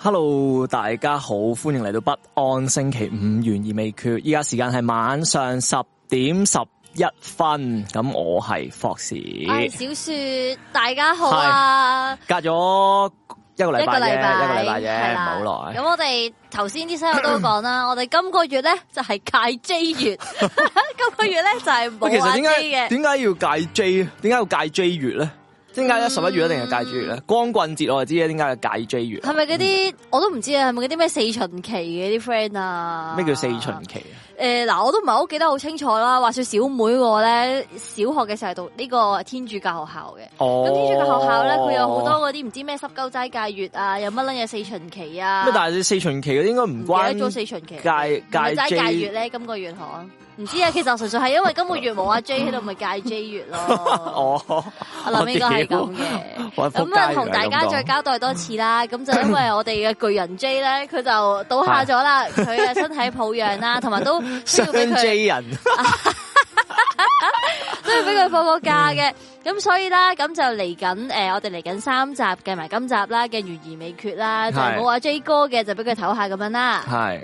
Hello，大家好，歡迎嚟到不安星期五懸疑未決，依家時間係晚上十點十一分。咁我係霍士，小雪，大家好啊！隔咗一個禮拜，一個禮拜，一個禮拜啫，唔好耐。咁我哋頭先啲朋友都講啦， 我哋今個月咧就係、是、戒 J 月，今 個月咧就係冇阿 J 嘅。其實點解要戒 J？點解要戒 J 月咧？點解咧，十一月一定係戒 J 月咧、嗯？光棍節我就知咧，點解係戒 J 月？係咪嗰啲我都唔知啊？係咪嗰啲咩四旬期嘅啲 friend 啊？咩叫四旬期啊？誒，嗱，我都唔係好記得好清楚啦。話說小妹我咧，小學嘅時候讀呢個天主教學校嘅。哦。咁天主教學校咧，佢有好多嗰啲唔知咩濕鳩齋戒月啊，又乜撚嘢四旬期啊？咩？但係四旬期應該唔關咗四旬期。戒戒仔戒月咧，今個月可？唔知啊，其實純粹係因為今個月冇阿 J 喺度，咪戒 J 月咯。哦，我諗應該係咁嘅。咁啊，同大家再交代多次啦。咁 就因為我哋嘅巨人 J 咧，佢就倒下咗啦，佢嘅身體抱恙啦，同埋都需要俾佢，都 要俾佢放個假嘅。咁、嗯、所以啦，咁就嚟緊誒，我哋嚟緊三集，計埋今集啦嘅懸疑未決啦，就冇阿 J 哥嘅，就俾佢唞下咁樣啦。係。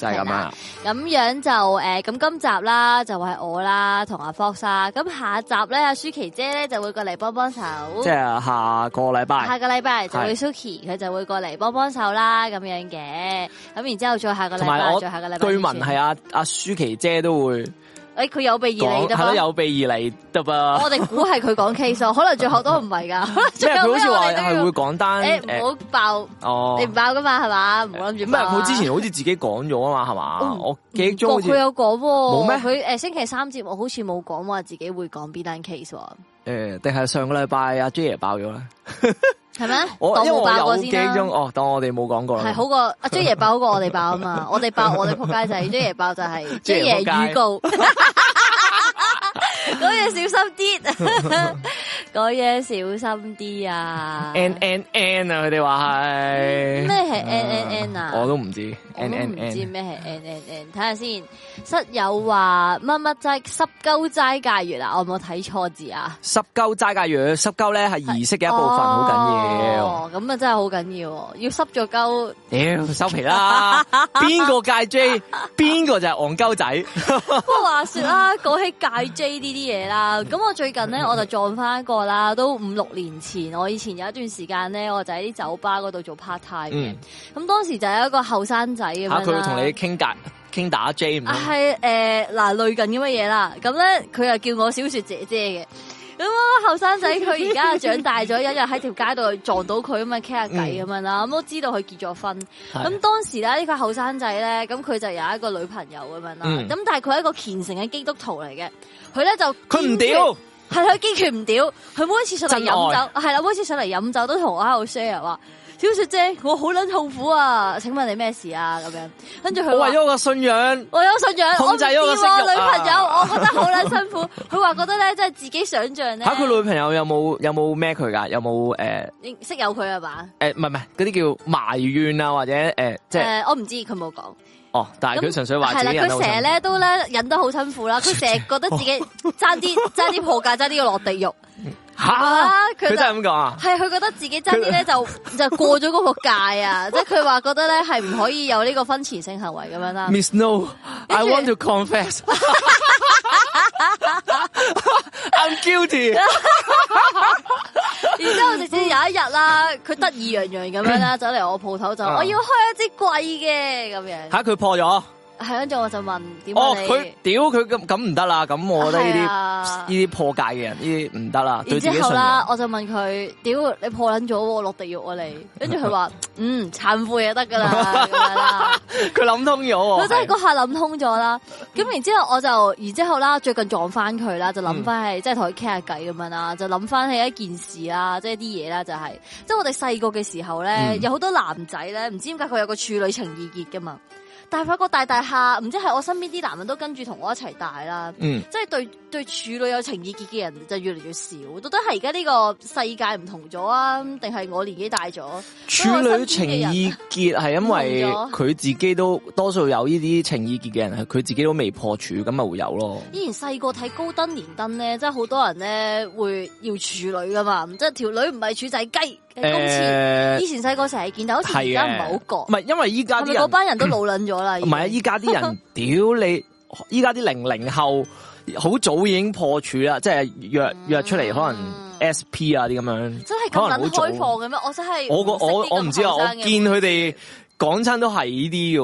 就係咁啊！咁樣就誒，咁今集啦就係、是、我啦，同阿 Fox 啦。咁下集咧，舒淇姐咧就會過嚟幫幫手。即係下個禮拜。下個禮拜就 u 舒 i 佢就會過嚟幫幫手啦，咁樣嘅。咁然之後再下個禮拜，再下個禮拜。居民係阿阿舒淇姐都會。誒、欸，佢有備而嚟噶嘛？有備而嚟噶噃。我哋估係佢講 case 咯， 可能最，學都最後都唔係噶。即係好似話係會講單誒，唔、欸、好爆哦、欸，你唔爆噶嘛？係、欸、嘛？唔好諗住咩？唔係佢之前好似自己講咗啊嘛？係嘛？我記憶中佢有講冇咩？佢誒，星期三節目好似冇講話自己會講邊單 case 喎。誒，定係上個禮拜阿 Jer 爺爆咗啦。係咩？我因為我有驚中哦，當我哋冇講過，係好過阿 Jer 爺爆好過我哋爆啊嘛！ 我哋爆我哋扑街仔，Jer 爺爆就係 Jer 爺預告，嗰 嘢 小心啲，嗰 嘢小心啲啊！N N N 啊，佢哋話係咩係 N N N 啊？Uh, 我都唔知。我唔知咩係 N N N，睇下先。室友話乜乜齋濕鳩齋戒月啦，我冇睇錯字啊！濕鳩齋戒月，濕鳩咧係儀式嘅一部分，好緊要。咁啊、哦、真係好緊要，要濕咗鳩，收皮啦！邊 個戒 J，邊個就係戇鳩仔。不過話說啦，講起戒 J 呢啲嘢啦，咁我最近咧我就撞翻一個啦，都五六年前。我以前有一段時間咧，我就喺啲酒吧嗰度做 part time 嘅、嗯。咁當時就有一個後生仔。吓佢會同你傾偈傾打 J 五係誒嗱，類近啲乜嘢啦？咁咧佢又叫我小雪姐姐嘅，咁啊，後生仔佢而家長大咗， 一日喺條街度撞到佢咁樣傾下偈咁樣啦。咁、嗯、我知道佢結咗婚咁，當時咧呢個後生仔咧，咁佢就有一個女朋友咁樣啦。咁、嗯、但係佢係一個虔誠嘅基督徒嚟嘅，佢咧就佢唔屌，係佢堅決唔屌，佢每一次上嚟飲酒係啦，每一次上嚟飲酒都同我喺度 share 話。小雪姐，我好撚痛苦啊！請問你咩事啊？咁樣跟住佢，我為咗個信仰，我有信仰，控制我唔知、啊、我、啊、女朋友，我覺得好撚辛苦。佢 話覺得咧，即係自己想象咧吓。佢女朋友有冇有冇咩佢噶？有冇誒、呃、識有佢啊？嘛、呃、誒，唔係唔係嗰啲叫埋怨啊，或者誒，即、呃、係、就是呃、我唔知佢冇講。哦，但係佢純粹話，係啦，佢成日咧都咧忍得好辛苦啦，佢成日覺得自己爭啲爭啲破戒，爭 啲要落地獄。吓，佢真係咁講啊！係佢覺得自己爭啲咧，就就過咗嗰個界啊！即係佢話覺得咧係唔可以有呢個婚前性行為咁樣啦、no,。Miss No, I want to confess. I'm guilty. 然之後直至有一日啦，佢得意洋洋咁樣啦，走嚟我鋪頭就 我要開一支貴嘅咁樣、啊。吓佢破咗。係，跟住我就問，點解佢屌佢咁咁唔得啦！咁、哦、我覺得呢啲呢啲破戒嘅人呢啲唔得啦。然之後啦，我就問佢屌你破撚咗落地獄啊！你跟住佢話嗯懺悔就得噶啦，佢 諗這樣 通咗。佢真係嗰下諗通咗啦。咁然之後我就，然之後啦，最近撞翻佢啦，就諗翻係即係同佢傾下偈咁樣啦，就諗、是、翻起一件事啦，即係啲嘢啦，就係即係我哋細個嘅時候咧、嗯，有好多男仔咧，唔知點解佢有個處女情意結噶嘛。但發覺大大下，唔知係我身邊啲男人都跟住同我一齊大啦，嗯、即係對對處女有情意結嘅人就越嚟越少，到底係而家呢個世界唔同咗啊，定係我年紀大咗？處女情意結係因為佢自己都多數有呢啲情意結嘅人，佢自己都未破處，咁咪會有咯。以前細個睇《高登連登》咧，即係好多人咧會要處女噶嘛，即係條女唔係處仔雞。雞誒，以前細個成日見到，欸、但係而家唔係好覺。唔係因為依家係咪嗰班人都老撚咗啦？唔、嗯、係，依家啲人屌 你，依家啲零零後好早已經破處啦，即係約約出嚟可能 S P 啊啲咁樣，真係咁撚開放嘅咩？我真係我我我唔知啊，我見佢哋講親都係呢啲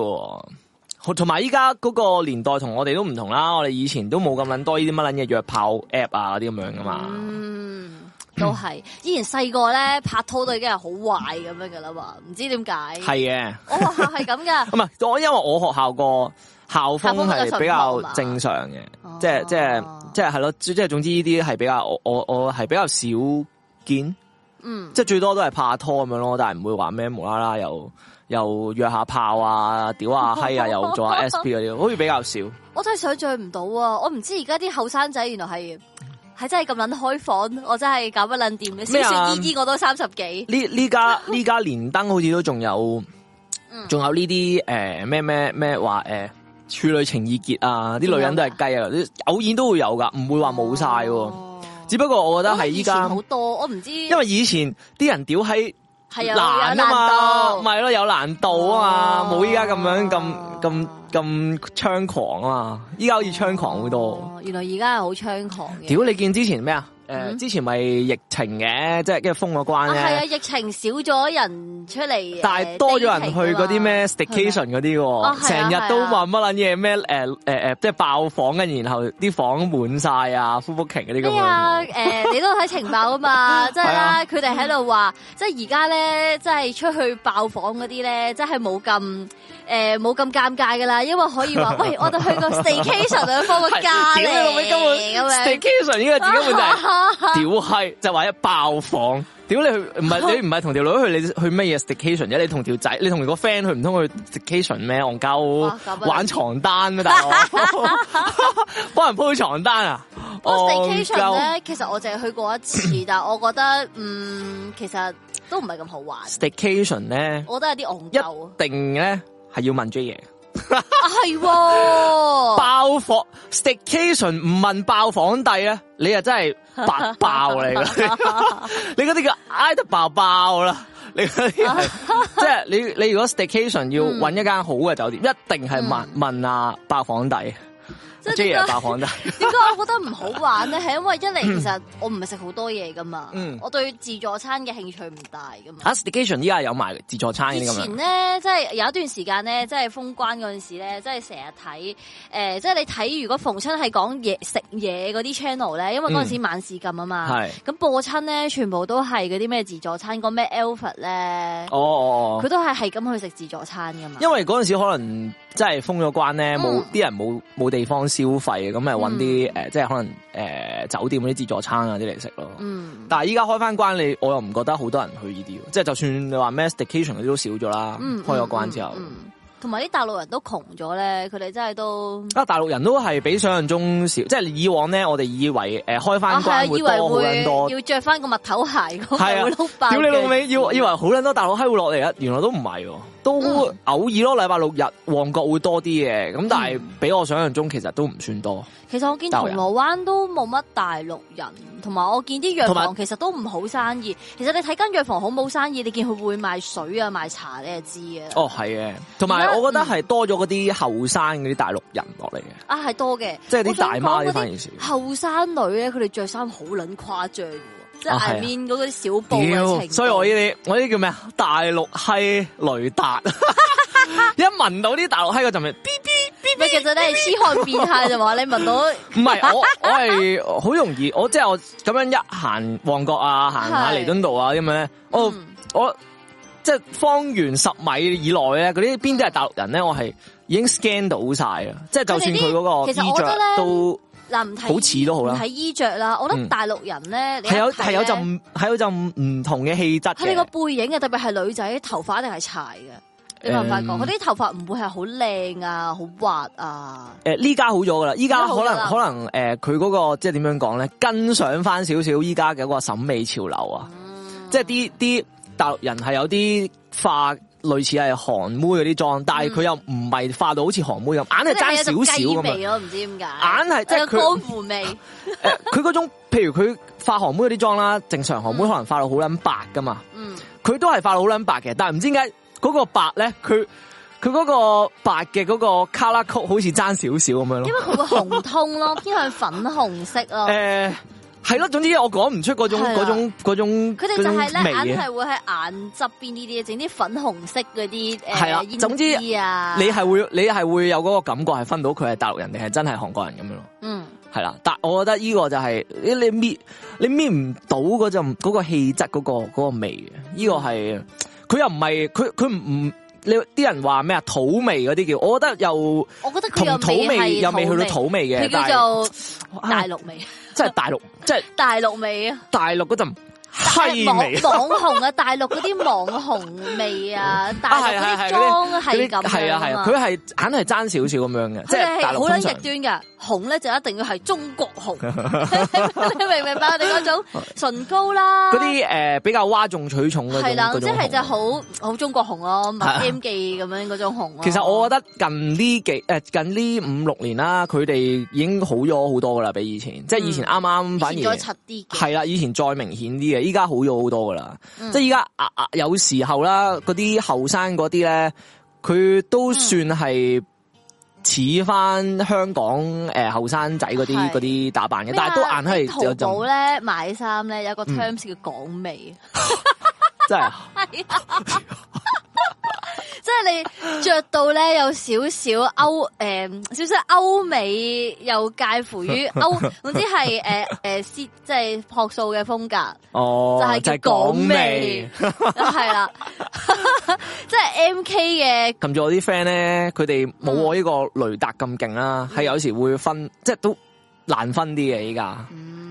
嘅，同埋依家嗰個年代同我哋都唔同啦。我哋以前都冇咁撚多呢啲乜撚嘅，約炮 app 啊啲咁樣噶嘛。嗯都係，以前細個咧拍拖都已經係好壞咁樣噶啦嘛，唔知點解？係嘅，我學校係咁噶，唔係我因為我學校個校風係比較正常嘅，即係即係即係係咯，即係總之呢啲係比較我我我係比較少見，嗯，即係最多都係拍下拖咁樣咯，但係唔會話咩無啦啦又又約下炮啊，屌下閪啊， 又做一下 S P 嗰啲，好似比較少我。我真係想象唔到啊！我唔知而家啲後生仔原來係。係、啊、真係咁捻開房，我真係搞不捻掂嘅。就算依依我都三十幾。呢呢家呢家連登好似都仲有，仲 有呢啲誒咩咩咩話誒處女情意結啊！啲女人都係雞啊，偶然都會有噶，唔會話冇晒。只不過我覺得係依家好多，我唔知。因為以前啲人屌閪。係啊難啊嘛，咪咯有難度啊嘛，冇而家咁樣咁咁咁猖狂啊嘛，而家好似猖狂好多，哦。原來而家係好猖狂嘅。屌，你見之前咩啊？誒、嗯呃，之前咪疫情嘅，即係跟住封咗關咧。係啊，啊，疫情少咗人出嚟。但係多咗人去嗰啲咩 staycation 嗰啲喎，成日都話乜捻嘢咩？誒誒誒，即係爆房，跟然後啲房滿晒啊 full booking 嗰啲咁。係啊，誒、啊嗯啊啊啊呃，你都睇情報啊嘛， 即係啦，佢哋喺度話，即係而家咧，即係出去爆房嗰啲咧，即係冇咁。誒、呃，冇咁尷尬噶啦，因為可以話，喂，我哋去個 staycation 去放個假你會唔會咁嘅？staycation 應該點會係屌？係就話、是、一爆房，屌、啊、你去，唔係你唔係同條女去你去乜嘢 staycation 啫？你同條仔，你同個 friend 去唔通去 staycation 咩？戇鳩玩床單啊，大佬，幫 人鋪床單啊！staycation 咧，其實我淨係去過一次，但係我覺得，嗯，其實都唔係咁好玩。staycation 咧，我覺得有啲戇鳩，一定咧。係要問 J 爺、哎 爆發，係 爆房 Staycation 唔問爆房帝啊！你啊真係白爆 你噶，I 你嗰啲叫挨得爆爆啦！就是、你嗰啲，即係你你如果 Staycation 要揾一間好嘅酒店，嗯、一定係問問啊爆房帝。 即係大款咋？點解我覺得唔好玩咧？係 因為一嚟其實我唔係食好多嘢噶嘛， 我對自助餐嘅興趣唔大噶嘛。Astigation 依家有埋自助餐嘅嘛？以前咧，即係有一段時間咧，即係封關嗰陣時咧，即係成日睇，誒、呃，即係你睇如果逢親係講嘢食嘢嗰啲 channel 咧，因為嗰陣時晚市禁啊嘛，係咁 播親咧，全部都係嗰啲咩自助餐，講咩 Alpha 咧，哦哦哦，佢都係係咁去食自助餐噶嘛。因為嗰陣時可能。即係封咗關咧，冇、嗯、啲人冇冇地方消費，咁咪搵啲誒，即係可能誒、呃、酒店嗰啲自助餐啊啲嚟食咯。但係依家開翻關，你我又唔覺得好多人去呢啲，即係就算你話 mastication 嗰啲都少咗啦、嗯嗯。開開咗關之後，同埋啲大陸人都窮咗咧，佢哋真係都啊，大陸人都係比想象中少。即係以往咧，我哋以為誒、呃、開翻關會多好捻、啊啊、多，要着翻個襪頭鞋、那個，係啊，屌你 老味，要、嗯、以為好捻多大陸閪會落嚟啊，原來都唔係。都偶爾咯，禮拜六日旺角會多啲嘅，咁但係比我想象中其實都唔算多、嗯。其實我見銅鑼灣都冇乜大陸人，同埋我見啲藥房其實都唔好生意。其實你睇間藥房好冇生意，你見佢會唔會賣水啊賣茶，你就知嘅。哦，係嘅，同埋我覺得係多咗嗰啲後生嗰啲大陸人落嚟嘅。啊，係多嘅，即係啲大媽呢番意思。後生女咧，佢哋着衫好撚誇張。面、啊、嗰、啊，嗰個小布，所以我呢啲我呢啲叫咩啊？大陸黑雷達， 一聞到啲大陸黑嘅就咪嗶嗶嗶嗶。咁其實咧，痴漢變態就話你聞到，唔係我我係好容易，啊、我即係、就是、我咁樣一行旺角啊，行下彌敦道啊，咁樣咧，嗯、我我即係方圓十米以內咧，嗰啲邊啲係大陸人咧，我係已經 scan 到晒噶，即、就、係、是、就算佢嗰個衣着都。嗱、啊，唔睇啦，睇衣着啦，我覺得大陸人咧係、嗯、有係有陣係有陣唔同嘅氣質。佢哋個背影啊，特別係女仔頭髮一定係柴嘅、嗯，你有冇發覺？佢啲頭髮唔會係好靚啊，好滑啊。誒、呃，呢家好咗噶啦，依家可能可能誒，佢嗰、呃那個即係點樣講咧，跟上翻少少依家嘅一的個審美潮流啊、嗯，即係啲啲大陸人係有啲化。類似係韓妹嗰啲妝，但係佢又唔係化到好似韓妹咁、嗯，硬係爭少少咁啊！硬係即係江湖味，佢 嗰、呃、種，譬如佢化韓妹嗰啲妝啦，正常韓妹可能化到好撚白噶嘛，嗯，佢都係化到好撚白嘅，但係唔知點解嗰個白咧，佢佢嗰個白嘅嗰個卡拉曲好似爭少少咁樣咯，因為佢個紅通咯，偏 向粉紅色咯，誒。係咯，總之我講唔出嗰種嗰種嗰種，佢哋就係咧眼係會喺眼側邊呢啲整啲粉紅色嗰啲，係、呃、啦。啊、總之你係會你係會有嗰個感覺係分到佢係大陸人定係真係韓國人咁樣咯。嗯，係啦，但我覺得呢個就係、是、你搣你搣唔到嗰、那個氣質、那個氣質嗰個個味嘅，呢、這個係佢、嗯、又唔係佢佢唔你啲人話咩啊土味嗰啲叫，我覺得又我覺得佢又土味，土味，土味又未去到土味嘅，叫做大陸味、啊。 即係大陸，即係大陸味啊！大陸嗰陣。係網是網紅啊，大陸嗰啲網紅味啊，但係嗰啲妝係咁，係啊係啊，佢係肯定係爭少少咁樣嘅，即係好捻極端嘅紅咧，就一定要係中國紅， 你明唔明白我哋嗰種唇膏啦，啊？嗰啲誒比較嘩眾取寵嘅係啦，即係就好，是，好中國紅咯，啊，抹 M 記咁樣嗰種紅，啊。其實我覺得近呢幾誒近呢五六年啦，佢哋已經好咗好多噶啦，比以前即係以前啱啱反而係啦，嗯，以前再明顯啲嘅。依家好咗好多噶啦、嗯，即係依家啊啊有時候啦，啲後生啲咧，佢都算係似翻香港誒後生仔啲啲打扮，嘅，但係都硬係有種咧買衫咧有個 terms 叫港味、嗯。 真係，即 係 你着到咧有少少歐誒，少少歐美又介乎於歐，總之係誒誒，即、呃、係、呃就係、樸素嘅風格。哦，就係、係、叫港味，係啦，即係 MK 嘅。跟住我啲 friend 咧，佢哋冇我呢個雷達咁勁啦，係、嗯、有時會分，即係都難分啲嘅依家。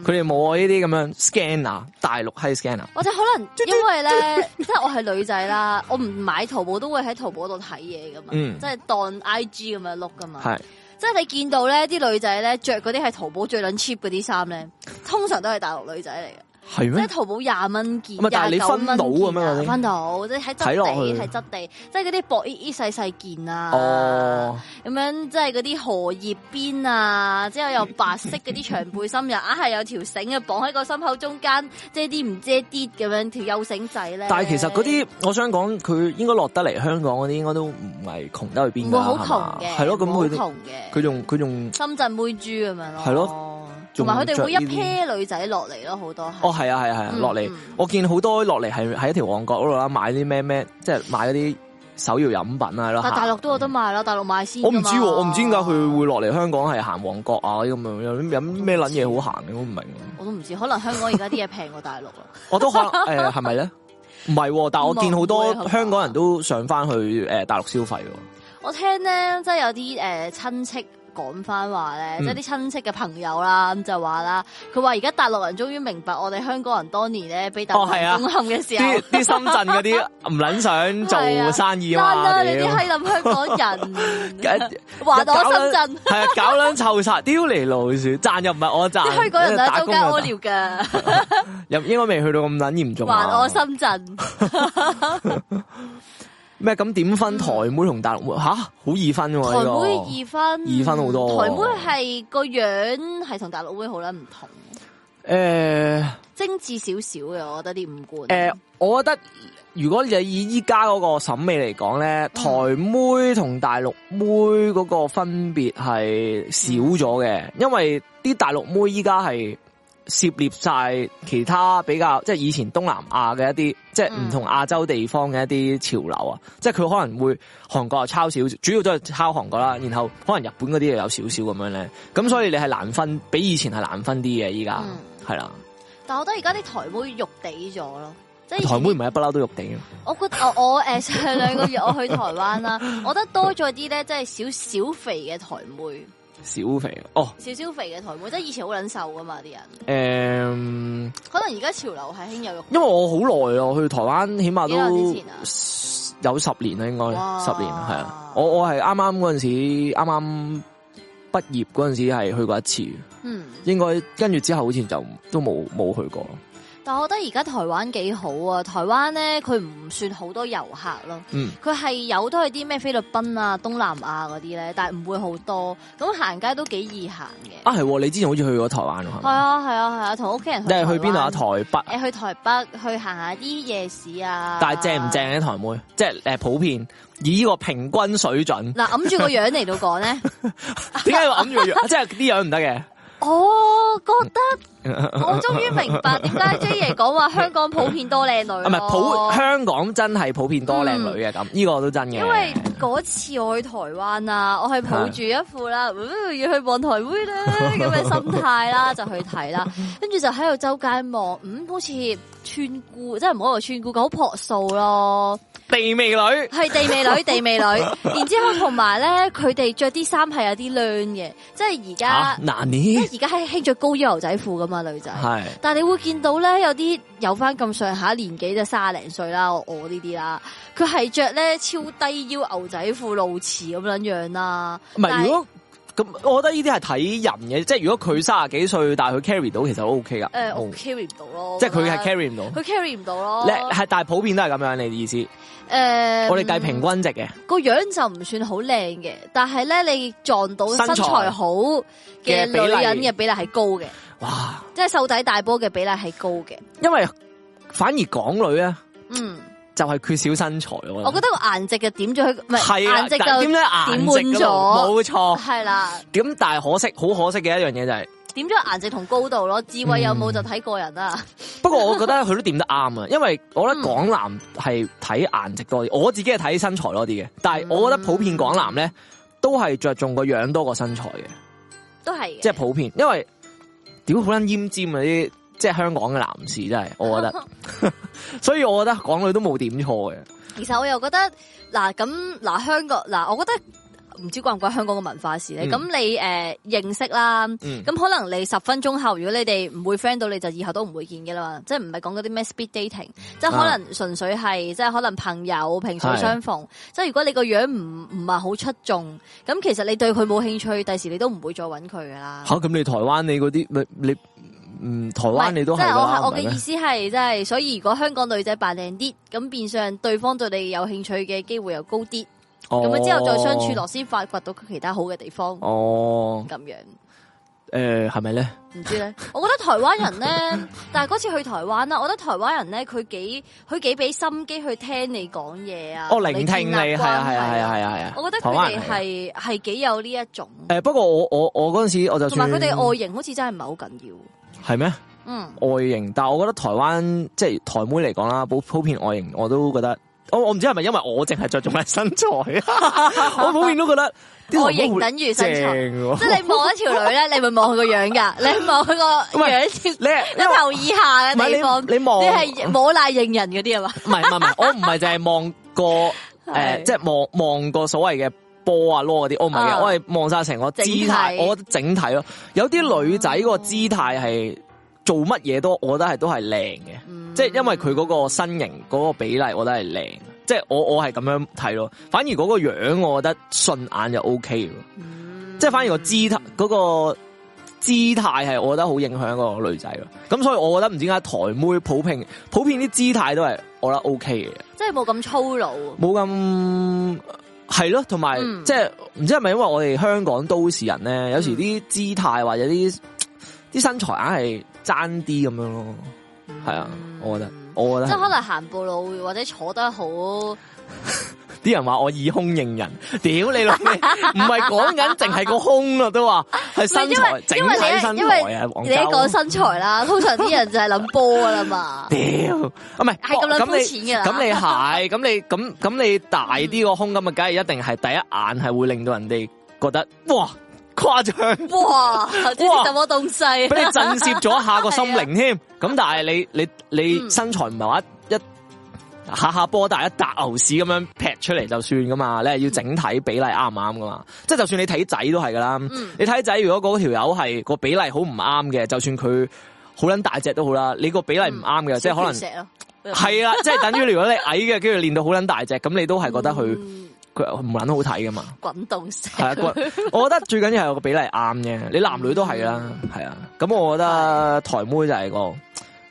佢哋冇我呢啲咁樣 scanner，大陸係 scanner，或者可能因為咧，即係 我係女仔啦，我唔買淘寶都會喺淘寶度睇嘢噶嘛，嗯、即係當 I G 咁樣碌 o 噶嘛，是即係你見到咧啲女仔咧着嗰啲係淘寶最撚 cheap 嗰啲衫咧，通常都係大陸女仔嚟嘅。係咩，即係淘寶廿蚊件、廿九蚊件，你分到即係喺質地係質地，即係嗰啲薄衣依細細件啊，咁、哦、樣即係嗰啲荷葉邊啊，之後有白色嗰啲長背心又硬係有條繩嘅綁喺個心口中間，遮啲唔遮啲咁樣條幼繩仔咧。但係其實嗰啲我想講佢應該落得嚟香港嗰啲，應該都唔係窮得去邊嘅，好窮嘅，係咯，咁佢窮嘅。佢用佢用深圳妹豬咁樣咯。同埋佢哋會一 pair 女仔落嚟咯，好多。哦，係啊，係啊，係啊，落嚟，嗯。我見好多落嚟係喺一條旺角嗰度啦，買啲咩咩，即係買嗰啲手搖飲品啊啦，嗯。大陸都有得賣啦，大陸買先我、啊。我、啊、唔知，我唔知點解佢會落嚟香港係行旺角啊咁樣，有咩捻嘢好行我唔明。我都唔知，啊知，可能香港而家啲嘢平過大陸啊。 我都可能誒，係咪咧？唔係、啊，但係我見好多香港人都上翻去誒，呃、大陸消費。我聽咧，真係有啲誒親戚。講翻話咧，即係啲親戚嘅朋友啦，咁就話啦，佢話而家大陸人終於明白我哋香港人當年咧、哦，俾大陸啊，攻陷嘅時候，啲深圳嗰啲唔撚想做生意啦、 啊、你啲閪林香港人， 還我深圳，係啊， 搞兩臭殺，丟嚟老鼠，賺又唔係我賺，啲香港人都中間屙尿噶，又 應該未去到咁撚嚴重、啊，還我深圳。 咩咁點分台妹同大陸妹吓？好、嗯、易分喎、啊，台妹易分，易分好多、啊。台妹係個、嗯、樣係同大陸妹好啦，唔同誒，精緻少少嘅。我覺得啲五官誒、呃，我覺得如果你以依家嗰個審美嚟講咧，台妹同大陸妹嗰個分別係少咗嘅，因為啲大陸妹依家係。涉獵晒其他比較，即係以前東南亞嘅一啲，即係唔同亞洲地方嘅一啲潮流啊、嗯！即係佢可能會韓國又抄少少，主要都係抄韓國啦，然後可能日本嗰啲就有少少咁樣咧。咁所以你係難分，比以前係難分啲嘅依家，係啦、嗯。但係我覺得而家啲台妹肉地咗咯，即係台妹唔係一不嬲都肉地嘅。我覺得我我誒上兩個月我去台灣啦， 我覺得多咗啲咧，即係少少肥嘅台妹。少肥哦，少少肥嘅台妹，即係以前好捻瘦噶嘛啲人。誒、嗯，可能而家潮流係興有肉，因為我好耐啊，去台灣起碼都有十年啦，應該十年係啊。我我係啱啱嗰陣時，啱啱畢業嗰陣時係去過一次，嗯，應該跟住之後好似就都冇冇去過。但我覺得而家台灣幾好啊！台灣咧，佢唔算好多遊客咯，佢、嗯、係有都係啲咩菲律賓啊、東南亞嗰啲咧，但係唔會好多。咁行街都幾易行嘅。啊，係、哦！你之前好似去過台灣㗎？係啊，係啊，係啊，同屋企人。去，你係去邊度啊？台北。誒、欸，去台北去行下啲夜市啊！但係正唔正咧？台妹，即係誒普遍以呢個平均水準、啊。嗱，揞住個樣嚟到講咧，點解要揞住個樣？即係啲樣唔得嘅。我覺得、嗯。 我終於明白點解 J 爺講話香港普遍多靚女、啊是是。唔係普香港真係普遍多靚女嘅、啊、咁，呢、嗯呢個都真嘅。因為嗰次我去台灣啊，我係抱住一副啦、嗯，要去望台妹啦咁嘅心態啦， 就去睇啦。跟住就喺度周街望，嗯，好似村姑，即係唔好話村姑，佢好樸素咯、啊，地味女，係地味女，地味女。 然之後同埋咧，佢哋着啲衫係有啲僆嘅，即係而家，嗱你，即係而家係興著高腰牛仔褲咁女仔，係，但係你會見到咧，有啲有翻咁上下年紀就卅零歲啦，我呢啲啦，佢係着咧超低腰牛仔褲露臍咁樣樣啦。唔係，如果咁，我覺得呢啲係睇人嘅，即係如果佢卅幾歲，但係佢 carry 到，其實都 OK 噶。誒、呃，我 carry 唔到咯，即係佢係 carry 唔到，佢 carry 唔到咯。咧係，但係普遍都係咁樣，你嘅意思？誒、呃，我哋計平均值嘅個樣就唔算好靚嘅，但係咧你撞到身材好嘅女人嘅比例係高嘅。哇！即係瘦仔大波嘅比例係高嘅，因為反而港女咧，嗯，就係、是、缺少身材。我覺得，我覺得個顏值就點咗佢，係啊，顏值，值點咧，顏值咗，冇錯、啊，係啦。咁但係可惜，好可惜嘅一樣嘢就係、是、點咗顏值同高度咯，智慧有冇就睇個人啦、嗯。不過我覺得佢都點得啱啊， 因為我覺得港男係睇顏值多啲，我自己係睇身材多啲嘅。但係我覺得普遍港男咧都係着重個樣多過身材嘅，都係，即係普遍，因為。屌好撚奄尖啊！啲即係香港嘅男士真係，我覺得，所以我覺得港女都冇點錯嘅。其實我又覺得嗱，咁嗱香港嗱，我覺得。唔知關唔關香港嘅文化事咧，咁、嗯、你誒、呃、認識啦，咁、嗯、可能你十分鐘後如果你哋唔會 friend 到，你就以後都唔會見嘅啦，即係唔係講嗰啲咩 speed dating，、啊、即係可能純粹係即係可能朋友萍水相逢，啊、即係如果你個樣唔唔係好出眾，咁其實你對佢冇興趣，第時你都唔會再揾佢噶啦。吓、啊，咁你台灣你嗰啲你唔台灣你都即係我我嘅意思係即係，所以如果香港女仔扮靚啲，咁變相對方對你有興趣嘅機會又高啲。.咁樣之後再相處落，先發掘到其他好嘅地方。哦、呃，咁樣，誒，係咪咧？唔知咧。我覺得台灣人咧， 但係嗰次去台灣啦，我覺得台灣人咧，佢幾佢幾俾心機去聽你講嘢啊。哦，聆聽你，係啊，係啊，係啊，係啊，係啊。我覺得佢哋係係幾有呢一種。誒、呃，不過我我我嗰陣時我就同埋佢哋外形好似真係唔係好緊要。係咩？嗯，外形。但係我覺得台灣即係台妹嚟講啦，普普遍外形我都覺得。我我唔知係咪因為我淨係着重係身材，啊。我普遍都覺得外型等於身材。 正啊、 即係你望一條女咧，你會望佢個樣噶，你望佢個樣子，你一頭以下嘅地方，你望你係冇賴認人嗰啲啊嘛？唔係唔係，我唔係、呃、淨係望個誒，即係望望個所謂嘅波啊、攞嗰啲。我唔係、哦，我係望晒成個姿態，我覺得整體咯。有啲女仔個姿態係。做乜嘢都，我覺得係都係靚嘅，即、嗯、係因為佢嗰個身形嗰、嗰個比例，我覺得係靚，即、就、係、是、我我係咁樣睇咯。反而嗰個樣，我覺得順眼就 O K 即係反而個姿態嗰、嗰個姿態係我覺得好影響個個女仔咯。咁所以我覺得唔知點解，台妹普遍普遍啲姿態都係我覺得 O K 嘅，即係冇咁粗魯、啊，冇咁係咯，同埋即係唔知係咪因為我哋香港都市人咧，有時啲姿態或者啲啲身材硬係。爭啲咁樣咯，係啊，我覺得，我覺得，即係可能行步路或者坐得好，啲人話我以胸認人，屌你老味，唔係講緊淨係個胸咯都話，係身材整體身材啊，因為你一講身材啦，通常啲人就係諗波噶啦嘛，屌啊，唔係係咁樣膚淺噶，咁你係，咁你咁咁你大啲個胸咁啊，梗係一定係第一眼係會令到人哋覺得哇。誇張哇！啲什麼東西，俾你震懾咗下個心靈添。咁、啊、但係你你你，你身材唔係話一、嗯、下下波大一沓牛屎咁樣劈出嚟就算噶嘛？你係要整體比例啱唔啱噶嘛？即、嗯、係就算你睇仔都係噶啦。嗯、你睇仔如果嗰條友係個比例好唔啱嘅，就算佢好撚大隻都好啦。你個比例唔啱嘅，即係可能係啦， 即係等於如果你矮嘅，跟住練到好撚大隻，咁你都係覺得佢。嗯佢唔撚好睇噶嘛，滾石？滾動式係啊，我覺得最緊要係個比例啱嘅，你男女都係啦，係啊。咁我覺得台妹就係、嗰個嗰、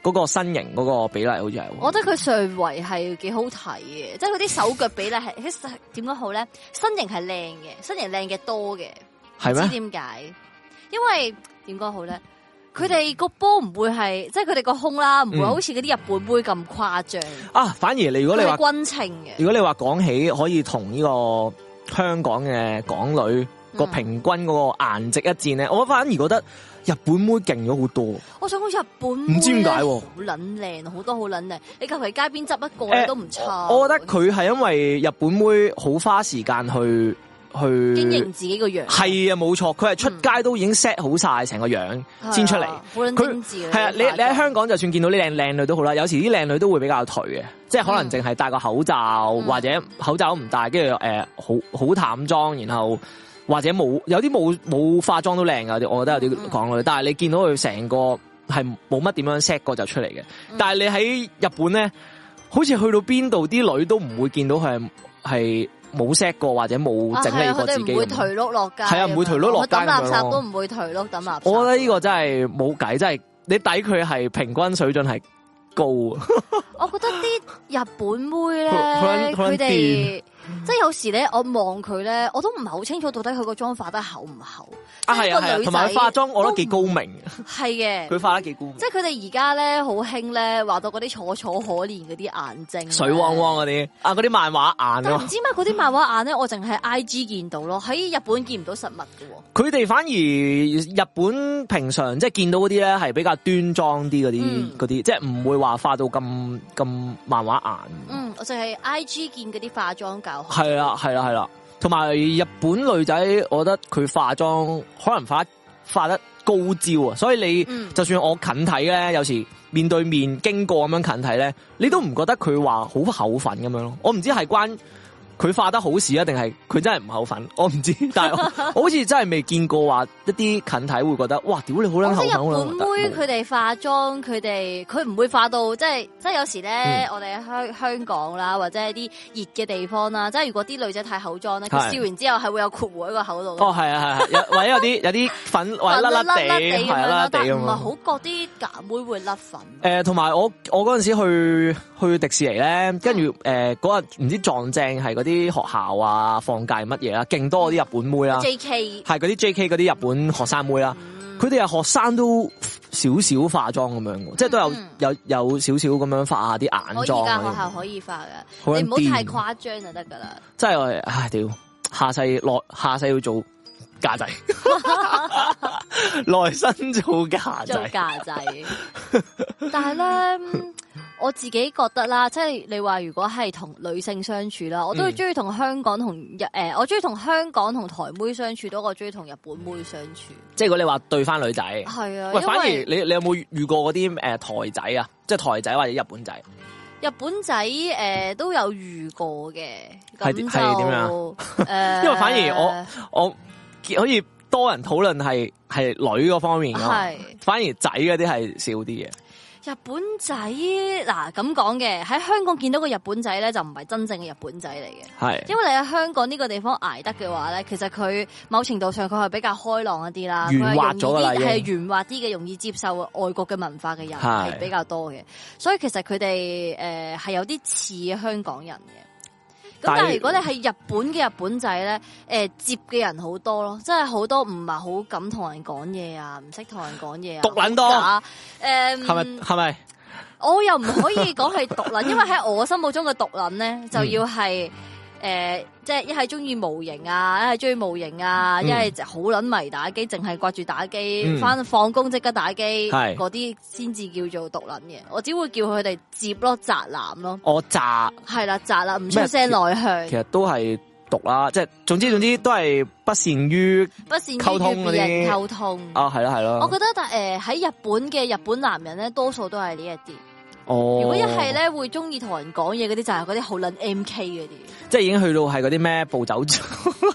嗰個身形嗰個比例好似係。我覺得佢上圍係幾好睇嘅， 即係佢啲手腳比例係，點講好咧？身形係靚嘅，身形靚嘅多嘅，唔知點解？因為點講好咧？佢哋個波唔會係，即係佢哋個胸啦，唔會好似嗰啲日本妹咁誇張。啊，反而你如果你話均稱嘅，如果你話講起可以同呢個香港嘅港女個平均嗰個顏值一戰咧，嗯、我反而覺得日本妹勁咗好多。我想好似日本妹唔知點解，好撚靚，好多好撚靚。你求其街邊執一個都唔錯。我覺得佢係因為日本妹好花時間去。去經營自己個樣係啊，冇錯，佢係出街都已經 set 好晒成個樣先、嗯、出嚟。佢係啊，你你喺香港就算見到啲靚靚女都好啦，有時啲靚女都會比較頹嘅，即係可能淨係戴個口罩、嗯、或者口罩唔戴，跟住誒好好淡妝，然後或者冇有啲冇冇化妝都靚噶，我覺得有啲講佢，嗯、但係你見到佢成個係冇乜點樣 set 過就出嚟嘅，嗯、但係你喺日本咧，好似去到邊度啲女都唔會見到佢係。冇 set 過或者冇整理過自己，係啊，佢哋唔會頹碌落街，係啊，唔會頹碌落街。抌垃圾都唔會頹碌抌垃圾。我覺得呢個真係冇計，真係你抵佢係平均水準係高啊！我覺得啲日本妹咧，佢哋。嗯、即係有時咧，我望佢咧，我都唔係好清楚到底佢個妝化得厚唔厚啊？係啊，同埋化妝，我覺得幾高明。係嘅，佢 化得幾高明。即即係佢哋而家咧好興咧，畫到嗰啲楚楚可憐嗰啲眼睛，水汪汪嗰啲啊，嗰啲漫畫眼。但唔知乜嗰啲漫畫眼咧， 我淨係 I G 見到咯，喺日本見唔到實物嘅。佢哋反而日本平常即係見到嗰啲咧，係比較端莊啲嗰啲嗰啲，即係唔會話化到咁咁漫畫眼。嗯，我就係 I G 見嗰啲化妝。係啦，係啦，係啦，同埋日本女仔，我覺得佢化妝可能化，化得高招啊！所以你就算我近睇咧，有時面對面經過咁樣近睇咧，你都唔覺得佢話好厚粉咁樣咯。我唔知係關。佢化得好屎啊？定係佢真係唔厚粉？我唔知，但係我，我好似真係未見過話一啲近睇會覺得哇！屌你好靚口啊！日本妹佢哋化妝，佢哋佢唔會化到即係即係，有時咧，嗯，我哋香香港啦，或者一啲熱嘅地方啦，即係如果啲女仔太厚妝咧，佢笑完之後係會有括弧喺個口度。哦，係啊，係係，或者有啲有啲粉或者甩甩地咁樣，但唔係好覺啲假妹會甩粉。同，呃，埋我我嗰陣時去去迪士尼咧，跟住嗰日唔知撞正係嗰。啲學校啊，放假乜嘢啊？勁多啲日本妹啊、嗯、JK，係嗰啲 J.K. 嗰啲日本學生妹啊。佢哋係學生都少少化妝咁樣，即係都有有有少少咁樣化下啲眼妝。間學校可以化噶，你唔好太誇張就得噶啦。真係我哋，唉，屌，下世落下世要做。嫁仔， 內身做嫁仔， 但係咧，我自己覺得啦，即係你話如果係同女性相處啦，嗯呃，我都中意同香港同日誒，我中意同香港同台妹相處多過中意同日本妹相處即係。即係如果你話對翻女仔，係啊，喂，反而你你有冇遇過嗰啲誒台仔啊，即係台仔或者日本仔？日本仔誒，呃、都有遇過嘅。係係點樣？誒、呃，因為反而我我。可以多人討論係係女嗰方面咯，反而仔嗰啲係少啲嘅。日本仔嗱咁講嘅，喺香港見到個日本仔咧，就唔係真正嘅日本仔嚟嘅。係因為你喺香港呢個地方捱得嘅話咧，其實佢某程度上佢係比較開朗一啲啦，圓滑咗啦，係圓滑啲嘅，容易接受外國嘅文化嘅人係比較多嘅，所以其實佢哋誒係有啲似香港人嘅。但係如果你係日本嘅日本仔咧，誒接嘅人好多咯，真係好多唔係好敢同人講嘢啊，唔識同人講嘢啊，獨撚多，誒係咪係咪？嗯、係係係係我又唔可以講係獨撚， 因為喺我心目中嘅獨撚咧，就要係。嗯誒、呃，即係一係中意模型啊，一係中意模型啊，一係就好撚迷打機，淨係掛住打機，翻放工即刻打機，嗰啲先至叫做毒撚嘅。我只會叫佢哋接咯，宅男咯。我宅係啦，宅啦，唔出聲，內向。其實都係毒啦，即係總之總之都係不善於不善於溝通呢啲溝通。啊、哦，係係我覺得誒喺、呃、日本嘅日本男人咧，多數都係呢一啲。哦、如果一係咧會中意同人講嘢嗰啲就係嗰啲好捻 M K 嗰啲，即係已經去到係嗰啲咩暴走族，誒、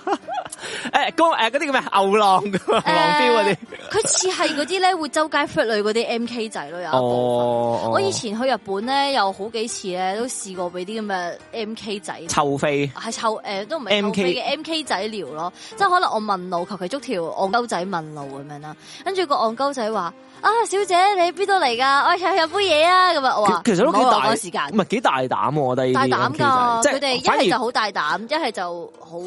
欸，哥誒，嗰啲叫咩牛郎，浪彪嗰啲，佢似係嗰啲咧會周街 fit 女嗰啲 M K 仔咯，有。哦，我以前去日本咧，有好幾次咧都試過俾啲咁嘅 M K 仔抽飛，係抽誒，都唔係 M K 嘅 M K 仔撩咯，即係可能我問路，求其捉條戇鳩仔問路咁樣啦，跟住個戇鳩仔話。啊，小姐，你喺邊度嚟噶？又、哎、有杯嘢啊！咁啊，我其實都幾大嘅時間，唔係幾大膽喎。我係大膽噶，即係佢哋一係就好大膽，一係就好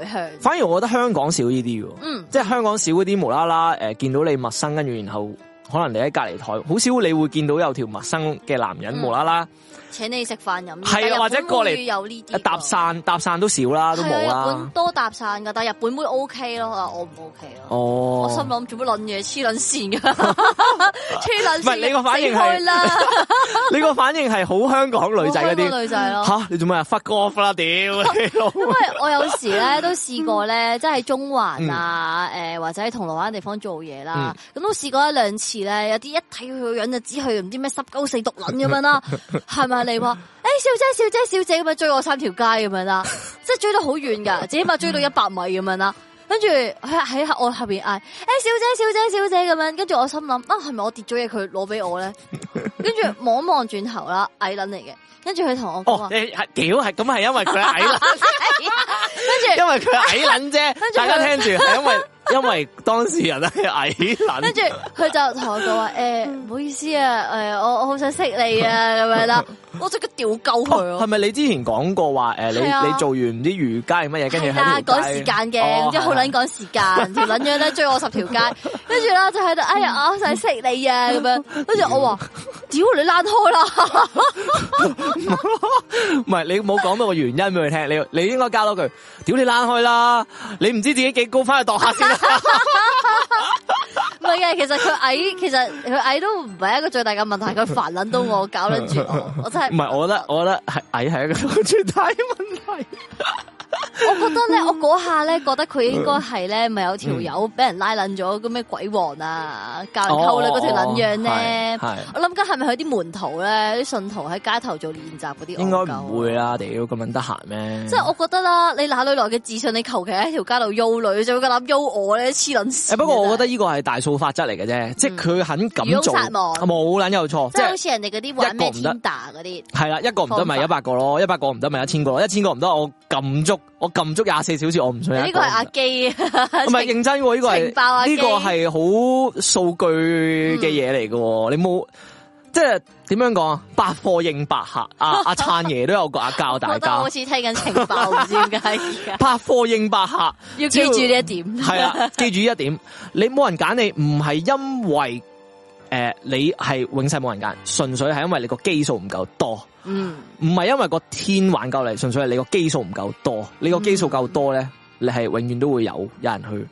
內向。反而我覺得香港少呢啲嘅，嗯，即係香港少嗰啲無啦啦誒，見到你陌生跟住然後可能你喺隔離台，好少你會見到有條陌生嘅男人、嗯、無啦啦。請你食飯飲係啊，或者過嚟搭訕搭訕都少啦，都冇啦。日本多搭訕噶，但係日本妹 O K 咯，我唔 O K 囉。哦，我心諗做乜撚嘢，黐撚線噶，黐撚線？你個反應係， 你個反應係好 香，香港女仔嗰啲女仔咯。你做咩啊？Fuck off 啦，屌 你好！ 因為我有時咧都試過咧、嗯，即係喺中環啊，誒、嗯、或者喺銅鑼灣地方做嘢啦，咁都試過一兩次咧，有啲一睇佢個樣就知佢唔知咩濕鳩死毒撚咁樣啦，係咪？你話誒、欸，小姐小姐小姐咁樣追我三條街咁樣啦，即係追，追到好遠噶，最起碼追到一百米咁樣啦。跟住喺喺我後邊嗌誒，小姐小姐小姐咁樣。跟住我心諗啊，係咪我跌咗嘢佢攞俾我咧？跟 住望望轉頭啦，矮撚嚟嘅。他跟住佢同我講哦，屌係咁係因為佢矮撚 跟住因為佢矮撚啫。跟 住大家聽住係因為。 因為當事人係危難。跟住佢就同我講話，誒，唔好意思啊，誒，我我好想識你啊，咁、就是、樣啦。我即刻屌鳩佢。係咪你之前講過話？誒、啊，你你做完唔知瑜伽定乜嘢？跟住。係啦，趕、哦啊、時間嘅，唔知好卵趕時間，就卵樣咧追我十條街，跟住啦就喺度，哎、欸、呀，我好想識你啊，咁、就是、樣然後。跟住我話，屌 你躝開啦！唔係你冇講到個原因俾佢聽你，你你應該加多句，屌你躝開啦！你唔知自己幾高，翻去度下哈哈哈哈哈哈！唔係嘅，其實佢矮，其實佢矮都唔係一個最大嘅問題，佢煩捻到我，搞捻住我， 我真係唔係，我覺得我覺得係矮係一個最大嘅問題 我覺得咧，我嗰下咧覺得佢應該係咧，咪 有條友俾人拉捻咗，個咩鬼王啊，教溝女嗰條捻樣咧？我諗緊係咪佢啲門徒咧，啲信徒喺街頭做練習嗰啲？應該唔會啦、啊，屌咁樣得閒咩？即係我覺得啦，你哪裡來嘅自信？你求其喺條街度溝女，就會咁諗溝我咧，黐捻線。不過我覺得呢個係大法則嚟嘅啫，即係佢肯咁做，冇撚有錯。即係好似人哋嗰啲 One m 啲，係啦，一個唔得咪一百個咯，一百個唔得咪一千個，一千個唔得我撳足，我撳足廿四小時我唔信一個阿基、， 這個、阿基，唔係認真喎，呢個係呢個係好數據嘅嘢嚟嘅，你冇即係。點樣講啊？百貨應百客，阿阿燦爺都有個阿教大家。我好似睇緊情報，唔 知點解百貨應百客， 要記住呢一點。係 啊，記住呢一點，你冇人揀你，唔係因為誒、呃、你係永世冇人揀，純粹係因為你個基數唔夠多。嗯，唔係因為個天玩夠你，純粹係你個基數唔夠多。你個基數夠多咧，你係永遠都會有有人去，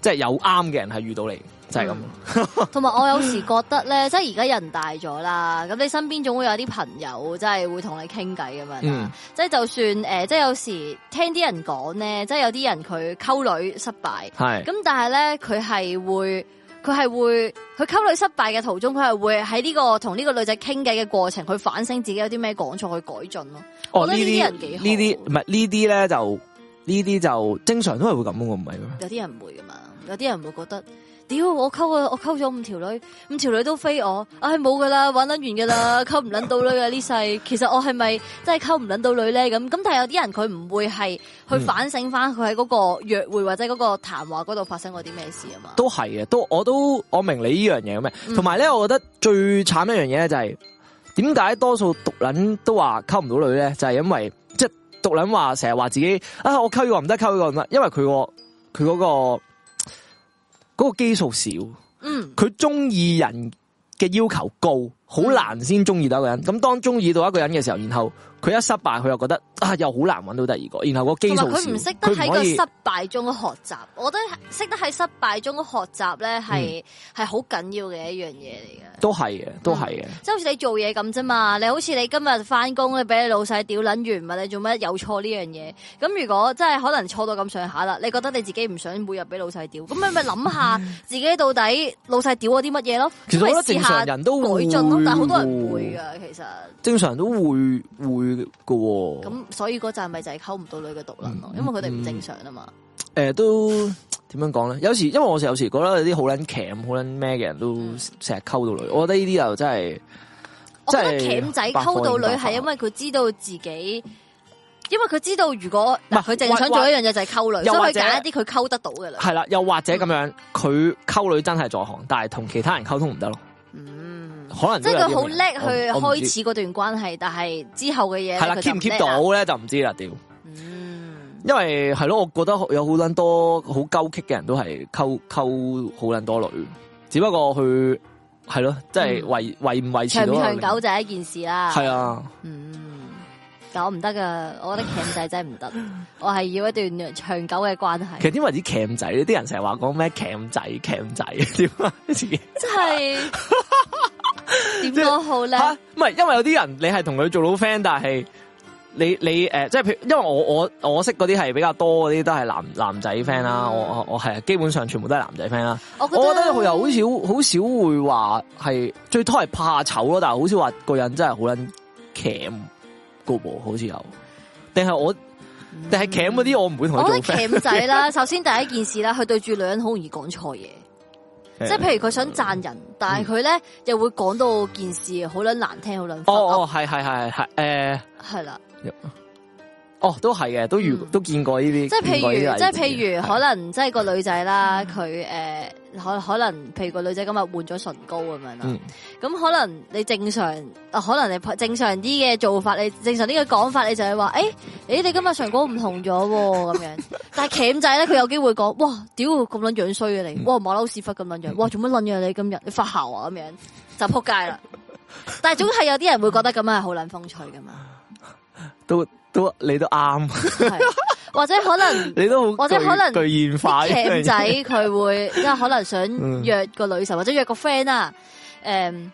即係有啱嘅人係遇到你。就係咁，同埋我有時覺得咧，即係而家人大咗啦，咁你身邊總會有啲朋友，即係會同你傾偈咁樣。即係就算誒，即係有時聽啲人講咧，即係有啲人佢溝女失敗，係咁但係咧佢係會，佢係會，佢溝女失敗嘅途中，佢係會喺呢、這個同呢個女仔傾偈嘅過程，佢反省自己有啲咩講錯去改進咯、哦。我覺得這些呢啲人幾好。呢啲唔係呢啲咧，就呢啲就正常都係會咁，我唔係噶，有啲人唔會噶嘛，有啲人會覺得。屌，我溝我溝咗五條女，五條女都飛我，唉冇噶啦，玩捻完噶啦，溝唔捻到女噶呢世，其實我係咪真係溝唔捻到女咧？咁咁但係有啲人佢唔會係去反省翻佢喺嗰個約會或者嗰個談話嗰度發生過啲咩事啊嘛？都係嘅，都我都我明你呢樣嘢咁咩同埋咧，我覺得最慘一樣嘢咧就係點解多數毒捻都話溝唔到女咧？就係因為即係毒捻話成日話自己啊，我溝個唔得，溝個唔得，因為佢個佢嗰個。嗰個基數，少，嗯，佢中意人嘅要求高。好難先中意到一個人，咁、嗯、當中意到一個人嘅時候，然後佢一失敗，佢又覺得啊，又好難揾到第二個。然後個基數，佢唔識得喺個失敗中學習。我覺得識得喺失敗中學習咧，係係好緊要嘅一、嗯嗯就是、一樣嘢嚟嘅。都係嘅，都係嘅。即係好似你做嘢咁啫嘛。你好似你今日翻工，俾你老細屌捻完，問你做乜有錯呢樣嘢？咁如果真係可能錯到咁上下啦，你覺得你自己唔想每日俾老細屌，咁 你咪諗下自己到底老細屌我啲乜嘢咯？其實我正常人都會改進咯。但好多人會噶，其實正常都會會嘅。咁所以嗰陣咪就係溝唔到女嘅毒撚咯，因為佢哋唔正常啊、嗯、嘛。誒、嗯呃，都點樣講咧？ 有時，因為我有時覺得有啲好撚鉗、好撚咩嘅人都成日溝到女、嗯，我這些真的真。我覺得呢啲又真係，我覺得鉗仔溝到女係因為佢知道自己，因為佢知道如果嗱，佢淨係想做一樣嘢就係溝女，所以佢揀一啲佢溝得到嘅啦。係啦，又或者咁樣，佢、嗯、溝女真係在行，但係同其他人溝通唔得咯。可能即係佢好叻去開始嗰段關係，但係之後嘅嘢，係啦，keep 唔 keep 到咧就唔知啦屌。嗯，因為係咯，我覺得有好捻多好勾激嘅人都係溝溝好捻多女，只不過佢係咯，即係維維唔維持長，長久就係一件事啦。係啊，嗯，搞唔得噶，我覺得鉗仔真係唔得， 我係要一段長久嘅關係。其實點為之鉗仔咧？啲人成日話講咩鉗仔、鉗仔，點啊？即係。 點講好咧？唔係，因為有啲人你係同佢做到 friend，但係你你誒、呃，即係，因為我我我識嗰啲係比較多嗰啲都係男男仔 friend 啦。我我我係基本上全部都係男仔 friend 啦。我覺得佢又好少好少會話係最多係怕醜咯，但係好少話個人真係好撚 cam 個啵，好似有。定係我定係 cam 嗰啲，我唔會同佢做 friend。我覺得 cam 仔啦 首先第一件事啦，佢對住女人好容易講錯嘢。即、就、係、是、譬如佢想讚人，嗯、但係佢咧又會講到件事好卵難聽，好卵哦哦，係係係係誒，係啦。哦，都係嘅，都遇、嗯、都見過呢啲，即係譬如，即係譬如可能，即係個女仔啦，佢、嗯、誒、呃，可可能譬如個女仔今日換咗唇膏咁樣啦，咁、嗯、可能你正常，呃、可能你正常啲嘅做法，你正常啲嘅講法，你就係話，誒，誒，你今日唇膏唔同咗咁、啊、樣， 但係鉗仔咧，佢有機會講，哇，屌，咁撚樣衰嘅你，哇，冇騮屎忽咁撚樣，哇，做乜撚樣你今日，你發姣啊咁樣，就扑街啦。 但係總係有啲人會覺得咁樣係好撚風趣噶嘛，都。你都啱 ，或者可能你都好，或者可能句言快，僆仔佢會即係可能想約個女神、嗯、或者約個 friend 啊，誒、嗯，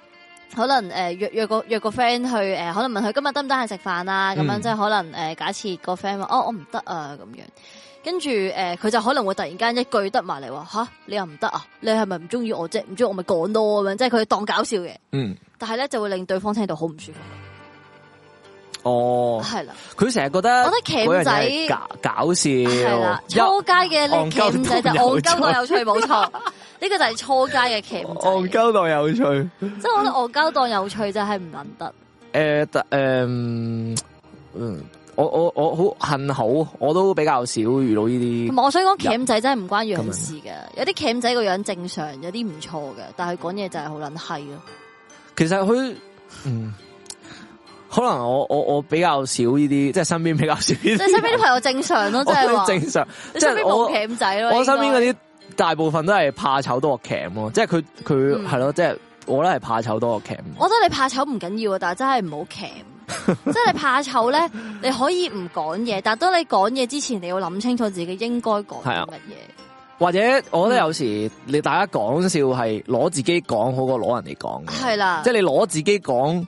可能誒約、呃、約個約個 friend 去誒，呃啊嗯、可能問佢今日得唔得閒食飯啊？咁樣即係可能誒，假設個 friend 話哦，我唔得啊，咁樣跟住誒，佢、呃、就可能會突然間一句得埋嚟，話，吓，你又唔得啊？你係咪唔中意我啫？唔中意我咪講咯咁樣，即係佢當搞笑嘅。嗯但呢，但係咧就會令對方聽到好唔舒服。哦、oh，係啦，佢成日覺得，我覺得僆仔搞笑，係啦，初階嘅呢僆仔，就我交代有趣，冇錯，呢個就係初階嘅僆仔，惡交代有趣，即係我覺得我交代有趣就係唔能得。誒、呃，特、呃、誒，嗯、呃，我我我好幸好，我都比較少遇到呢啲。同埋我想講僆仔真係唔關樣事嘅，有啲僆仔個樣正常，有啲唔錯嘅，但係佢講嘢就係好撚閪咯。其實佢，嗯。可能我我我比較少呢啲，即係身邊比較少呢啲。即係身邊啲朋友正常咯， 即係正常。你身邊冇鉗仔咯。我身邊嗰啲大部分都係怕醜多過鉗咯，即係佢佢係咯，即係我都係怕醜多過鉗。我覺得你怕醜唔緊要，但係真係唔好鉗。即 係你怕醜咧，你可以唔講嘢， 但係當你講嘢之前，你要諗清楚自己應該講乜嘢。或者我覺得有時你大家講笑係攞自己講好過攞人哋講。係啦，即係你攞自己講。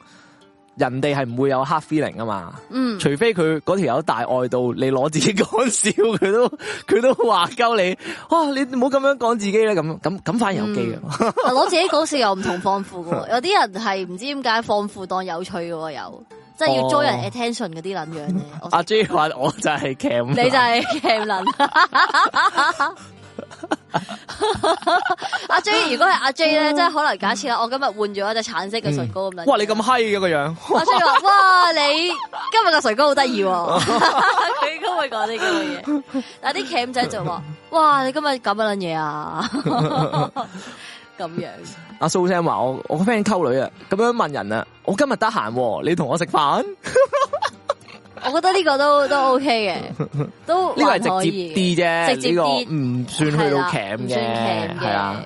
人哋係唔會有 hard feeling 啊嘛，嗯，除非佢嗰條友大愛到你攞自己講笑，佢都佢都話鳩你，哇！你唔好咁樣講自己咧，咁咁咁翻有機嘅。攞自己講笑又唔同有放負嘅喎，有啲人係唔知點解放負當有趣嘅喎，又即係要抓人 attention 嗰啲撚樣。阿 啊、J 話：「我就係 cam，你就係 cam 撚。 阿 J 如果係阿 J 咧，即係可能假設啦，我今日換咗一隻橙色嘅唇膏咁樣、嗯。哇，你咁嗨嘅個樣！ 阿 J 話：，哇，你 今日嘅唇膏好得意。佢都會講呢啲咁嘅嘢， 但係啲鉗仔就話：， 哇，你今日搞乜卵嘢啊？咁 樣。阿蘇生話：，我我個 friend 溝女啊，咁樣問人啊，我今日得閒，你同我食飯。 我覺得呢個都都 OK 嘅，都呢、這個係直接啲啫，呢、這個唔算去到 c 侃嘅，係啊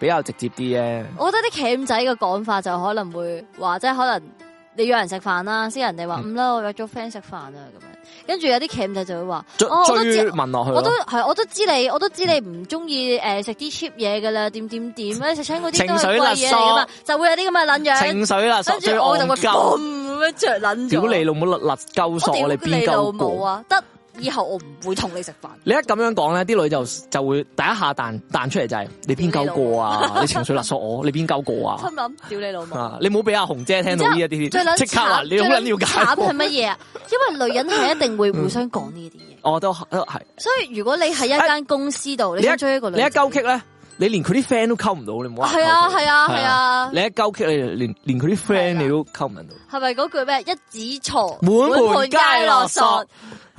比較直接啲咧。我覺得啲 c 侃仔嘅講法就可能會話，即、就、係、是、可能你約人食飯啦，先人哋話唔啦，我約咗 friend 食飯啊咁。跟住有啲潛就就會話追文落去，我都係，我都知你，我都知你唔中意誒食啲 cheap 嘢噶啦，點點點咧，食親嗰啲都係貴嘢嚟嘅嘛，就會有啲咁嘅捻樣情緒啦，最惡咁咩？着捻住屌你老母，立立鳩傻我邊鳩過啊？得。以後我唔會同你食飯。你一咁樣講咧，啲女就就會第一下彈彈出嚟就係你邊夠過啊！你，啊 你情緒勒索我，你邊夠過啊？心諗屌你老母，啊、你唔好俾阿紅姐聽到呢一啲，即刻你好緊要解。慘係乜嘢？因為女人係一定會互相講呢啲嘢。我都都係。所以如果你喺一間公司度、欸，你追一個女人，你一勾激咧，你連佢啲 friend 都溝唔到，你唔好話。係啊係啊係啊，啊！你一勾激，你連連佢啲 friend 你都溝唔到。係咪嗰句咩？一指錯，滿門皆落索。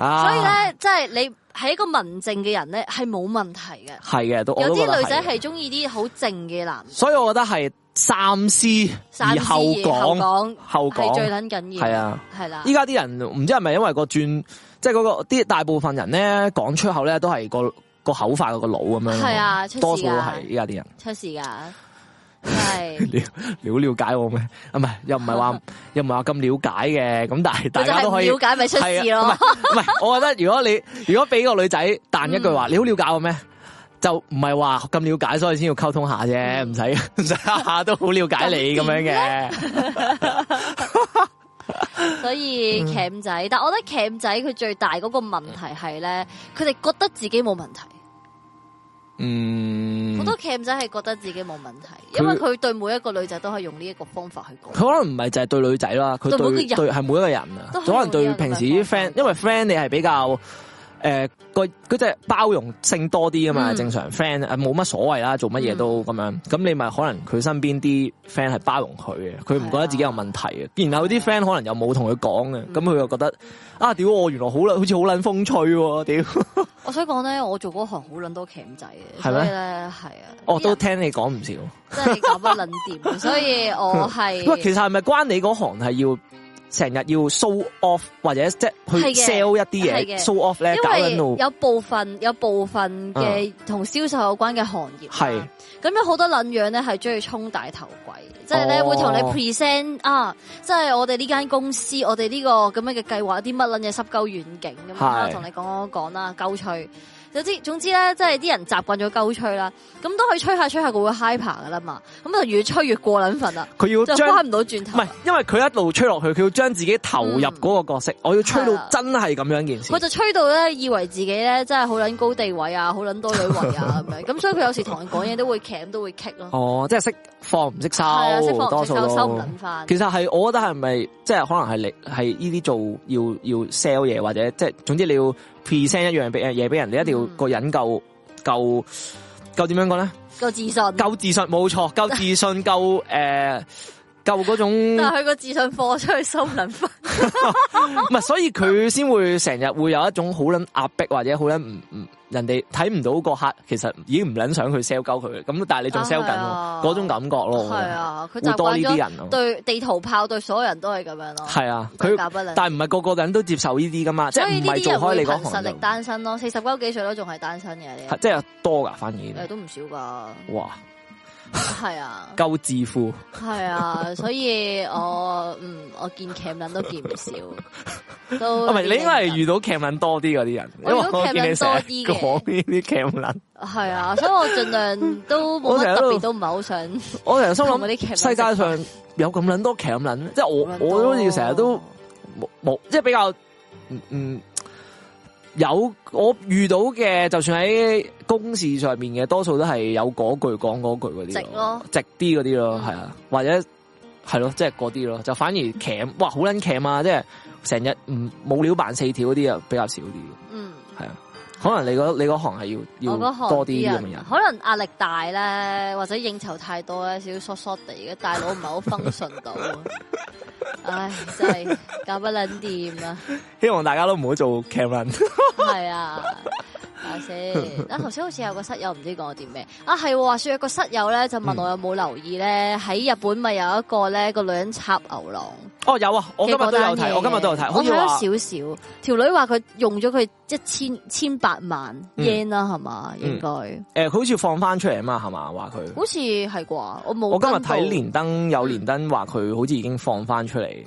啊、所以咧，即、就、係、是、你係一個文靜嘅人咧，係冇問題嘅。係嘅，都有啲女仔係中意啲好靜嘅男。所以我覺得係三思而後講，後講係最撚緊要。係啊，係啦。依家啲人唔知係咪因為個轉，即係嗰個啲大部分人咧講出口咧都係個個口快，過、那個腦咁樣。係啊，多數係依家啲人出事噶。係，你好了解我咩？啊，唔係又唔係話又唔係話咁了解嘅，咁但係大家都可以了解咪出事咯？唔係，我覺得如果你如果俾個女仔彈一句話，你好了解我咩？就唔係話咁了解，所以先要溝通下啫，唔使，唔使下下都好了解你咁樣嘅。所以鉗仔，但係我覺得鉗仔佢最大嗰個問題係咧，佢哋覺得自己冇問題。嗯，好多 cam 仔係覺得自己冇問題，佢因為佢對每一個女仔都係用呢一個方法去講。佢可能唔係就係對女仔啦，佢對對係每一個人啊，人人可，可能對平時啲 friend，因為 friend 你係比較。誒、呃，個佢即係包容性多啲啊嘛，嗯、正常 friend 誒冇乜所謂啦，做乜嘢都咁樣。咁、嗯、你咪可能佢身邊啲 friend 係包容佢嘅，佢唔覺得自己有問題嘅。嗯、然後啲 friend 可能又冇同佢講嘅，咁佢又覺得、嗯、啊，屌我原來好好似好撚風趣、啊，屌、嗯 ！我想講咧，我做嗰行好撚多鉗仔嘅，係咩咧係啊，我、哦、都聽你講唔少真的不定定，真係搞乜撚掂，所以我係、嗯。喂，其實係咪關你嗰行係要？成日要 show off 或者即係去 sell 一啲嘢，show off 咧，因為有部分有部分嘅同銷售有關嘅行業係，咁有好多捻樣咧係中意充大頭鬼，是的即係咧會同你 present、哦、啊，即係我哋呢間公司，我哋呢個咁樣嘅計劃，啲乜捻嘢濕鳩遠景咁樣，同你講講啦，鳩脆。知，總之總之咧，即係啲人習慣咗鳩吹啦，咁都可以吹下吹下，佢會 high 爬噶啦嘛。咁就越吹越過撚份啦，就翻唔到轉頭了。唔係，因為佢一路吹落去，佢要將自己投入嗰個角色，嗯，我要吹到真係咁樣一件事。佢、啊，就吹到咧，以為自己咧真係好撚高地位啊，好撚多女位啊咁 樣。咁所以佢有時同人講嘢都會鉗，都會棘咯、啊。哦，即係識放唔識收，係、啊、識放唔收收唔撚翻。其實係我覺得係咪即係可能係你係呢啲做要要 sell 嘢，或者即係總之你要。percent 一樣俾誒嘢俾人哋，一定要個引夠夠夠點樣講咧？夠自，自信，夠自信，冇錯，夠自信，夠誒，夠嗰種。但係佢個自信放出去收唔返。唔 係， 所以佢先會成日會有一種好捻壓迫，或者好捻嗯嗯。人哋睇唔到個客，其實已經唔諗想去 sell 鳩佢嘅，咁但係你仲 sell 緊，嗰、啊啊、種感覺咯。係啊，佢就多呢啲人囉，對地圖炮對所有人都係咁樣咯。係啊，佢但係唔係個個人都接受呢啲噶嘛，即係唔做開你個行業。呢啲人憑實力單身咯，四十幾歲都仲係單身嘅。即係多噶，反而都唔少噶。哇，係啊，高支付係啊，所以我 嗯我見 cam 都見唔少。唔係、啊，你應該係遇到 cam 文多啲嗰啲人，因為我見你多啲嘅講呢啲 cam 文。係啊，所以我盡量都冇乜特別，都唔係好想。我成日心諗，世界上有咁捻多 cam 文，即係我我都要成日都冇冇，即係比較、嗯嗯、有我遇到嘅，就算喺公事上面嘅，多數都係有嗰句講嗰句嗰啲咯，直啲嗰啲咯，係啊，嗯、或者係咯，即係嗰啲咯，就反而 cam 嘩， 哇好捻 cam 啊，即係。成日唔冇料扮四條嗰啲啊，比較少啲。嗯，係啊，可能你個你行係要要多啲咁樣人，可能壓力大咧，或者應酬太多咧，少少疏疏哋嘅大佬唔係好分順到。 唉，真係搞不撚掂啊！希望大家都唔好做 cameraman。係啊。係先？啊，頭先好似有個室友唔知講我啲咩？啊，係話說有個室友咧就問我有冇留意咧喺、嗯、日本咪有一個咧個女人插牛郎？哦，有啊，我今日都有睇，我今日都有睇。我睇咗少少，條女話佢用咗佢一千千八萬 yen 啦，係嘛？應該誒，佢好似放翻出嚟啊嘛，係嘛？話佢好似係啩？我冇。我今日睇、嗯嗯嗯、連登有連登話佢好似已經放翻出嚟。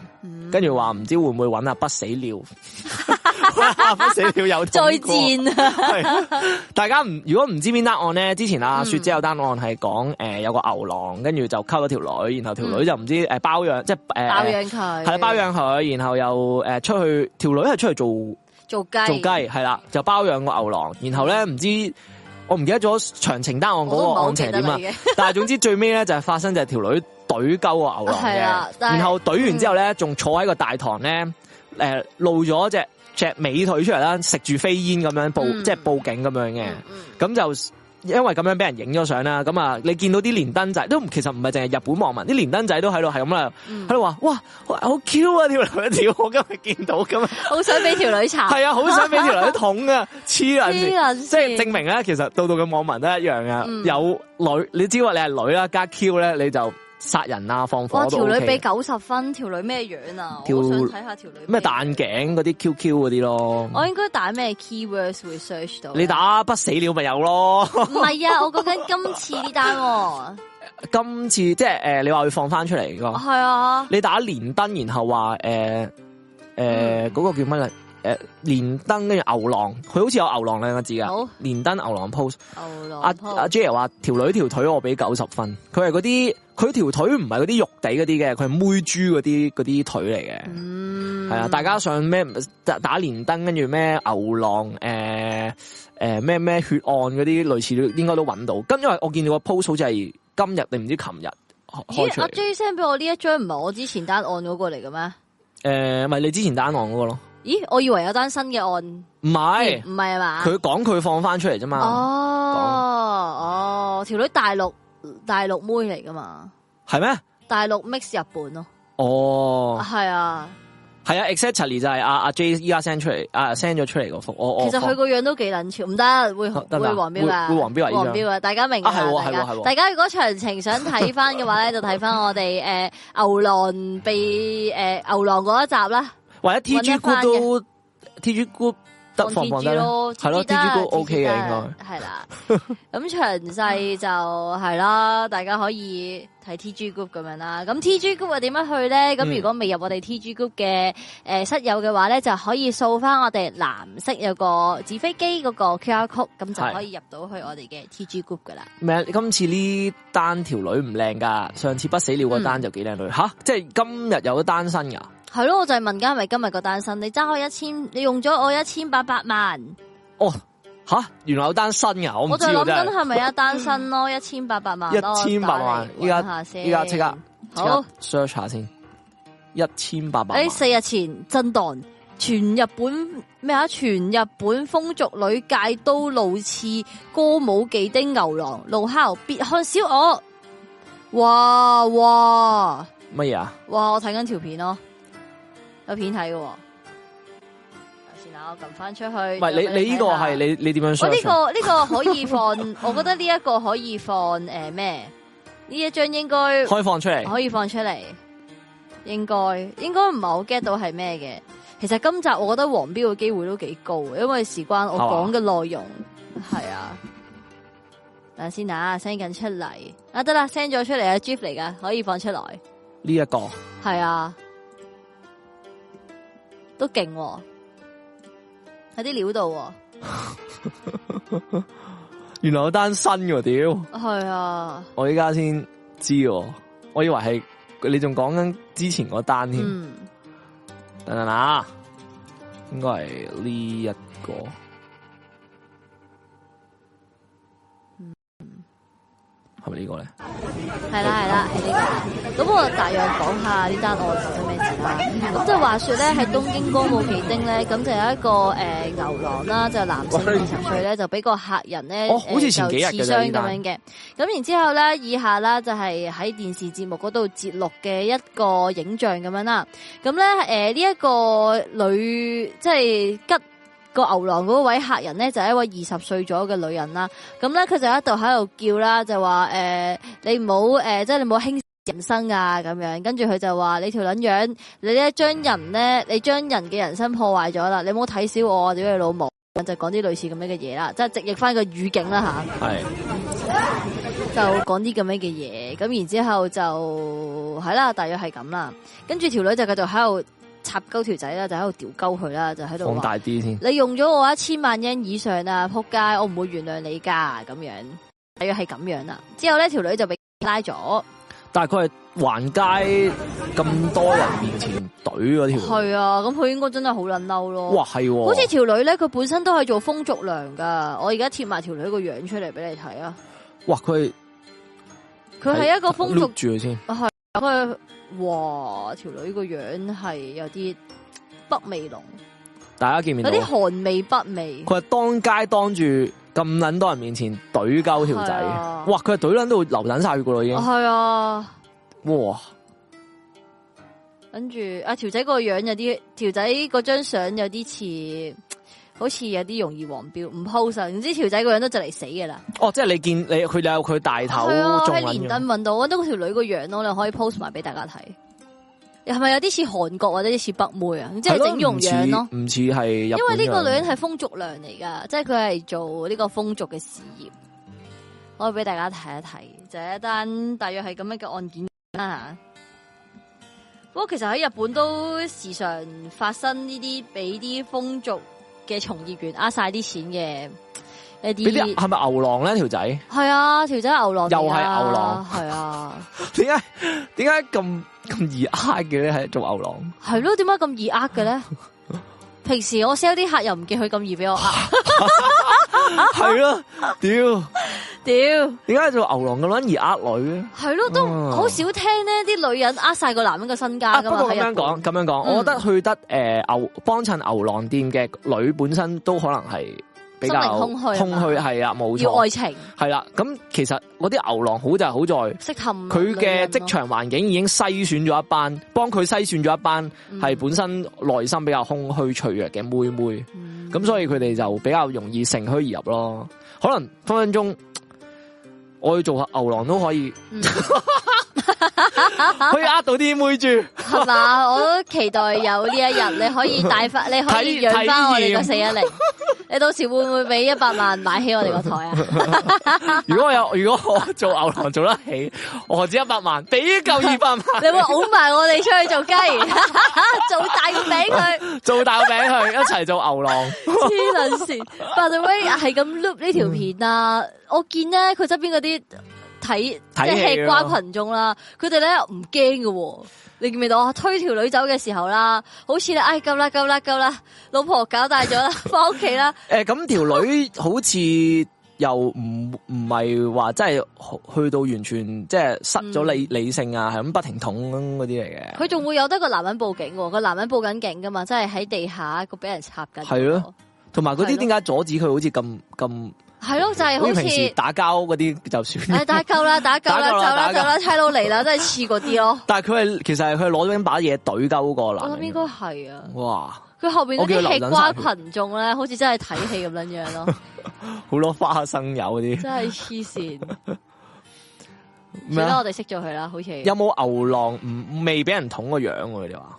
跟住話唔知會唔會搵 啊不死鳥，不死鳥有再戰。係大家唔如果唔知邊單案咧，之前阿雪姐有單案係講誒有個牛郎，跟住就溝咗條女，然後條女就唔知誒、呃、包養，即係誒包養佢係啦，包養佢，然後又誒出去條女係出去做做雞做雞係啦，就包養個牛郎，然後咧唔知。我唔記得咗詳情單案嗰個案情點啦， 但係總之最尾咧就係發生就係條女懟鳩個牛郎嘅、啊，然後懟完之後咧仲、嗯、坐喺個大堂咧，誒露咗只隻美腿出嚟啦，食住飛煙咁樣報、嗯、即係報警咁樣嘅，咁、嗯嗯、就。因為咁樣俾人影咗相啦，咁啊，你見到啲連登仔都其實唔係淨係日本網民，啲連登仔都喺度係咁啦，喺度話哇好 Q 啊條女，我今日見到咁，好想俾條女查。 係啊，好想俾條女捅啊，黐 人，即係證明咧，其實度度嘅網民都一樣啊。嗯、有女，你知話你係女啦，加 Q 咧你就。殺人啊，放火都哇，條女俾九十分，條女咩樣啊？我想睇下條女、啊。咩彈鏡嗰啲 QQ 嗰啲咯？我應該打咩 keywords 會 search 到？你打不死了咪有咯？唔係啊，我講緊今次呢單。今次即係誒、呃，你話會放翻出嚟噶？係啊。啊、你打連登，然後話誒誒嗰個叫乜嘢？誒，連登跟住牛郎，佢好似有牛郎兩個字噶。好，連登牛郎 pose。牛郎 pose。阿阿 Jay 話條女條腿我俾九十分，佢係嗰啲，佢條腿唔係嗰啲肉地嗰啲嘅，佢係妹豬嗰啲嗰啲腿嚟嘅。係、嗯、啊，大家上咩打打連登，跟住咩牛郎，誒誒咩咩血案嗰啲，類似應該都應該都揾到。咁因為我見到個 post 好似係今日定唔知琴日開出嚟。阿 Jay send 俾我呢一張唔係我之前單案嗰個嚟嘅咩？誒、呃，唔係你之前單案嗰個咯。咦，我以為有單新嘅案，唔係唔係嘛、哦？佢講佢放翻出嚟啫嘛。哦哦，條女大陸大陸妹嚟噶嘛？係咩？大陸 mix 日本咯。哦，係啊，係啊，exactly 就係阿阿 Jay 依家 send 出嚟，send 咗出嚟嗰幅。其實佢個樣都幾撚潮，唔得會、啊、會黃標噶，會黃標啊，啊，啊，黃標啊，大家明啊？系系系，大家如果詳情想睇翻嘅話咧， 就睇翻我哋誒、呃、牛郎被誒、呃、牛郎嗰一集啦。或者 T G Group 都 T G Group 得防，防得咯，係咯 T G Group TG OK 嘅應該係啦。咁詳細就係啦，大家可以睇 T G Group 咁樣啦。咁 T G Group 啊點樣去咧？咁如果未入我哋 T G Group 嘅誒、呃嗯呃、室友嘅話咧，就可以掃翻我哋藍色有個紙飛機嗰個 Q R code，咁就可以入到去我哋嘅 T G Group 噶啦。咩？今次呢單條女唔靚噶，上次不死鳥個單就幾靚女吓，即係今日有單身噶。係咯，我就係問家係咪今日個單身？你揸開一千，你用咗我一千八百萬。哦，吓，原來有單身噶，我知我就諗緊係咪有單身咯 一一一？一千八百萬，一千八萬，依家依家即刻好 search 下先，一千八百。誒，四日前震盪，全日本咩啊？全日本風俗女界都怒似歌舞伎町牛郎老敲，別看小我。哇哇，乜嘢啊？哇，我睇緊條片咯。有片睇嘅、哦，等先啊！我撳翻出去。唔係你看看你呢個係你你點樣？我、哦、呢、這個呢、這個可以放， 我覺得呢一個可以放誒咩？呢、呃、一張應該可以放出嚟，可以放出嚟，應該應該唔係好 get 到係咩嘅？其實今集我覺得黃標嘅機會都幾高，因為事關我講嘅內容係啊、啊。等先啊，send 緊出嚟啊得啦，send 咗出嚟啊 gif 嚟噶，可以放出嚟。呢、這、一個係啊。都勁喺啲料度、哦， 原來有單新嘅屌，係啊，我而家先知，我以為係你仲講緊之前嗰單添，等等啊，應該係呢一個。係咪呢個咧？係啦，係啦，係呢個。咁我大約講下呢單案係咩事啦。咁即係話說咧，喺東京歌舞伎町咧，咁就有一個誒牛郎啦，就是，男性二十歲咧，就俾個客人咧受，欸、刺傷咁，哦、樣嘅。咁然之後咧，以下啦就係、是，喺電視節目嗰度節錄嘅一個影像咁樣啦。咁咧誒呢一、呃這個女即係、就是、吉。個牛郎嗰位客人咧就係、是、一位二十歲左右嘅女人啦，咁咧佢就一度喺度叫啦，就話誒你唔好誒，即係你唔好輕人生啊咁樣，跟住佢就話你條捻樣，你咧將人咧，你將人嘅人生破壞咗啦，你唔好睇小我，屌你老母，就講啲類似咁樣嘅嘢啦，即係直譯翻個語境啦吓，係，就講啲咁樣嘅嘢，咁然之後就係啦，大約係咁啦，跟住條女就繼續喺度。插鳩條仔啦，就喺度掉鳩佢啦，就喺度。放大啲先。你用咗我一千萬日圓以上啊，扑街！我唔會原諒你噶、啊，咁樣大約係咁樣啦。之後咧，條女就俾拉咗。但係佢係橫街咁多人面前懟嗰條女。係啊，咁佢應該真係好撚嬲咯。哇，係、啊。好似條女咧，佢本身都係做風俗娘噶。我而家貼埋條女個樣出嚟俾你睇啊。哇，佢佢係一個風俗住佢先。係佢、啊。哇！條女個樣係有啲北味濃，大家見面有啲寒味北味。佢係當街當住咁捻多人面前隊鳩條仔，哇！佢係隊撚到流捻晒噶啦，已經係啊！哇！跟住阿條仔個樣有啲，條仔嗰張相有啲似。好似有啲容易黃標，唔 post 唔知條仔個樣都就嚟死嘅啦。哦，即係你見你佢有佢大頭，我喺連登問到，搵到條女個樣咯，你可以 post 埋俾大家睇。係咪有啲似韓國或者似北妹啊？即係整容樣咯，唔似係。因為呢個女人係風俗娘嚟噶，即係佢係做呢個風俗嘅事業。可以俾大家睇一睇，就係一單大約係咁樣嘅案件啦。吓、啊，不過其實喺日本都時常發生呢啲俾啲風俗嘅從業員，呃晒啲錢嘅一啲，係咪牛郎咧，條仔？係啊，條仔牛郎，又係牛郎，係啊？點解點解咁咁易呃嘅咧？係做牛郎？係咯，啊，點解咁易呃嘅咧？ 平時我 sell 啲客人又唔見佢咁易俾我 對了，係咯，屌屌，點解做牛郎咁捻易呃女嘅？係咯，都好少聽呢啲女人呃晒個男人嘅身家 樣。咁樣講，咁樣講，我覺得去得誒牛幫襯牛郎店嘅女本身都可能係。比較空虛，空虛，係啦，冇錯。要愛情，係啦。咁其實我啲牛郎好就係好在，適合佢嘅職場環境已經篩選咗一班，幫佢篩選咗一班係本身內心比較空虛脆弱嘅妹妹，咁、嗯、所以佢哋就比較容易乘虛而入咯。可能分分鐘，我要做下牛郎都可以。嗯 去 呃到啲妹，妹住係嘛？ 我都期待有呢一日，你可以帶翻，你可以養翻我哋個四一零。你到時會唔會俾一百萬買起我哋個台啊？ 如果我有，如果我做牛郎做得起，我只一百萬俾夠二百萬。 你會拱埋我哋出去做雞， 做大名餅佢， 做大名佢一齊做牛郎 經病。黐 捻線，by the way 係咁 loop 呢條片啊！我見咧佢側邊嗰啲。睇，即係吃瓜群眾啦，佢哋咧唔驚嘅，你見唔見到啊？推條女走嘅時候啦，好似咧，唉，夠啦，夠啦，夠啦，老婆搞大咗啦，翻屋企啦。誒、呃、咁、那、條、個、女好似又唔唔係話真係去到完全即係失咗理、嗯、理性啊，係咁不停捅嗰啲嚟嘅。佢仲會有得個男人報警嘅，個男人報緊警噶嘛，即係喺地下個俾人插緊。係咯，同埋嗰啲點解阻止佢好似咁咁？係咯，就係、是、好似打交嗰啲就算。哎，打夠啦，打夠啦，走啦，走啦，差佬嚟啦，都係似嗰啲咯。但係佢係，其實係佢攞咗把嘢懟兜過嚟。我諗應該係啊。哇！佢後邊啲吃瓜群眾咧，好似真係睇戲咁樣樣咯。好 多花生友嗰啲，真係黐綫。算啦，我哋識咗佢啦，好似。有冇牛浪唔未俾人捅個樣、啊？佢哋話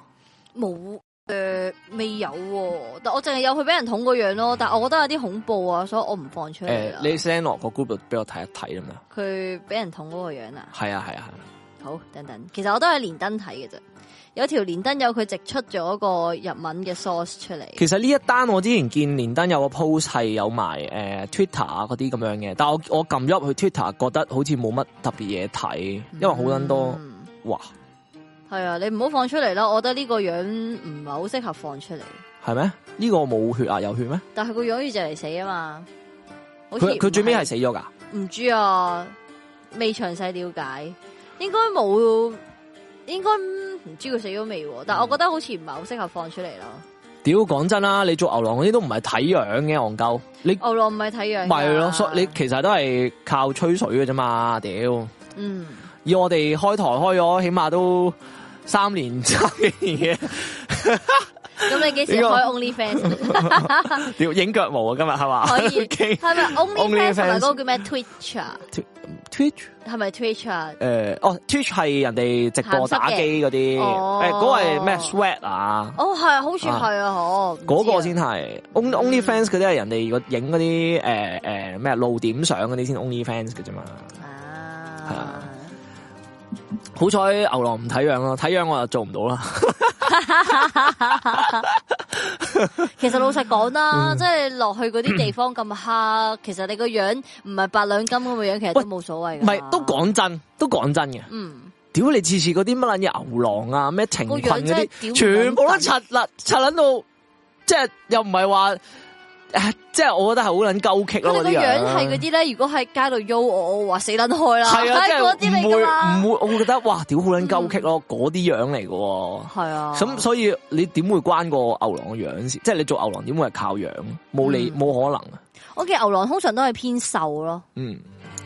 冇。誒、呃，未有，啊，但我淨係有佢俾人捅個樣咯。但係我覺得有啲恐怖啊，所以我唔放出嚟，呃。你 send 落個 group 俾我睇一睇啦，佢俾人捅嗰個樣啊？係啊，係啊，係啊，好等等。其實我都係連登睇嘅啫，有條連登有佢直出咗個日文嘅 source 出嚟。其實呢一單我之前見連登有個 post 係有埋，誒、呃、Twitter 啊嗰啲咁樣嘅，但係我我撳入去 Twitter 覺得好似冇乜特別嘢睇，因為好撚多，哇、嗯！嘩係啊，你唔好放出嚟啦！我覺得呢個樣唔係好適合放出嚟。係咩？呢個冇血啊，有血咩？但係個樣要就嚟死啊嘛！佢佢最尾係死咗噶？唔知啊，未詳細了解，應該冇，應該唔知佢死咗未？嗯、但係我覺得好似唔係好適合放出嚟咯。屌，講真啦，你做牛郎嗰啲都唔係睇樣嘅戇鳩，你，不是你牛郎唔係睇樣的，唔係咯，所以你其實都係靠吹水嘅啫嘛。屌，嗯。要我哋開台開咗起碼都三年七年嘅，咁你幾時開 Only Fans？屌，影腳毛啊，今日係嘛？可以係咪、okay. Only, Only Fans？唔係嗰個叫咩？Twitch 啊？Twitch 係咪 Twitch 啊？誒、啊嗯，哦，Twitch 係人哋直播打機嗰啲，誒、那個，嗰個係咩？Sweat 啊？哦，係，好似係啊，哦，嗰、啊那個先係 Only,、嗯、Only Fans 嗰啲係人哋影嗰啲誒誒咩露點相嗰啲先 Only Fans 㗎啫嘛，係啊。好彩牛郎唔睇樣咯，睇樣我就做唔到啦 其實老實講啦，嗯、即係落去嗰啲地方咁黑，嗯、其實你個樣唔係八兩金咁嘅樣，其實都冇所謂嘅。唔係都講真，都講真嘅。嗯，屌你次次嗰啲乜捻嘢牛郎啊，咩情群嗰啲，全部都柒啦，柒捻到即係又唔係話。啊、即係我覺得係好撚鳩劇咯，你個樣係嗰啲咧？如果喺街度喐我，我話死撚開啦，係啊，啲你唔會唔會，我會覺得哇，屌好撚鳩劇咯，嗰啲，嗯、樣嚟嘅，係啊。咁所，所以你點會關個牛郎嘅樣先？即係你做牛郎，點會係靠樣？冇、嗯、理，冇可能啊！我見牛郎通常都係偏瘦咯，嗯，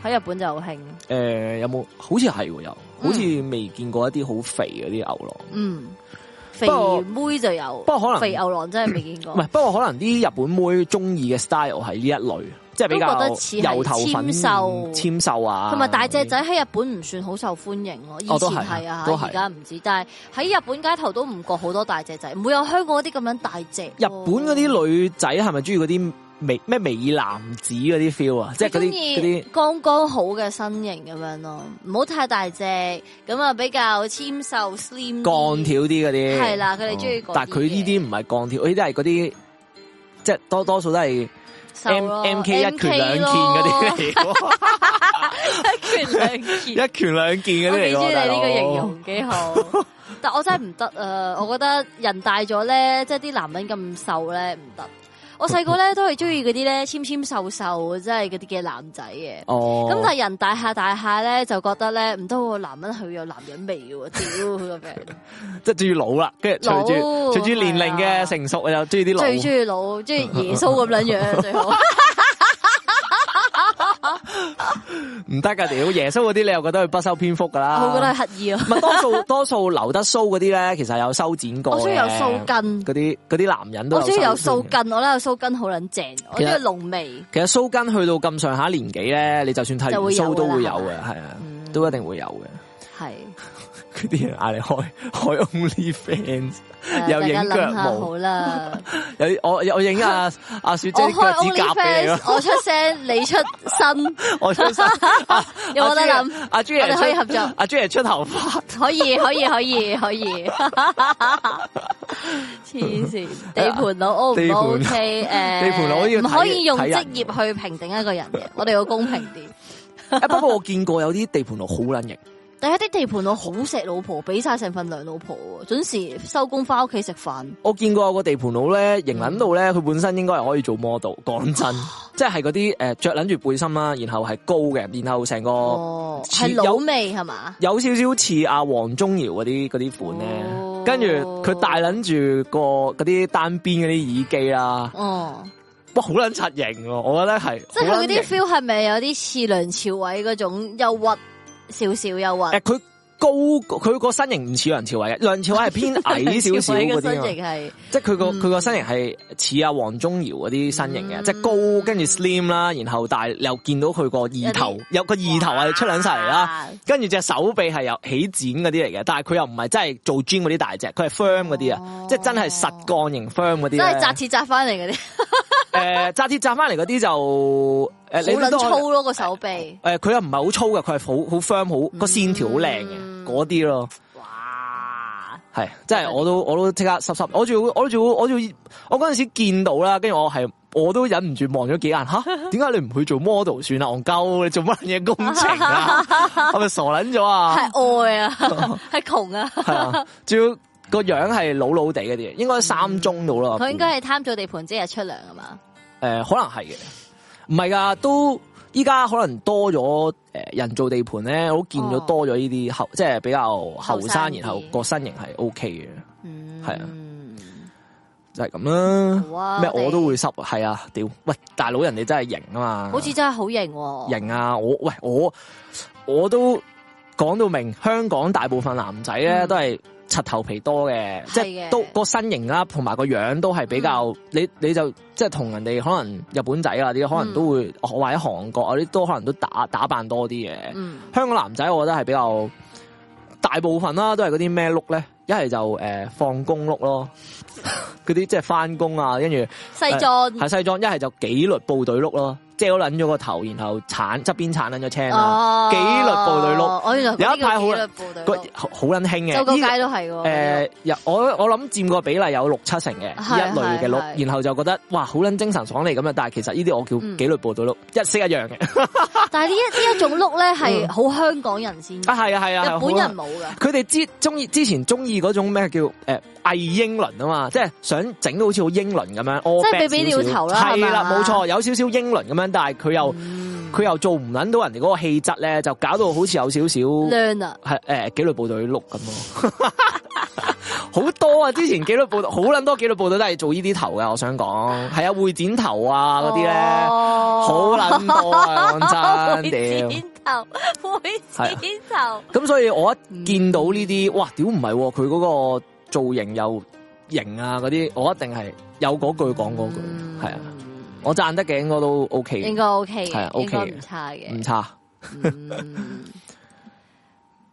喺日本就好興誒，有冇？好似係，有，好似未見過一啲好肥嗰啲牛郎，嗯。嗯肥妹就有，不過可能肥牛郎真係未見過。唔係，不過可能啲日本妹中意嘅 style 係呢一類，即、就、係、是、比較油頭粉、纖瘦、纖瘦啊。同埋大隻仔喺日本唔算好受歡迎咯、哦。以前係啊，而家唔知。但係喺日本街頭都唔覺好多大隻仔，唔會有香港啲咁樣大隻、啊。日本嗰啲女仔係咪中意嗰啲？美咩美男子嗰啲 feel 啊，即係嗰啲嗰啲剛剛好嘅身形咁樣咯，唔好太大隻，咁啊比較纖瘦 slim，鋼條啲嗰啲，係啦，佢哋中意嗰啲。但係佢呢啲唔係鋼條，佢呢啲係嗰啲，即係多多數都係 M M K 一拳兩兩件嗰啲。 一拳兩兩件， 一拳兩件嗰啲嚟嘅。我中意你呢個形容幾好， 但我真係唔得啊！我覺得人大咗咧，即係啲男人咁瘦咧唔得。我細個咧都係中意嗰啲咧纖纖瘦瘦，即係嗰啲嘅男仔嘅。哦，咁但係人大下大下咧，就覺得咧唔得，個男人佢有男人味嘅喎，屌，佢個名。即係中意老啦，跟住隨住隨住年齡嘅成熟，又中意啲老，最中意老，中意耶穌咁樣樣最好。啊！ 唔得噶，屌耶穌嗰啲，你又覺得佢不修邊幅噶啦？我覺得係刻意啊。 唔係多數多數留得鬚嗰啲咧，其實有修剪過。我中意有鬚根嗰啲，啲男人都有。我中意有鬚根，我覺得有鬚根好撚正，我中意濃眉。其實鬚根去到咁上下年紀咧，你就算剃咗鬚都會有嘅，係啊、嗯，都一定會有嘅。係。啲人嗌你開開 Only Fans，又影腳毛，想想好啦，有 我我影阿阿雪姐 OnlyFans，我出聲，你出身，我出身，有冇得諗？阿 朱出聲、 啊，我哋可以合作，阿朱爺出頭髮，可以可以可以可以，黐線， 地盤佬 O 唔 O K？誒，地盤佬唔可以用職業去評定一個人嘅， 我哋要公平啲、 啊。不過我見過有啲地盤佬好撚型。但一啲地盤佬好錫老婆，俾晒成份糧老婆，準時收工翻屋企食飯。我見過個地盤佬咧，型捻到咧，佢本身應該係可以做 model。講真， 即係嗰啲誒，着捻住背心啦，然後係高嘅，然後成個、哦、有味係嘛，有少少似阿黃宗堯嗰啲啲款咧。跟住佢戴捻住個嗰啲單邊嗰啲耳機啦。哦，哇，好捻扎型哦！我覺得係，即係佢啲 feel 係咪有啲似梁朝偉嗰種憂鬱？少少誘惑、欸。誒，佢高佢個身形唔似梁朝偉嘅，梁朝偉係偏矮少少嗰啲啊。即係佢、那個佢、嗯、個身形係似啊黃宗堯嗰啲身形嘅，嗯、即係高跟住 slim 啦，然後但係又見到佢個二頭有個二頭係出兩晒嚟啦，跟住隻手臂係有起剪嗰啲嚟嘅，但係佢又唔係真係做 gym 嗰啲大隻，佢係 firm 嗰啲啊，哦、即係真係實幹型 firm 啲、哦。真係扎鐵扎翻嚟嗰啲。 誒、 呃，扎鐵扎翻嚟嗰啲就誒、呃，你都好卵粗咯個手臂。誒、呃，佢、呃呃、又唔係好粗嘅，佢係好好 firm，好個線條好靚嘅嗰啲咯。哇！係，真係我都我都即刻濕濕，我仲我仲我仲我嗰陣時見到啦，跟住我係我都忍唔住望咗幾眼。哈，點解你唔去做 model 算啦？戇鳩，你做乜嘢工程啊？係 咪傻卵咗啊？係愛啊，係窮啊， 仲要。個樣係老老地嗰啲，應該三中到咯。佢、嗯、應該係貪做地盤，即係出糧啊嘛。誒、呃，可能係嘅，唔係噶，都依家可能多咗誒、呃，人做地盤咧，我都見咗多咗呢啲後，即係比較後生，然後個身形係 O K 嘅，係、嗯、啊，就係咁啦。咩、啊、我都會濕，係啊，屌喂，大佬人哋真係型啊嘛，好似真係好型、啊。型啊，我喂我我都講、嗯、到明，香港大部分男仔咧都係。嗯柒頭皮多嘅，即係都個身形啦，同埋個樣都係比較、嗯、你，你就即係同人哋可能日本仔啊，啲可能都會、嗯、或者喺韓國啊，啲都可能都打打扮多啲嘅。嗯、香港男仔我覺得係比較大部分啦，都係嗰啲咩碌咧，一係就誒放工碌咯，嗰 啲即係翻工啊，跟住西裝係、呃、西裝，一係就紀律部隊碌咯。遮好撚咗個頭，然後鏟側邊鏟撚咗青啊！紀律部隊碌，有一排好部個好撚興嘅，周街都係喎。我、那個這個呃、我諗佔個比例有六七成嘅一類嘅碌，然後就覺得哇，好撚精神爽利咁啊！但係其實呢啲我叫紀律部隊碌、嗯，一式一樣嘅。但係呢一呢 一種碌咧係好香港人先、嗯、啊，係啊係啊，日本人冇嘅。佢哋之中意之前中意嗰種咩叫誒偽、啊、英倫啊嘛，即係想整到好似好英倫咁樣，即係俾俾鳥頭啦，係啦、啊，冇、啊啊、錯，有少少英倫咁樣。但係佢又佢、嗯、又做唔撚到人哋嗰個氣質咧，就搞到好似有少少靚啊！係誒，紀、欸、律部隊碌咁咯，好 多啊！之前紀律部隊，好 捻多紀律部隊都係做呢啲頭噶，我想講係啊，會剪頭啊嗰啲咧，好捻、哦、多、啊，真 會剪頭，會剪頭。咁、啊、所以我一見到呢啲、嗯，哇！屌唔係，佢嗰個造型又型啊嗰啲，我一定係有嗰句講嗰句，係、嗯、啊。我賺得嘅我都 OK 嘅，應該 OK 嘅，係啊，OK 嘅，唔差嘅，唔差。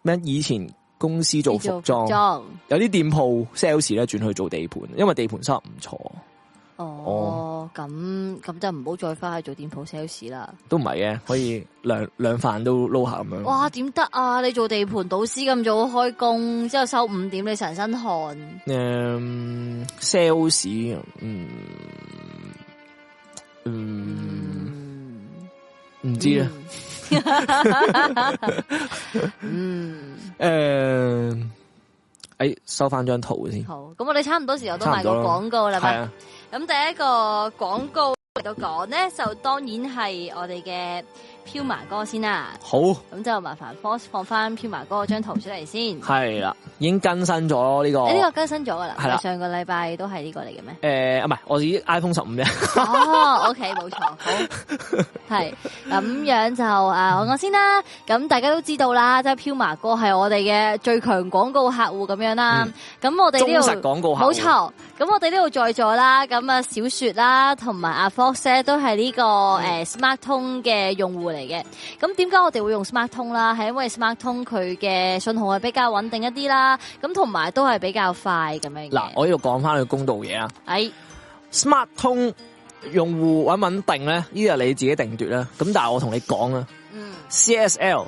咩？以前公司做服裝，服裝有啲店鋪 sales 咧，轉去做地盤，因為地盤收入唔錯。哦，哦，咁咁就唔好再翻去做店鋪 sales 啦。都唔係嘅，可以兩兩飯都撈下咁樣。哇，點得啊？你做地盤導師咁早開工，之後收五點，你成身汗嗯。嗯，sales，嗯。嗯，唔知啊。嗯，誒、 嗯 uh, 哎，收翻張圖先。好，咁我哋差唔多時候都賣過廣告啦。係啊。咁第一個廣告嚟到講咧，就當然係我哋嘅。p Puma 哥先啦，好，咁就麻煩 Fox 放翻 Puma 哥張圖出嚟先，係啦，已經更新咗呢、這個，呢個更新咗噶啦，係啦，上個禮拜都係呢個嚟嘅咩？誒、呃，唔係，我自己 iPhone 十五嘅， 哦，OK，冇錯，好，係 咁樣就誒、啊，我先啦，咁大家都知道啦，即係 p Puma 哥係我哋嘅最強廣告客戶咁樣啦，咁、嗯、我哋呢度忠實廣告冇錯，咁我哋呢度在座啦，咁啊小雪啦，同埋阿 Fox 都係呢個誒 Smart 通嘅用戶。嚟嘅，咁點解我哋會用 smart 通啦？係因為 smart 通佢嘅信號係比較穩定一啲啦，咁同埋都係比較快咁樣。嗱，我要講翻佢公道嘢啊，係、哎、smart 通用戶穩穩定咧？呢個係你自己定奪啦。咁但係我同你講啊，嗯，C S L。CSL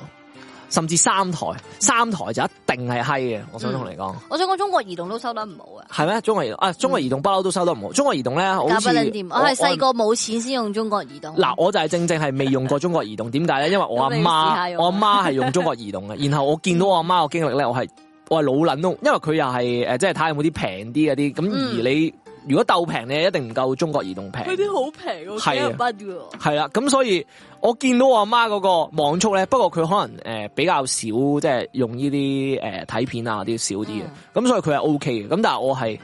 甚至三台，三台就一定係閪嘅。我想同你講、嗯，我想講中國移動都收得唔好嘅。係咩？中國移動啊，中國移動不嬲都收得唔好、嗯。中國移動咧，我好似定定我係細個冇錢先用中國移動。嗱，我就係正正係未用過中國移動，點解咧？因為我阿媽、嗯，我阿媽係用中國移動嘅。然後我見到我阿媽個經歷咧，我係我係老撚囉，因為佢又係誒，即係睇下有冇啲平啲嗰啲咁。咁而你。嗯如果鬥平咧，一定唔夠中國移動平。佢啲好平，九廿八嘅。係、啊、啦，咁、啊、所以我見到我阿媽嗰個網速咧，不過佢可能誒、呃、比較少，即、就、係、是、用呢啲誒睇片啊啲少啲嘅，咁、嗯、所以佢係 O K 嘅。咁但係我係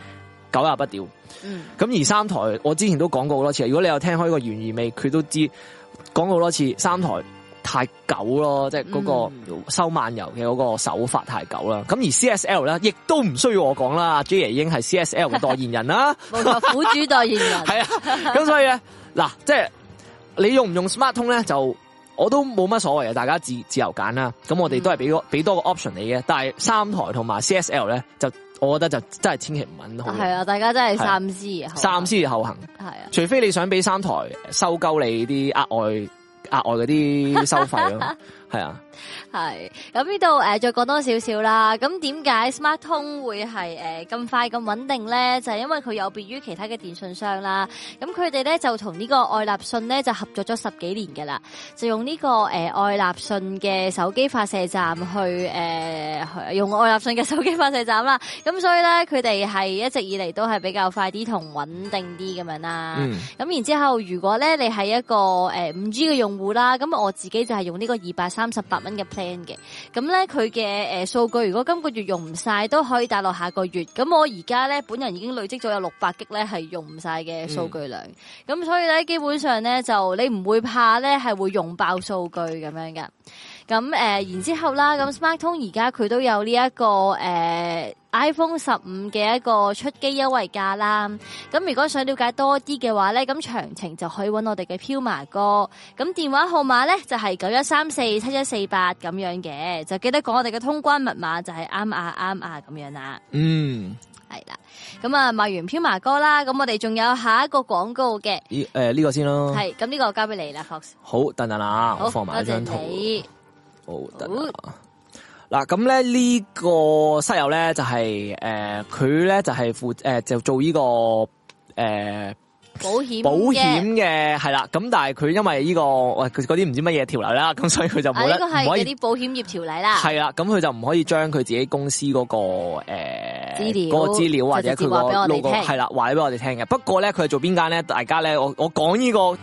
九廿不掉。咁、嗯、而三台，我之前都講過好多次，如果你有聽開個懸疑未，佢都知講過好多次三台。太舊咯，即係嗰個收漫遊嘅嗰個手法太舊啦。咁、嗯、而 C S L 咧，亦都唔需要我講啦。 J a 已經係 C S L 嘅代言人啦，無 苦主代言人係 啊。咁所以咧，嗱，即係你用唔用 Smart 通咧，就我都冇乜所謂啊。大家自自由揀啦。咁我哋都係俾多俾多個 option 你嘅。但係三台同埋 C S L 咧，就我覺得就真係千祈唔好係啊。大家真係三思，三思而後行。係啊，啊，除非你想俾三台收夠你啲額外。額外嗰啲收費咯，係 啊。係咁呢度誒，再講多少少啦。咁點解 SmarTone 係誒咁快咁穩定咧？就係、是、因為佢有別於其他嘅電訊商啦。咁佢哋咧就同呢個愛立信咧就合作咗十幾年噶啦，就用呢、這個誒、呃、愛立信嘅手機發射站去誒、呃、用愛立信嘅手機發射站啦。咁所以咧佢哋係一直以嚟都係比較快啲同穩定啲咁樣啦。咁、嗯、然之後，如果咧你係一個誒五 G 嘅用戶啦，咁我自己就係用呢個二百三十八蚊嘅 plan 嘅咁咧，佢嘅誒數據，如果今個月用唔晒，都可以帶落下，下個月。咁我而家咧，本人已經累積咗有六百 G 咧，係用唔晒嘅數據量。咁、嗯、所以咧，基本上咧就你唔會怕咧，係會用爆數據咁樣㗎。咁誒、呃，然後之後啦，咁 SmartTone 而家佢都有呢、這、一個誒。呃 iPhone 十五嘅一個出機優惠價啦，咁如果想了解多啲嘅話咧，咁詳情就可以揾我哋嘅飄麻哥，咁電話號碼咧就係九一三四七一四八，咁樣嘅，就記得講我哋嘅通關密碼就係啱啊啱啊咁樣啊，嗯，係啦，咁啊賣完飄麻哥啦，咁我哋仲有下一個廣告嘅，咦誒呢個先咯，係，咁呢個我交俾你啦 Fox，好，等等啦，好，我放埋一張圖，哦，等等嗱咁咧呢個室友咧就係誒佢咧就係負誒就做呢、這個誒、呃、保險保險嘅係啦，咁但係佢因為呢、這個喂嗰啲唔知乜嘢條例啦，咁所以佢就冇得唔可以啲、啊、保險業條例啦，係啦，咁佢就唔可以將佢自己公司嗰、那個誒資、呃、料、那個、資料或者佢、那個係啦話咗俾我哋聽嘅，不過咧佢係做邊間咧，大家咧，我我講呢、這個。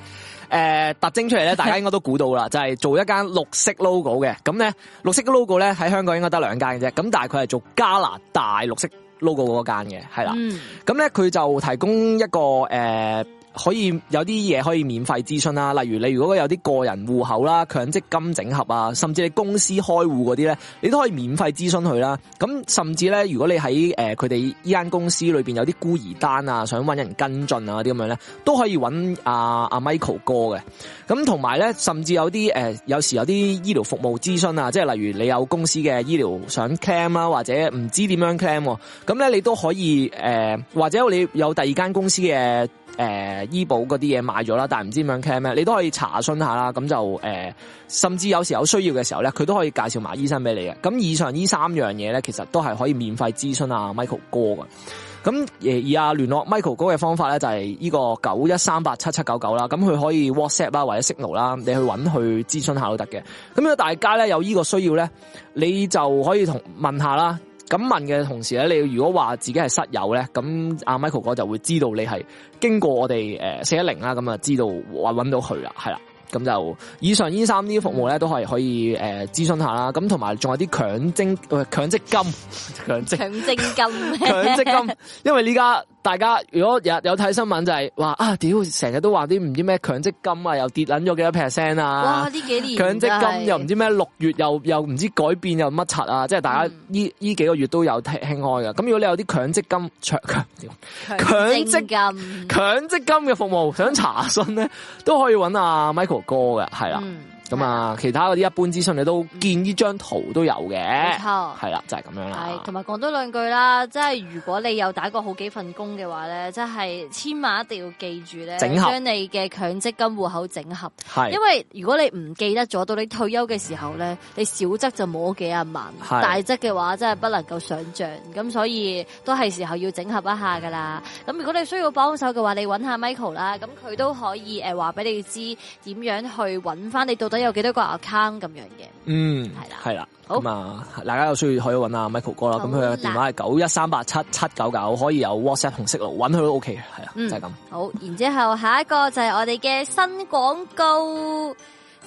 誒特徵出嚟咧，大家應該都估到啦， 就係做一間綠色 logo 嘅，咁咧綠色 logo 咧喺香港應該得兩間嘅啫，咁但係佢係做加拿大綠色 logo 嗰間嘅，係啦，咁咧佢就提供一個誒，呃可以有啲嘢可以免費諮詢啦，例如你如果有啲個人戶口啦、強積金整合啊，甚至你公司開戶嗰啲咧，你都可以免費諮詢佢啦。咁甚至咧，如果你喺誒佢哋呢間公司裏邊有啲孤兒單啊，想搵人跟進啊啲咁樣咧，都可以搵阿阿 Michael 哥嘅。咁同埋咧，甚至有啲誒、呃，有時有啲醫療服務諮詢啊，即係例如你有公司嘅醫療想 claim 啦，或者唔知點樣 claim，咁咧你都可以誒、呃，或者你有第二間公司嘅。誒、呃，醫保嗰啲嘢買咗啦，但係唔知點樣 claim 咧你都可以查詢下啦。咁就誒、呃，甚至有時有需要嘅時候咧，佢都可以介紹埋醫生俾你嘅。咁以上呢三樣嘢咧，其實都係可以免費諮詢阿 Michael 哥嘅。咁誒，而家聯、啊、絡 Michael 哥嘅方法咧，就係呢個九一三八七七九九啦。咁佢可以 WhatsApp 啦，或者 Signal 啦，你去搵佢諮詢下都得嘅。咁如果大家咧有呢個需要咧，你就可以同問下啦。咁問嘅同時咧，你如果話自己係室友咧，咁阿 Michael 哥就會知道你係經過我哋誒四一零啦，咁啊知道話揾到佢啦，係啦。咁就以上呢三啲服務咧都係可以誒諮詢下啦，咁同埋仲有啲強徵強積金，強積金，強積，強金， 強積金，因為呢家。大家如果有睇新聞就係、是、話啊屌成日都話啲唔知咩強積金啊又跌撚咗幾多 percent 啊哇呢幾年、就是、強積金又唔知咩六月又又唔知改變又乜柒啊即係大家呢、嗯、幾個月都有聽開嘅咁如果你有啲強積金長強強,強,強,強金強積,強積金嘅服務想查詢咧都可以揾阿、啊、Michael 哥嘅係啦。咁啊、嗯，其他嗰啲一般資訊你都見呢張圖都有嘅，係、嗯、啦，就係、是、咁樣啦。係同埋講多兩句啦，即係如果你有打過好幾份工嘅話咧，即係千萬一定要記住咧，整合，將你嘅強積金戶口整合，係。因為如果你唔記得咗，到你退休嘅時候咧，你小則就冇幾廿萬，大則嘅話真係不能夠想象，咁所以都係時候要整合一下噶啦。咁如果你需要幫手嘅話，你揾下 Michael 啦，咁佢都可以誒話俾你知點樣去揾翻你到。所以有幾多個 account 咁樣嘅，嗯，係啦，係啦，好嘛，大家有需要可以搵阿 Michael 哥啦，咁佢嘅電話係九一三八七七九九，可以有 WhatsApp 紅色號，搵佢都 OK 嘅，係啊，就係、是、咁。好，然之後下一個就係我哋嘅新廣告，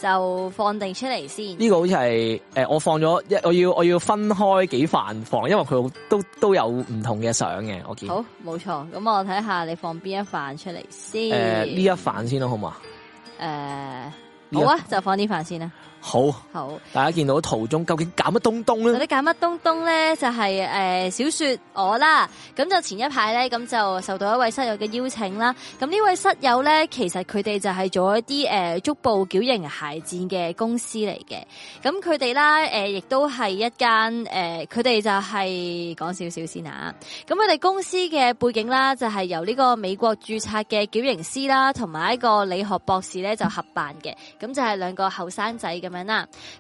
就放定出嚟先。呢、這個好似係誒，我放咗一，我要我要分開幾範放，因為佢都都有唔同嘅相嘅，我見。好，冇錯，咁我睇下你放邊一範出嚟先。誒、呃，呢一範先啦，好嘛？誒、呃。Yeah. 好啊，就放啲飯先啦。好好，大家見到途中究竟搞乜東東咧？嗰啲搞乜東東咧，就係誒小雪我啦。咁就前一排咧，咁就受到一位室友嘅邀請啦。咁呢位室友咧，其實佢哋就係做一啲誒足部矯形鞋墊嘅公司嚟嘅。咁佢哋啦，誒亦都係一間誒，佢哋就係講少少先吓，咁佢哋公司嘅背景啦，就係由呢個美國註冊嘅矯形師啦，同埋一個理學博士咧就合辦嘅。咁就係兩個後生仔咁。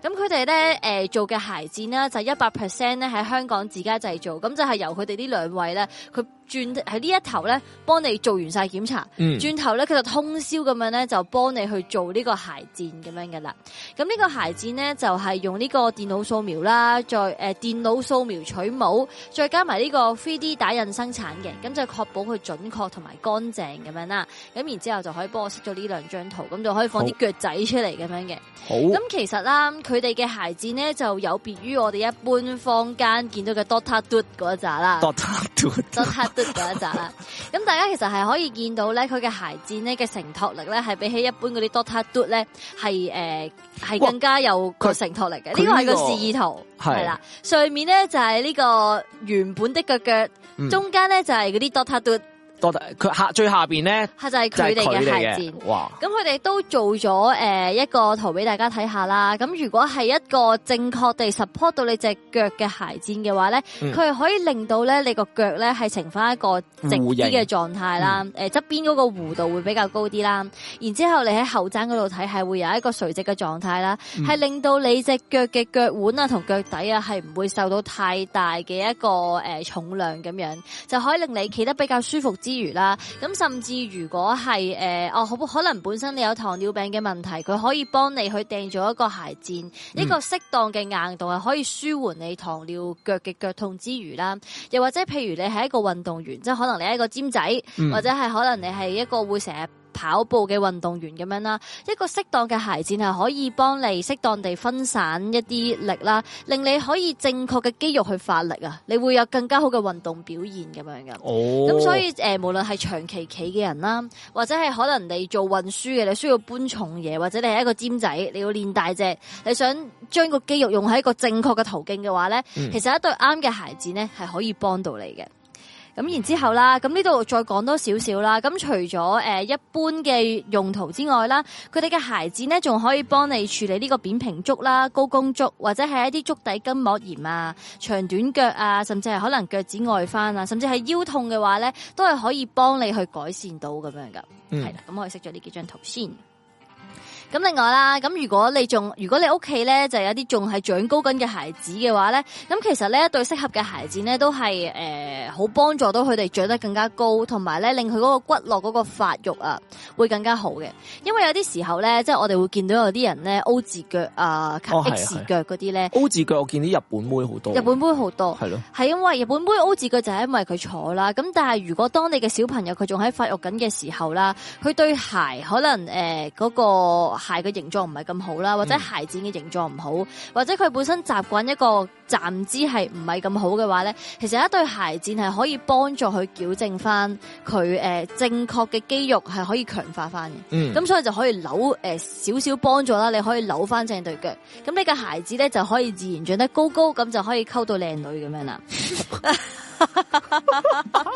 咁佢哋咧，誒，做嘅鞋墊呢，就一百 percent 咧喺香港自家製造，咁就係、是、由佢哋呢兩位咧，佢。轉喺呢一頭咧，幫你做完晒檢查，轉、嗯、頭咧，佢就通宵咁樣咧，就幫你去做呢個鞋墊咁樣噶啦。咁呢個鞋墊咧，就係、是、用呢個電腦掃描啦，再誒、呃、電腦掃描取模，再加埋呢個 3D 打印生產嘅，咁就確保佢準確同埋乾淨咁樣啦。咁然之後就可以幫我識咗呢兩張圖，咁就可以放啲腳仔出嚟咁樣嘅。好，咁其實啦，佢哋嘅鞋墊咧就有別於我哋一般坊間見到嘅 Doctor Do 嗰扎啦 Doctor Do 一集啦，咁大家其實係可以見到咧，佢嘅鞋墊咧嘅承托力咧係比起一般嗰啲 DOTA DOD 咧係誒、呃、係更加有佢承托力嘅。呢個係、個示意圖係啦，上面咧就係呢個原本的腳腳，中間咧就係嗰啲 DOTA DOD 多佢下最下邊咧，係就係佢哋嘅鞋墊哇！咁佢哋都做咗誒一個圖俾大家睇下啦。咁如果係一個正確地 support 到你隻腳嘅鞋墊嘅話咧，佢、嗯、係可以令到咧你個腳咧係呈翻一個直啲嘅狀態啦。誒，側邊嗰個弧度會比較高啲啦，嗯。然之後你喺後踭嗰度睇係會有一個垂直嘅狀態啦，係令到你隻腳嘅腳腕啊同腳底啊係唔會受到太大嘅一個誒重量咁樣，就可以令你企得比較舒服。之餘啦，咁甚至如果係誒、呃，哦，可能本身你有糖尿病嘅問題，佢可以幫你去訂做一個鞋墊，嗯、呢個適當嘅硬度係可以舒緩你糖尿腳嘅腳痛之餘啦，又或者譬如你係一個運動員，即係可能你係一個尖仔，嗯、或者係可能你係一個會成日跑步嘅運動員咁樣啦，一個適當嘅鞋墊係可以幫你適當地分散一啲力啦，令你可以正確嘅肌肉去發力啊，你會有更加好嘅運動表現咁樣嘅。哦，咁所以誒、呃，無論係長期企嘅人啦，或者係可能你做運輸嘅，你需要搬重嘢，或者你係一個尖仔，你要練大隻，你想將個肌肉用喺一個正確嘅途徑嘅話咧，嗯、其實一對啱嘅鞋墊咧係可以幫到你嘅。咁然之後啦，咁呢度再講多少少啦。咁除咗誒一般嘅用途之外啦，佢哋嘅鞋子呢，仲可以幫你處理呢個扁平足啦、高弓足，或者係一啲足底筋膜炎啊、長短腳啊，甚至係可能腳趾外翻啊，甚至係腰痛嘅話呢，都係可以幫你去改善到咁樣噶。嗯，係啦，咁我哋熄咗呢幾張圖先。咁另外啦，咁如果你仲如果你屋企咧就有啲仲係長高緊嘅孩子嘅話咧，咁其實咧對適合嘅鞋子咧都係誒好幫助到佢哋長得更加高，同埋咧令佢嗰個骨骼嗰個發育啊會更加好嘅。因為有啲時候咧，即係我哋會見到有啲人咧 O 字腳啊、哦、X 腳嗰啲咧 O 字腳，我見到日本妹好多。日本妹好多係咯，係因為日本妹 O 字腳就係因為佢坐啦。咁但係如果當你嘅小朋友佢仲喺發育緊嘅時候啦，佢對鞋可能誒、嗰個。鞋嘅形狀唔係咁好啦，或者鞋墊嘅形狀唔好，嗯、或者佢本身習慣一個站姿係唔係咁好嘅話咧，其實一對鞋墊係可以幫助佢矯正翻佢誒正確嘅肌肉係可以強化翻嘅，咁、嗯、所以就可以扭誒少少幫助啦，你可以扭翻正對腳，咁你嘅鞋子咧就可以自然長得高高，咁就可以溝到靚女咁樣啦。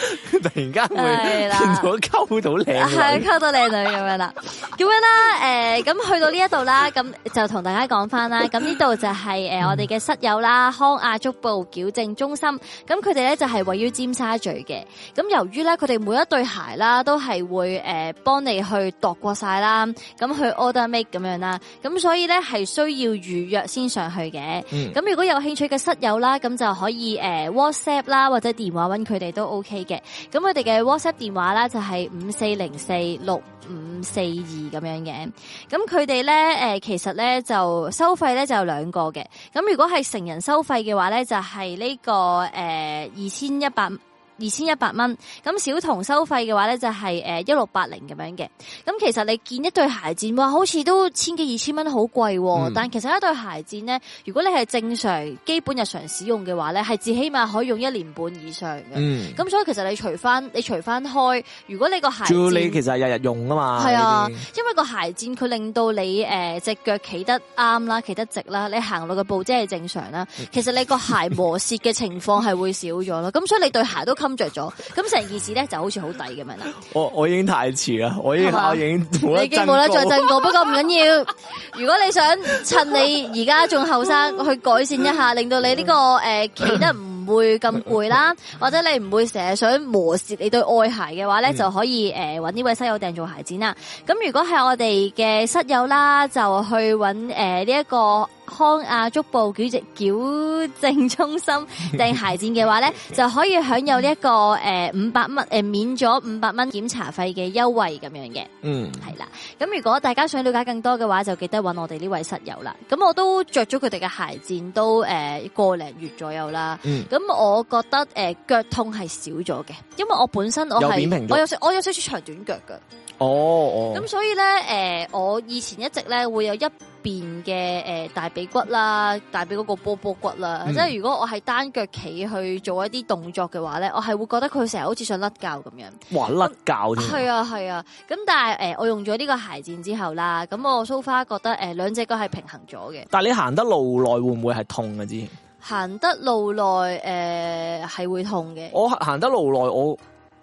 突然間會見到溝到靚，係溝、 呃、到靚女咁樣啦。咁樣啦，誒，咁去到呢一度啦，咁就同大家講翻啦。咁呢度就係、是、誒、呃、嗯、我哋嘅室友啦，康亞足部矯正中心。咁佢哋咧就係位於尖沙咀嘅。咁由於咧佢哋每一對鞋啦，都係會誒幫你去度過晒啦，咁去 order make 咁樣啦。咁所以咧係需要預約先上去嘅。咁、嗯、如果有興趣嘅室友啦，咁就可以誒、呃、WhatsApp 啦，或者電話揾佢哋都 OK。嘅，咁佢哋嘅 WhatsApp 電話咧就係五四零四六五四二咁樣嘅，咁佢哋咧誒其實咧就收費咧就有兩個嘅，咁如果係成人收費嘅話咧就係呢個誒二千一百。呃二千一百蚊，咁小童收費嘅話咧就係誒一六八零咁樣嘅。咁其實你見一對鞋墊，哇，好似都千幾二千蚊好貴喎、啊。嗯、但其實一對鞋墊咧，如果你係正常基本日常使用嘅話咧，係至起碼可以用一年半以上嘅。咁、嗯、所以其實你除翻，你除翻開，如果你個鞋你其實日日用啊嘛。係啊，因為個鞋墊佢令到你隻、呃、腳企得啱啦，企得直啦，你行路嘅步即係正常啦。其實你個鞋磨蝕嘅情況係會少咗咯。咁 所以你對鞋都着咗，咁成件事咧就好似好抵咁樣啦。我我已經太遲啦，我依下已經我已經冇得再進步， 不過唔緊要。如果你想趁你而家仲後生去改善一下，令到你呢、這個誒企、呃、得唔會咁攰啦，或者你唔會成日想磨蝕你對外鞋嘅話咧，嗯、就可以誒揾呢位室友訂做鞋子啦。咁如果係我哋嘅室友啦，就去揾誒呢一個。康亞足部矯正矯正中心訂鞋墊嘅話咧， 就可以享有一、這個誒五百蚊誒免咗五百蚊檢查費嘅優惠咁樣嘅。嗯，係啦。咁如果大家想了解更多嘅話，就記得搵我哋呢位室友啦。咁我都着咗佢哋嘅鞋墊都誒個零月左右啦。嗯，咁我覺得誒腳、呃、痛係少咗嘅，因為我本身我係我有少我，我有少少長短腳嘅。哦、oh, oh. 嗯，咁所以咧，誒、呃，我以前一直咧會有一邊嘅誒大髀骨啦，大髀嗰個波波骨啦，嗯、即係如果我係單腳企去做一啲動作嘅話咧，我係會覺得佢成日好似想甩骹咁樣，哇甩骹添，係啊係啊，咁、啊、但係誒、呃、我用咗呢個鞋墊之後啦，咁我蘇花覺得誒兩隻腳係平衡咗嘅。但係你行得路耐會唔會係痛嘅之？行得路耐誒係會痛嘅。我行行得路耐我。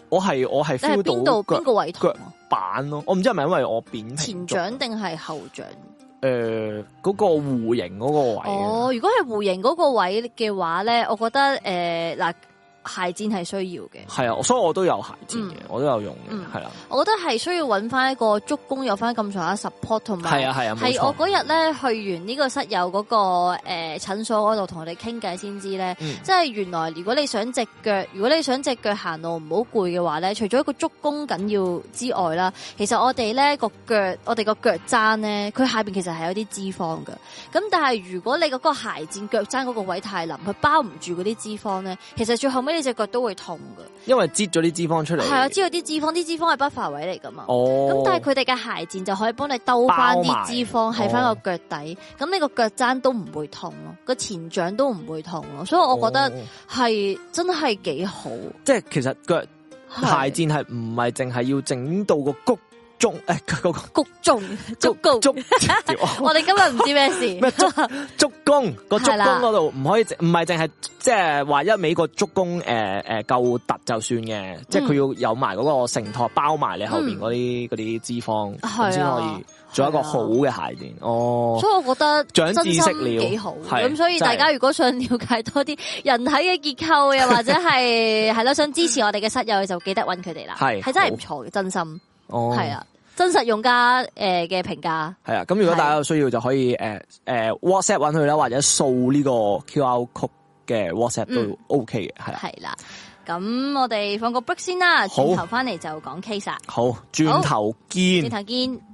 我係我係 feel 到邊個位腳板咯、啊，我唔知係咪因為我扁、啊、前掌定係後掌？誒、呃，嗰、嗰個弧形嗰個位。啊、哦，如果係弧形嗰個位嘅話咧，我覺得誒嗱。呃呃鞋墊係需要嘅，係啊，所以我都有鞋墊嘅、嗯，我都有用嘅，係、嗯、啦、啊。我覺得係需要揾翻一個足弓麼長的，有翻咁上下 support，同埋係啊係啊，係、啊、我嗰日咧去完呢個室友嗰、那個誒診、呃、所嗰度同我哋傾偈先知咧、嗯，即係原來如果你想隻腳，如果你想隻腳行路唔好攰嘅話咧，除咗一個足弓緊要之外啦，其實我哋咧個腳，我哋個腳踭咧，佢下邊其實係有啲脂肪噶，咁但係如果你嗰個鞋墊腳踭嗰個位太冧，佢包唔住嗰啲脂肪咧，其實最後尾。呢隻腳都會痛噶，因為擠咗啲脂肪出嚟。係啊，擠咗啲脂肪，啲脂肪係不乏位嚟噶嘛。哦，咁但係佢哋嘅鞋墊就可以幫你兜翻啲脂肪喺翻個腳底，咁、哦、你個腳踭都唔會痛咯，個前掌都唔會痛咯，所以我覺得係、哦、真係幾好。即係其實腳鞋墊係唔係淨係要整到個谷。足誒，足、哎那個、 捉弓谷足足我哋今日唔知咩事足弓個足弓度唔可以，唔係淨係即係話一味個足弓誒誒夠凸就算嘅，嗯、即係佢要有埋嗰個承托，包埋你後邊嗰啲啲脂肪先、啊、可以做一個好嘅鞋墊、啊、哦。所以我覺得長知識喇，幾好，咁、啊、所以大家如果想了解多啲人體嘅結構、啊，又或者係係咯，想支持我哋嘅室友，就記得搵佢哋啦。係係真係唔錯嘅，真心。係、oh, 啊，真實用家誒嘅評價係啊，咁如果大家有需要就可以誒誒、呃呃、WhatsApp 搵佢啦，或者掃呢個 QR code 嘅 WhatsApp、嗯、都 OK 嘅，係啦、啊。係啦、啊，咁我哋放個 break 先啦，轉頭翻嚟就講 case 啦。好，轉頭見。轉頭見。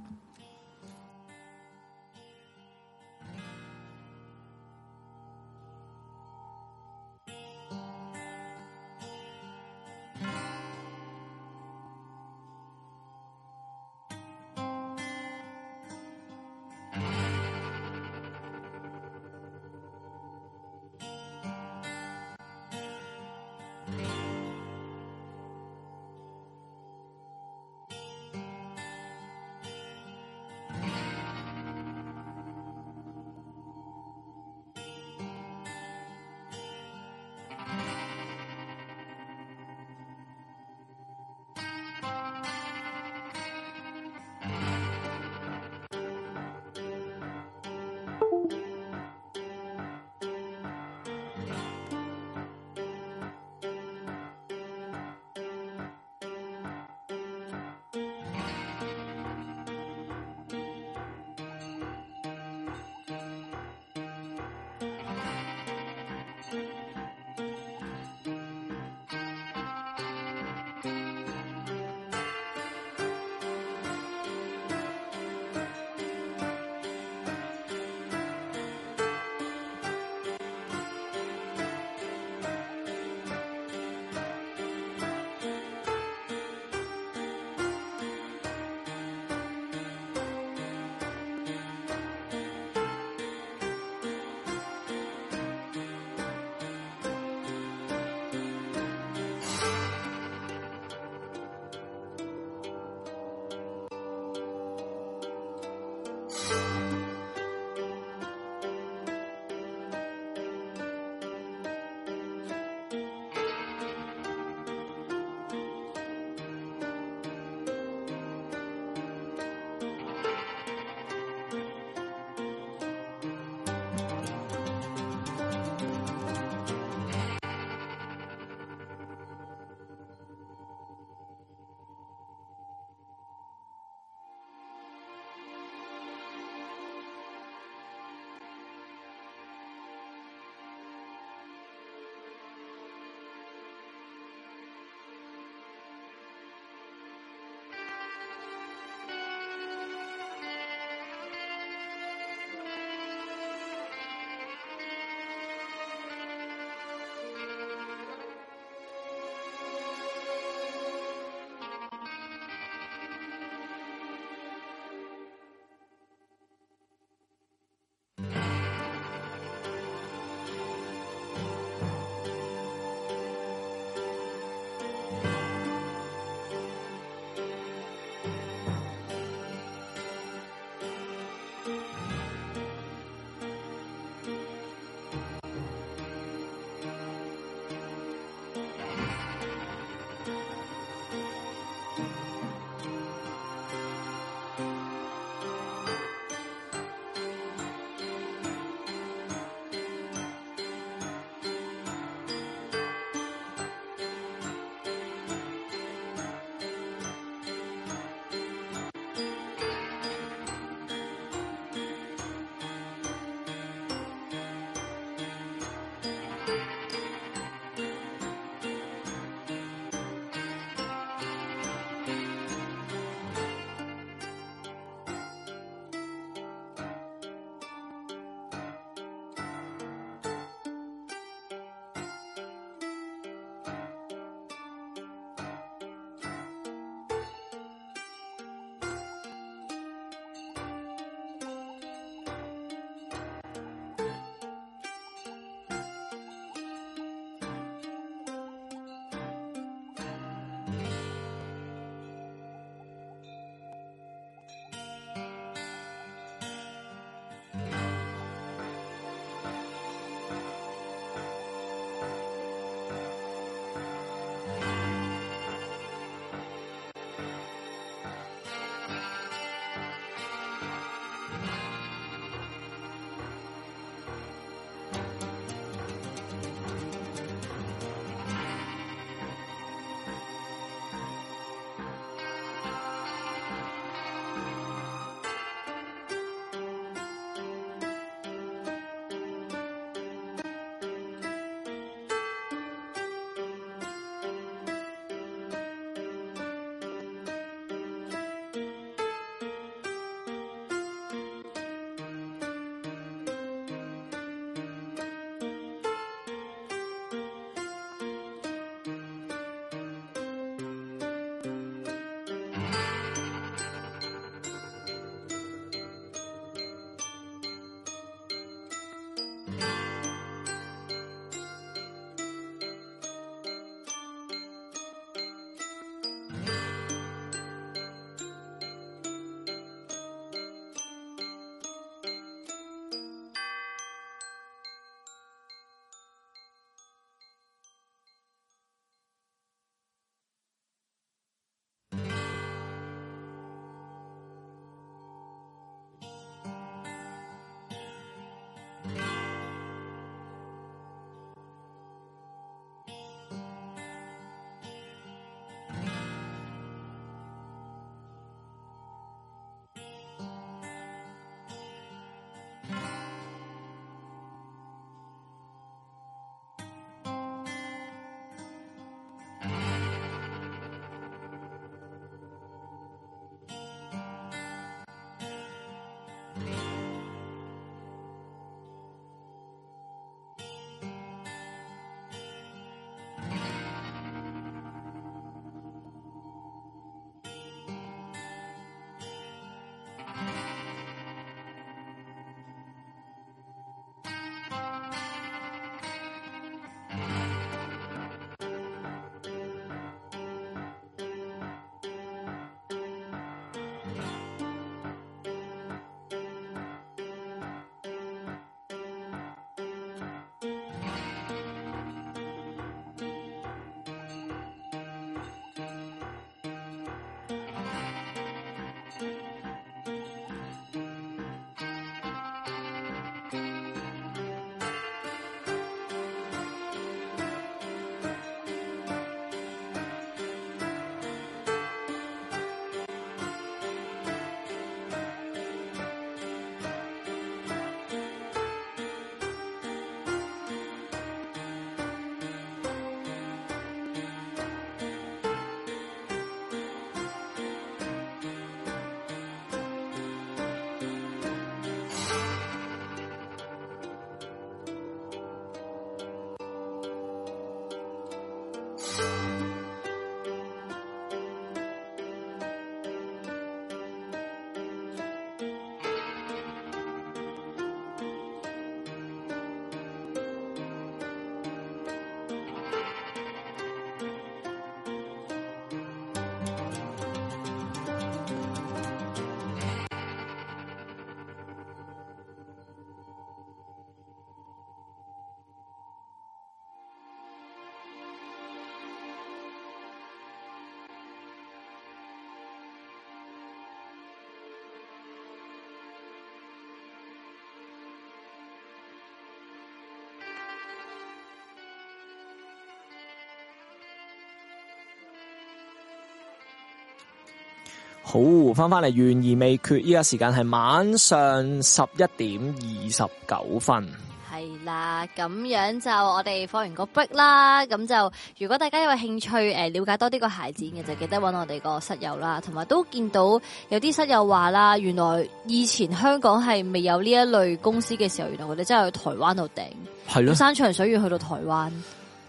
好翻翻嚟，懸疑未決。依家時間係晚上十一點二十九分。係啦，咁樣就我哋放完個 break 啦。咁就如果大家有興趣誒了解多啲個鞋展嘅，就記得搵我哋個室友啦。同埋都見到有啲室友話啦，原來以前香港係未有呢一類公司嘅時候，原來我哋真係去台灣度訂。係咯，山長水遠去到台灣。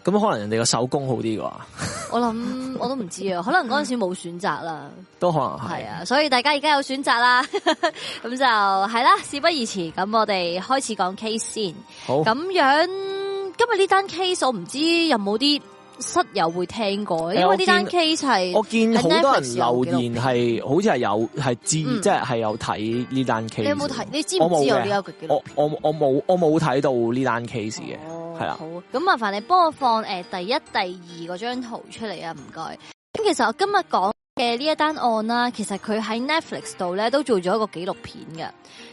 咁可能人哋個手工好啲噶。我諗我都唔知啊，可能嗰陣時冇選擇啦，都可能係啊，所以大家而家有選擇啦，咁 就係啦，事不宜遲，咁我哋開始講 case 先，好，咁樣今日呢單 case 我唔知有冇啲室友會聽過？欸、因為呢單 case 係我見好多人留言係，好似係有係知，即係係有睇呢單 case，你有冇睇？你知唔知我有呢一個，幾個？我我我冇我冇睇到呢單 case 嘅。嗯係啦、啊，好，咁麻煩你幫我放誒第一、第二嗰張圖出嚟啊，唔該。咁其實我今日講嘅呢一單案啦，其實佢喺 Netflix 度咧都做咗一個紀錄片㗎。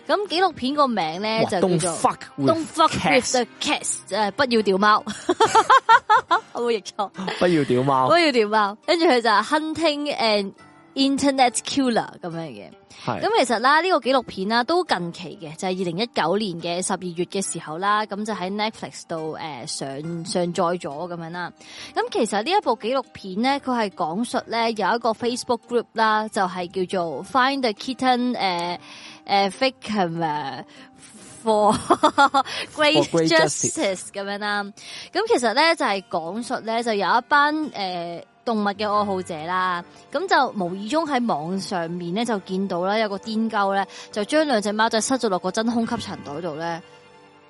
咁紀錄片個名咧就叫做 Don't Fuck with, Don't fuck cats. with the Cats，誒、uh,，不要掉貓，好，有冇譯錯？不要掉丟貓， 不要掉丟貓，跟住佢就 Hunting and。Internet Killer 咁樣嘅，咁、嗯、其實啦，呢、這個紀錄片啦，都近期嘅，就係二零一九年嘅十二月嘅時候啦，咁、嗯、就喺 Netflix 度上上載咗咁樣啦。咁、嗯嗯、其實呢一部紀錄片咧，佢係講述咧有一個 Facebook Group 啦，就係叫做 Find the Kitten 誒誒 Faker for Great Justice 咁樣啦。咁、嗯、其實咧就係、是、講述咧就有一班誒。呃動物嘅愛好者啦，咁就無意中喺網上面咧就見到啦，有個癲鳩咧就將兩隻貓仔塞咗落個真空吸塵袋度咧，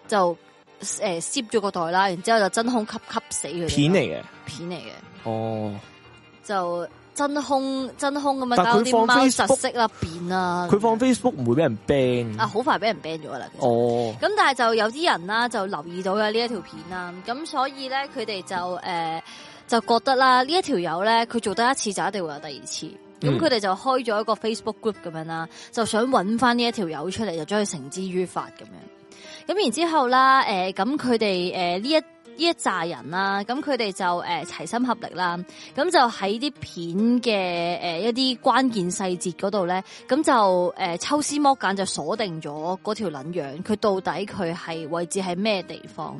就誒攝咗個袋啦，然之後就真空吸吸死佢。片嚟嘅，片嚟嘅，哦，就真空真空咁樣搞啲貓窒息啦，變啦，佢放 Facebook 唔會俾人 ban 啊，好快俾人 ban 咗啦。哦，咁但係就有啲人啦就留意到嘅呢一條片啦，咁所以咧佢哋就誒。呃就覺得啦，呢一條友咧，佢做得一次就一定會有第二次，咁佢哋就開咗一個 Facebook group 咁樣啦，就想揾翻呢一條友出嚟，就將佢繩之於法咁樣，咁然之後啦，誒、呃，咁佢哋呢一。呢一紮人啦、啊，咁佢哋就誒、呃、齊心合力啦，咁就喺啲片嘅誒、呃、一啲關鍵細節嗰度咧，咁就誒、呃、抽絲剝繭就鎖定咗嗰條撚樣，佢到底佢係位置喺咩地方？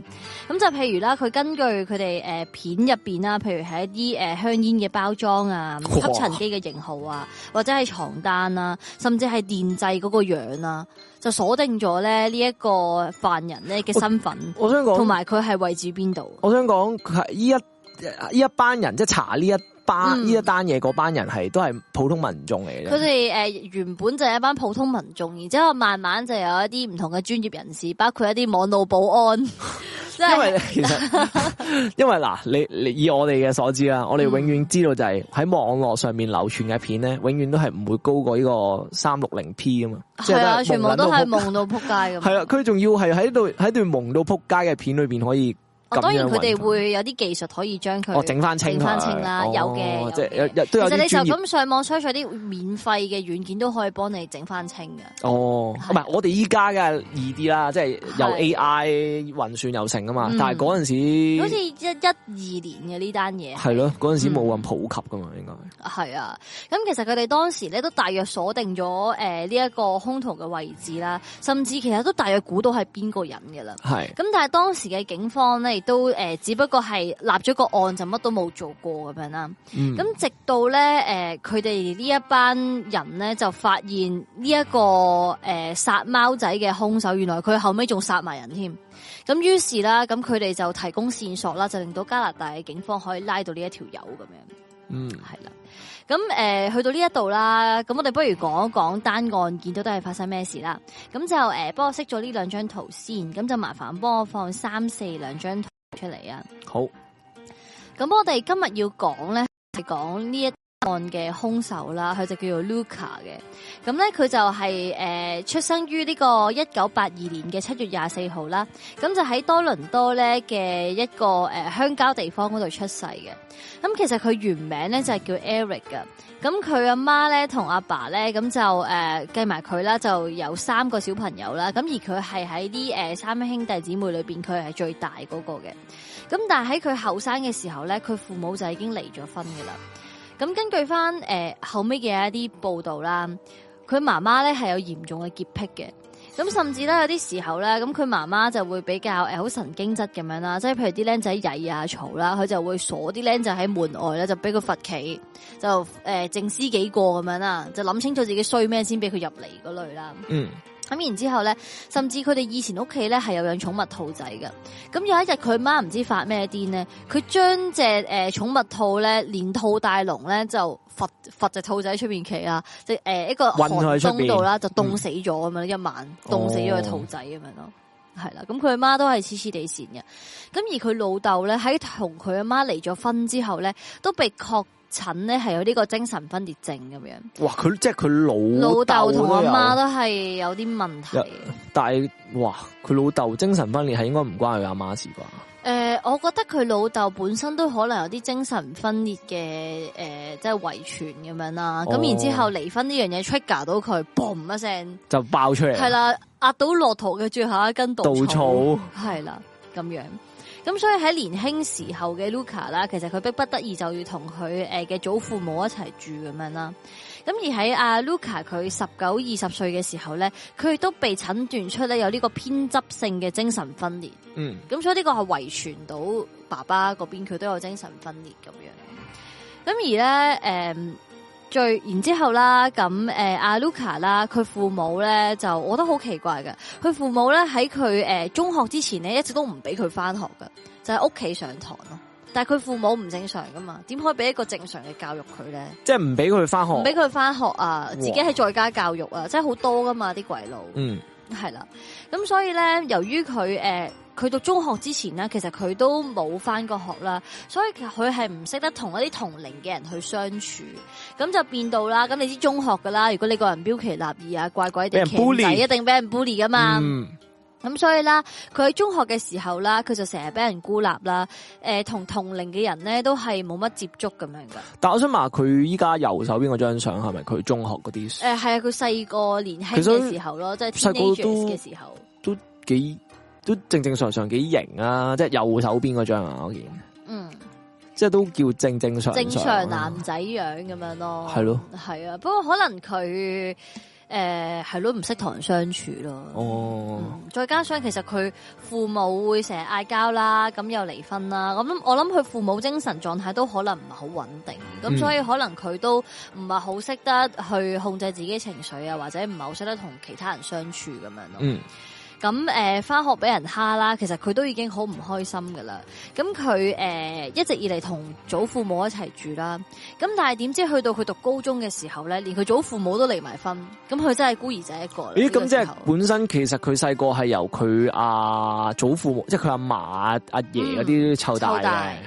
咁就譬如啦，佢根據佢哋誒片入邊啦，譬如係一啲誒香煙嘅包裝啊、吸塵機嘅型號啊，或者係床單啊，甚至係電製嗰個樣啊。就鎖定咗咧呢一個犯人咧嘅身份，我想講，同埋佢係位置邊度？我想講佢係依一依一班人，即係查呢一班呢、嗯、一單嘢嗰班人係都係普通民眾嚟嘅。佢哋誒原本就係一班普通民眾，然之後慢慢就有一啲唔同嘅專業人士，包括一啲網絡保安。 因為其實 因為嗱，你你以我哋嘅所知啦，我哋永遠知道就係喺網絡上面流傳嘅片咧，永遠都係唔會高過呢個三六零 P 啊嘛，係啊，全部都係矇到扑街咁。係啊，佢仲要係喺度喺段矇到扑街嘅片裏邊可以。哦、當然佢哋會有啲技術可以將佢整翻清翻、哦、清啦、哦，有嘅。即、哦、都有，有其實你就咁上網 search 啲免費嘅軟件都可以幫你整翻清嘅。哦，唔係我哋依家嘅易啲啦，即係由 AI 運算又成啊嘛。但係嗰陣時好似一一二年嘅呢單嘢係咯，嗰陣時冇咁普及噶嘛、嗯，應該係啊。咁其實佢哋當時咧都大約鎖定咗誒呢一個兇徒嘅位置啦，甚至其實都大約估到係邊個人嘅啦。係。咁但係當時嘅警方咧，都誒、呃，只不過係立咗個案就乜都冇做過咁樣啦。咁直到咧誒，佢、呃、哋呢一班人咧就發現呢、這、一個誒殺貓仔嘅兇手，原來佢後尾仲殺埋人添。咁於是啦，咁佢哋就提供線索啦，就令到加拿大嘅警方可以拉到呢一條友咁樣。嗯，係啦。咁誒、呃，去到呢一度啦，咁我哋不如講一講單案件到底係發生咩事啦。咁就誒，幫、呃、我熄咗呢兩張圖先，咁就麻煩幫我放三四兩張圖出嚟啊。好，咁我哋今日要講咧係講呢、就是、一。案嘅兇手啦，佢就叫做 Luka 嘅、就是。咁咧，佢就係誒，出生於呢個一九八二年嘅七月廿四號啦。咁就喺多倫多咧嘅一個誒鄉郊地方嗰度出世嘅。咁其實佢原名咧就係、是、叫 Eric 嘅。咁佢阿媽咧同阿爸咧，咁就誒計埋佢啦，呃、就有三個小朋友啦。咁而佢係喺啲誒三兄弟姊妹裏邊，佢係最大嗰、那個嘅。咁但係喺佢後生嘅時候咧，佢父母就已經離咗婚噶啦。咁根據翻、呃、後尾嘅一啲報道啦，佢媽媽咧係有嚴重嘅潔癖嘅，咁甚至咧有啲時候咧，咁佢媽媽就會比較好、欸、神經質咁樣啦，即係譬如啲僆仔曳啊嘈啦，佢就會鎖啲僆仔喺門外咧，就俾佢罰企，就靜思、呃、幾個咁樣啦，就諗清楚自己衰咩先俾佢入嚟嗰類啦。嗯。咁然之後咧，甚至佢哋以前屋企咧係有養寵物兔仔嘅。咁有一日佢媽唔知發咩癲咧，佢將隻誒、呃、寵物兔咧連兔帶籠咧就罰隻隻兔仔出面企啊！即係、呃、一個寒風度啦，就凍死咗咁樣一晚，凍死咗隻兔仔咁樣咯。係、哦、啦，咁佢阿媽都係黐黐地線嘅。咁而佢老豆咧喺同佢阿媽離咗婚之後咧，都被確診咧係有呢個精神分裂症咁樣，哇！佢即係佢老老豆同阿媽都係有啲問題，但係哇，佢老豆精神分裂係應該唔關佢阿媽事啩？誒、呃，我覺得佢老豆本身都可能有啲精神分裂嘅，誒、呃，即係遺傳咁樣啦。咁、哦、然之後離婚呢樣嘢 trigger 到佢，嘣一聲就爆出嚟，係啦，壓到駱駝嘅最後一根稻草，係啦，咁樣。咁所以喺年輕時候嘅 Luka 啦，其實佢逼不得已就要同佢誒嘅祖父母一齊住咁樣啦。咁而喺阿 Luka 佢十九二十歲嘅時候咧，佢亦都被診斷出咧有呢個偏執性嘅精神分裂。嗯。咁所以呢個係遺傳到爸爸嗰邊，佢都有精神分裂咁樣。咁而咧最然之後啦，咁誒，阿、啊、Luka 啦，佢父母咧，就我覺得好奇怪嘅，佢父母咧喺佢誒中學之前咧一直都唔俾佢翻學㗎，就喺屋企上堂咯。但係佢父母唔正常噶嘛，點可以俾一個正常嘅教育佢咧？即係唔俾佢翻學，唔俾佢翻學啊，自己喺在家教育啊，即係好多噶嘛啲鬼佬，嗯，係啦。咁所以咧，由於佢誒。呃佢讀中學之前咧，其實佢都冇翻過學啦，所以其實佢係唔識得同一啲同齡嘅人去相處，咁就變到啦。咁你知中學噶啦，如果你個人標奇立異啊、怪怪哋，一定俾人 bully 噶嘛。咁、嗯、所以啦，佢喺中學嘅時候啦，佢就成日俾人孤立啦。誒、呃，同同齡嘅人咧都係冇乜接觸咁樣噶。但我想話，佢依家右手邊嗰張相係咪佢中學嗰啲？誒、呃，係啊，佢細個年輕嘅時候咯，即係 teenagers 嘅時候，都幾。都正正常常幾型啊，即係右手邊嗰張啊，我見。嗯，即係都叫正正常常常正常男仔樣咁樣咯，係咯，係啊，不過可能佢誒係咯，唔識同人相處咯，哦、嗯，再加上其實佢父母會成日嗌交啦，咁又離婚啦，咁我諗佢父母精神狀態都可能唔係好穩定，咁、嗯、所以可能佢都唔係好識得去控制自己情緒啊，或者唔係好識得同其他人相處咁樣咯，嗯。咁誒，翻、呃、學俾人蝦啦，其實佢都已經好唔開心噶啦。咁佢誒一直以嚟同祖父母一齊住啦。咁但係點知去到佢讀高中嘅時候咧，連佢祖父母都離埋婚，咁佢真係孤兒仔一個。咦、欸？咁、這個、即係本身其實佢細個係由佢阿、啊、祖父母，即係佢阿嫲阿爺嗰啲湊大嘅、嗯。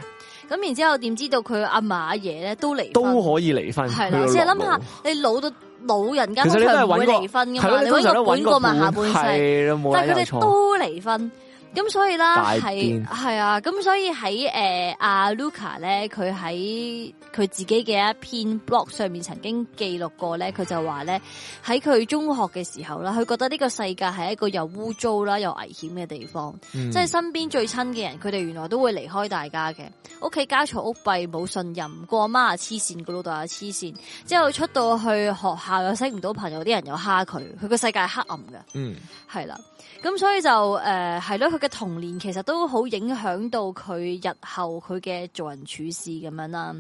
咁然之後點知道佢阿嫲阿爺咧都離都可以離婚，係即係諗下你老到。老人家都唔會離婚噶嘛？你揾個伴過埋下半世？但係佢哋都離婚。咁所以啦，係係啊，咁所以喺誒阿 Luca 咧，佢喺佢自己嘅一篇 blog 上面曾經記錄過咧，佢就話咧，喺佢中學嘅時候啦，佢覺得呢個世界係一個又污糟啦又危險嘅地方，即、嗯、係、就是、身邊最親嘅人，佢哋原來都會離開大家嘅，家家屋企，家嘈屋閉冇信任，過阿媽又黐線，個老豆又黐線，之後出到去學校又識唔到朋友，啲人又蝦佢，佢個世界係黑暗嘅，嗯，係啦、啊。咁所以就誒係咯，佢、呃、嘅童年其實都好影響到佢日後佢嘅做人處事咁樣啦。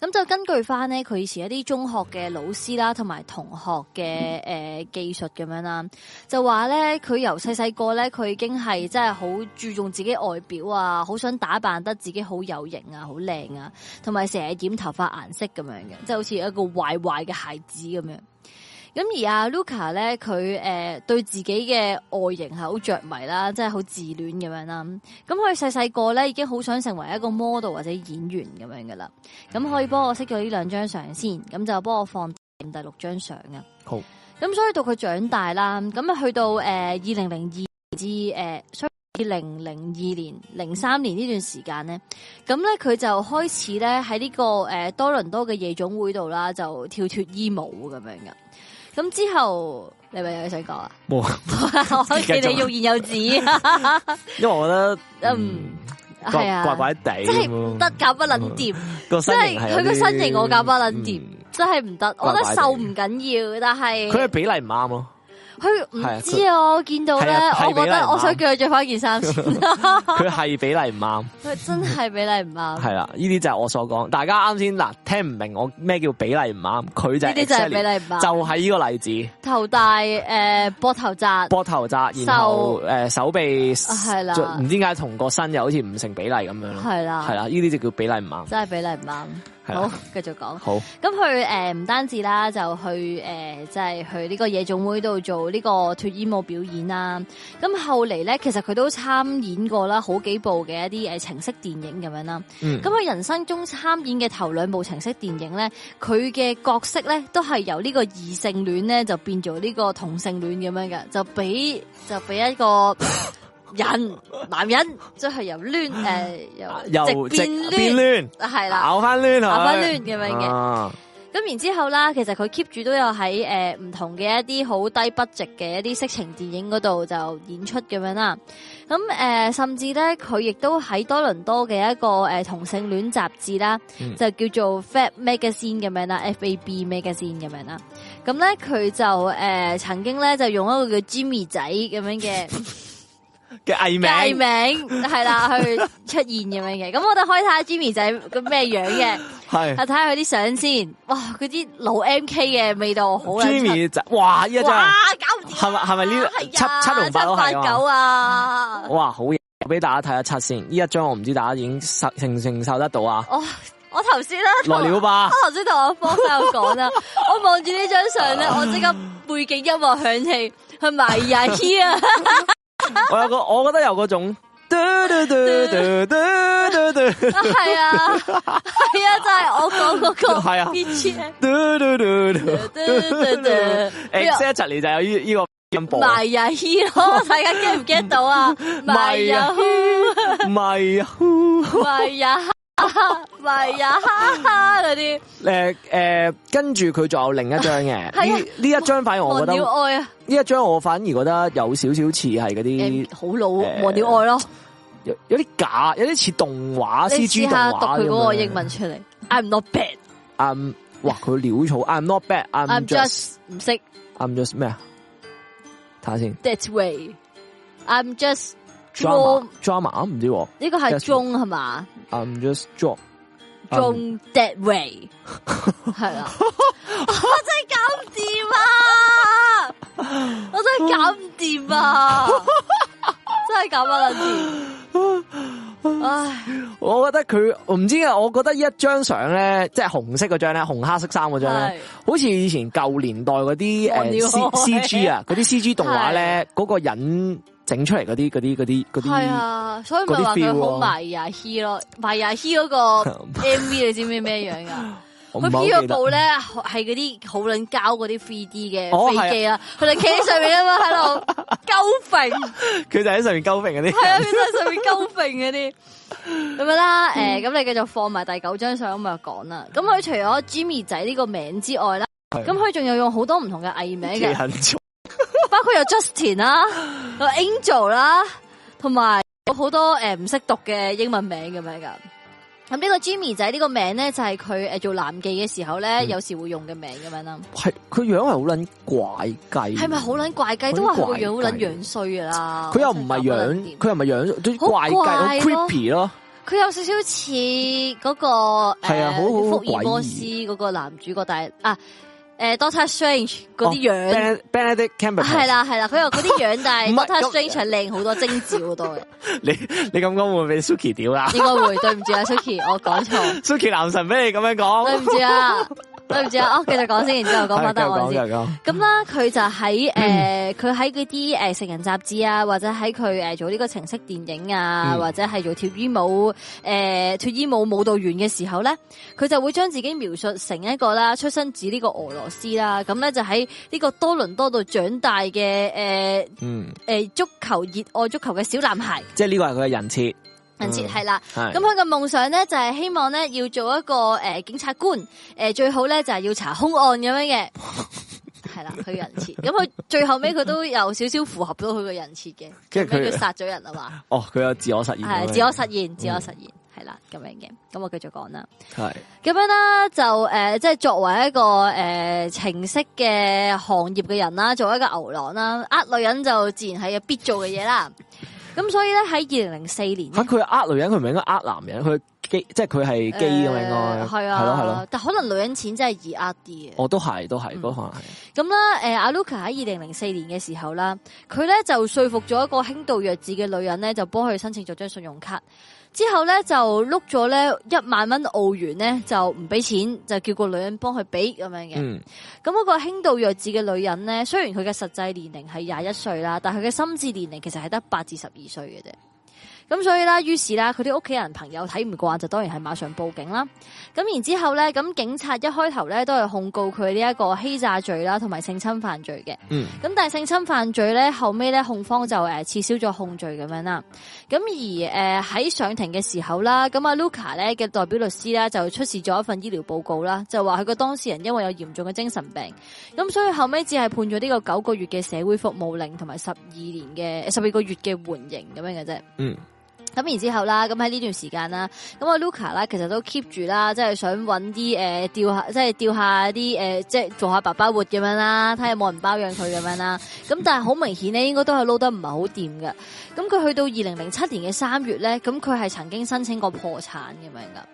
咁就根據翻咧佢以前一啲中學嘅老師啦，同埋同學嘅誒、呃、技術咁樣啦，就話咧佢由細細個咧，佢已經係真係好注重自己外表啊，好想打扮得自己好有型啊，好靚啊，同埋成日染頭髮顏色咁樣嘅，即係好似一個壞壞嘅孩子咁樣。咁而阿 Luca 咧，佢誒對自己嘅外形係好着迷啦，即係好自戀咁樣啦。咁佢細細個咧已經好想成為一個 model 或者演員咁樣噶啦。咁可以幫我熄咗呢兩張相先，咁就幫我放第六張相啊。好，咁，所以到佢長大啦，咁啊去到誒二零零二至誒二零零二年、零三年呢段時間咧，咁咧佢就開始咧喺呢個誒多倫多嘅夜總會度啦，就跳脫衣舞咁樣噶。咁之後你咪 有想講啊？我見你欲言又止，因為我覺得嗯係、嗯、啊怪怪地，即係唔得，夾不能掂，即係佢個身形我夾不能掂，嗯，真係唔得。我覺得瘦唔緊要，怪怪，但係佢嘅比例唔啱囉。佢唔知我見、啊啊、到咧、啊，我覺得我想叫佢着翻件衫。佢係比例唔啱，佢真係比例唔啱。 係啦，呢啲就係我所講。大家啱先嗱，聽唔明我咩叫比例唔啱？佢就呢啲就係比例唔啱，就係、是、呢個例子。頭大誒，膊頭窄，膊頭窄，然後誒、呃、手臂係啦，唔、啊、知點解同個身又好似唔成比例咁樣咯。係啦，係啦，呢啲就叫比例唔啱，真係比例唔啱。好，繼續講。好，咁佢誒唔單止啦，就去誒即係去呢個夜總會度做呢個脱衣舞表演啦。咁後嚟咧，其實佢都參演過啦好幾部嘅一啲誒情色電影咁樣啦。咁、嗯、佢人生中參演嘅頭兩部情色電影咧，佢嘅角色咧都係由這個異呢個異性戀咧就變做呢個同性戀咁樣噶，就俾就俾一個。 人男人即係、就是、由攣誒、呃，由直直變攣，係啦，搞翻攣，搞翻攣，咁樣嘅。咁然之後啦，其實佢 keep 住都有喺誒唔同嘅一啲好低不值嘅一啲色情電影嗰度就演出咁樣啦。咁、呃、誒，甚至咧佢亦都喺多倫多嘅一個誒同性戀雜誌啦，就叫做 Fat Magazine 咁樣啦、嗯、，F A B Magazine 咁樣啦。咁咧佢就誒、呃、曾經咧就用一個叫 Jimmy 仔咁樣嘅。 嘅藝名藝名，係啦， 去出現咁樣嘅，咁我哋可以睇下 Jimmy 仔個咩樣嘅，係，睇下佢啲相先，哇，佢啲老 MK 嘅味道好，Jimmy 仔，哇，依一張搞唔掂，係咪係咪呢七七龍八、啊、七八九啊？哇，好嘢，俾大家睇下七先，呢一張我唔知大家已受承承受得到啊，我我頭先咧，來了吧，我頭先同阿方仔講啦，我望住呢張相咧，我即刻背景音樂響起，去埋人啊！我有個，我覺得有嗰種嘟嘟嘟嘟嘟嘟嘟，係 啊，係啊，就係、啊啊、我講嗰個，係啊，嘟嘟嘟嘟嘟嘟，X、欸、一七年就有呢、這個個音樂，咪呀，希囉，大家 get 唔 get 到啊？咪呀，咪呀，咪呀。哈 係是啊，嗰啲誒誒，跟住佢仲有另一張嘅、 啊，呢呢一張反而我覺得黃鳥愛啊。呢一張我反而覺得有少少似係嗰啲好老黃鳥愛咯，有有啲假，有啲似動畫 C G 動畫。試下讀佢嗰個英文出嚟 ，I'm not bad，I'm 哇佢潦草，I'm not bad，I'm just 唔識，I'm just 咩啊？睇下先。That's way，I'm just Drama Drama, drama？唔知喎。呢個係中係嘛？I'm just drop 中 d、um, that way 對了。係 啊，我真係搞唔掂啊！我 真係搞唔掂啊！真係咁啊！林健，唉，我覺得佢，我唔知啊。我覺得一張相咧，即係紅色嗰張咧，紅黑色衫嗰張咧，好似以前舊年代嗰啲誒 C C G 啊，嗰啲 C G 動畫咧，嗰個人。整出嚟嗰啲嗰啲嗰啲嗰啲，係啊，所以咪話佢好迷阿 He 咯，迷阿 He 嗰個 M V 你知唔知咩樣噶？佢 P 個圖咧係嗰啲好撚膠嗰啲 three D 嘅飛機、哦、啊。佢哋企喺上面啊嘛喺度鳩揈，佢 就喺上面鳩揈嗰啲，係 啊，佢就喺上面鳩揈嗰啲咁樣啦。誒、嗯，咁、欸、你繼續放埋第九張相咁就講啦。咁佢除咗 Jimmy 仔呢個名之外啦，咁佢仲有用好多唔同嘅藝名嘅。 包括有 Justin 啦、啊， Angel 啊、還有 Angel 啦，同埋有好多誒唔識讀嘅英文名噉樣㗎。咁、這、呢個 Jimmy 仔呢個名咧，就係佢誒做男妓嘅時候咧，嗯、有時會用嘅名咁樣啦。係佢樣係好撚怪雞，係咪好撚怪雞都話佢個樣好撚樣衰啊？佢又唔係樣，佢又唔係樣，都怪雞好 creepy 咯。佢、啊、有少少似嗰、那個係啊，啊，好好福爾摩斯嗰個男主角，但係啊。誒 Doctor Strange 嗰啲樣，係啦係啦，佢又嗰啲樣，但係 Doctor Strange 係靚好多，精緻好多嘅。你你咁講會唔會俾 Suki 屌啦？應該會，對唔住啊，Suki，我講錯。Suki 男神俾你咁樣講，對唔住啊！我唔住啊，哦，繼續講先，然之後講返答案咁啦，佢 就喺誒，佢喺嗰啲誒成人雜誌啊，或者喺佢誒做呢個程式電影啊、嗯，或者係做跳衣舞誒脫、呃、衣舞舞蹈員嘅時候咧，佢就會將自己描述成一個啦，出生自呢個俄羅斯啦，咁咧就喺呢個多倫多度長大嘅誒、呃，嗯，誒、呃、足球熱愛足球嘅小男孩。即係呢個係佢嘅人設。人設係啦，咁佢嘅夢想咧就係、是、希望咧要做一個誒、呃、警察官，誒、呃、最好咧就係、是、要查凶案咁樣嘅，係啦佢人設，咁 佢最後尾，佢都有少少符合到佢嘅人設嘅，即係佢殺咗人啊嘛，哦佢有自我實現的，係自我實現，嗯、自我實現係啦咁樣嘅，咁我繼續講啦，係咁樣啦就誒、呃、即係作為一個誒、呃、情色嘅行業嘅人啦，做一個牛郎啦，呃女人就自然係有必做嘅嘢啦。 咁所以咧喺二零零四年，咁佢呃女人，佢唔係應該呃男人，佢基即係佢係基咁樣，係、呃、啊，係咯係咯，但可能女人錢真係易呃啲嘅，我都係都係，嗯、可能係。咁、啊、咧，誒阿 Luka 喺二零零四年嘅時候啦，佢咧就說服咗一個輕度弱智嘅女人咧，就幫佢申請咗張信用卡。之後咧就碌咗咧一萬蚊澳元咧就唔俾錢，就叫個女人幫佢俾咁樣嘅。咁、嗯、嗰個輕度弱智嘅女人呢，雖然佢嘅實際年齡係廿一歲啦，但佢嘅心智年齡其實係得八至十二歲嘅啫。咁所以啦，於是啦，佢啲屋企人朋友睇唔慣就當然係馬上報警啦。咁然之後咧，咁警察一開頭咧都係控告佢呢一個欺詐罪啦，同埋性侵犯罪嘅。咁、嗯、但係性侵犯罪咧後尾咧控方就誒撤銷咗控罪咁樣啦。咁而誒喺、呃、上庭嘅時候啦，咁阿 Luca 咧嘅代表律師咧就出示咗一份醫療報告啦，就話佢個當事人因為有嚴重嘅精神病，咁所以後尾只係判咗呢個九個月嘅社會服務令，同埋十二年嘅十二個月嘅緩刑咁樣嘅啫。嗯。咁然之後啦，咁喺呢段時間啦，咁阿 Luca 啦，其實都 keep 住啦，即係想搵啲誒，吊下即係掉下啲誒，即係、呃、做下爸爸活咁樣啦，睇下有冇人包養佢咁樣啦。咁但係好明顯咧，應該都係撈得唔係好掂嘅。咁佢去到二零零七年嘅三月咧，咁佢係曾經申請過破產咁樣噶。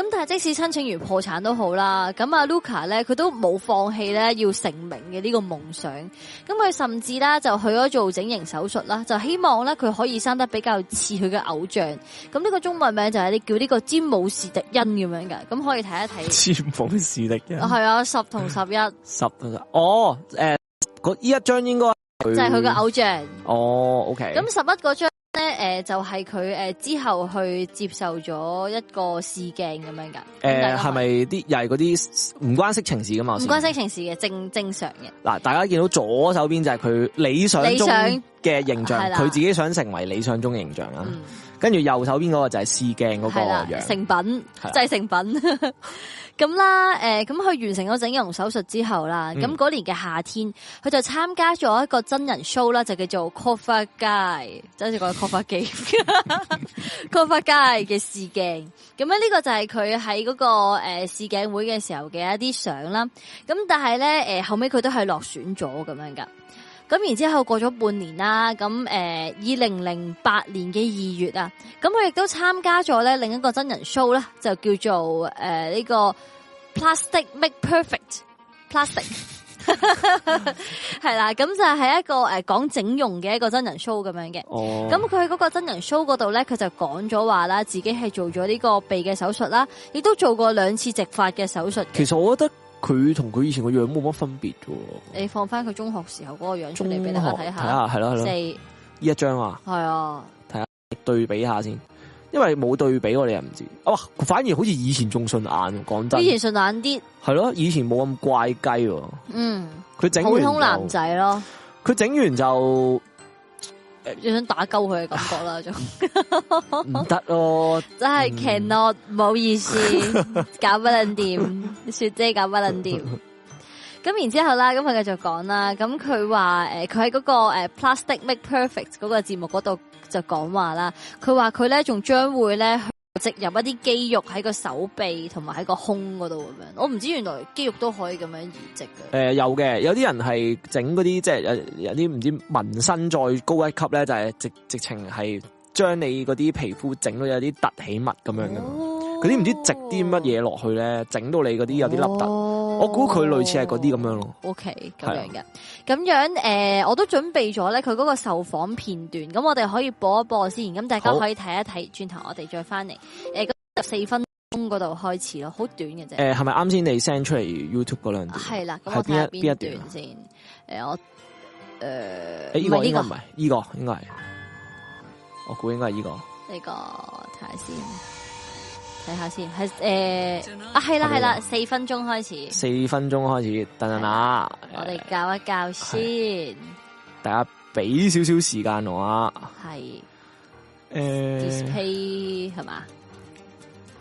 咁但係即使申請完破產好都好啦，咁阿 Luka 咧，佢都冇放棄咧要成名嘅呢個夢想。咁佢甚至咧就去咗做整形手術啦，就希望咧佢可以生得比較似佢嘅偶像。咁呢個中文名就係你叫呢、這個詹姆士迪恩咁樣嘅，咁可以睇一睇。詹姆士迪恩係啊，十同十一，十,十一哦，誒、呃，嗰依一張應該就係佢嘅偶像。哦，OK，咁十一嗰張。咧、呃、誒，就係佢誒之後去接受咗一個試鏡咁樣噶。誒、呃，係咪啲又係嗰啲唔關色情事噶嘛？唔關色情事嘅正正常嘅。嗱，大家見到左手邊就係佢理想中嘅形象，佢自己想成為理想中嘅形象啊。跟、嗯、住右手邊嗰個就係試鏡嗰個樣成品，製、就係、成品。 咁啦，誒、呃，咁佢完成咗整容手術之後啦，咁嗰年嘅夏天，佢就參加咗一個真人 show 啦，就叫做 Cover Guy，即係嗰，就是那個 Cover Girl Cover Guy 嘅試鏡，咁呢 個就係佢喺嗰個誒試鏡會嘅時候嘅一啲相啦，咁但係咧，誒、呃、後尾佢都係落選咗咁樣噶咁然之後過咗半年啦，咁誒，二零零八年嘅二月啊，咁佢亦都參加咗咧另一個真人 show 啦，就叫做誒呢、呃這個 Plastic Make Perfect Plastic，係 啦， 咁就係、是、一個誒講整容嘅一個真人 show 咁樣嘅。哦，咁佢喺嗰個真人 show 嗰度咧，佢就講咗話啦，自己係做咗呢個鼻嘅手術啦，亦都做過兩次植髮嘅手術。其實我覺得。佢同佢以前個樣冇乜分別喎。你放翻佢中學時候嗰個樣出嚟，俾大家睇下。係咯，係咯，四呢一張啊，係啊，睇下對比下先，因為冇對比我哋又唔知，哦，反而好似以前仲順眼，講真，以前順眼啲，係咯，以前冇咁怪雞，嗯，佢整完普通男仔咯，佢整完就。通通想打鳩佢嘅感覺啦，仲唔得咯？真係 cannot，唔、嗯、好意思，搞不了掂。 雪姐搞不了掂。咁 然之後啦，咁佢繼續講啦。咁佢話佢喺嗰個、呃、Plastic Make Perfect 嗰個節目嗰度就講話啦。佢話佢咧仲將會咧，植入一啲肌肉喺個手臂同埋喺個胸嗰度咁樣，我唔知原來肌肉都可以咁樣移植嘅。誒，有嘅，有啲人係整嗰啲即係有有啲唔知紋身再高一級咧，就係、是、直直情係將你嗰啲皮膚整到有啲凸起物咁樣嘅，嗰啲唔知直啲乜嘢落去咧，整到你嗰啲有啲凹凸、凸。哦我估佢類似係嗰啲咁樣咯。O K，咁樣嘅，咁、啊、樣誒、呃，我都準備咗咧，佢嗰個受訪片段，咁我哋可以播一播先，咁大家可以睇一睇。轉頭我哋再翻嚟，誒、呃，嗰、那個、十四分鐘嗰度開始咯，好短嘅啫。誒、呃，係咪啱先你 send 出嚟 YouTube 嗰兩段？係啦、啊，係邊一邊一段先、啊？誒、欸，我誒，唔、呃、呢、這個唔係，呢、欸這個應該係、這個，我估應該係呢個。呢、這個睇下先。睇下先，係誒、呃，啊，係啦係啦，四、啊啊、分鐘開始。四分鐘開始，等等下，我哋教一教先。大家俾少少時間我啊。係、呃嗯。誒。display 係咪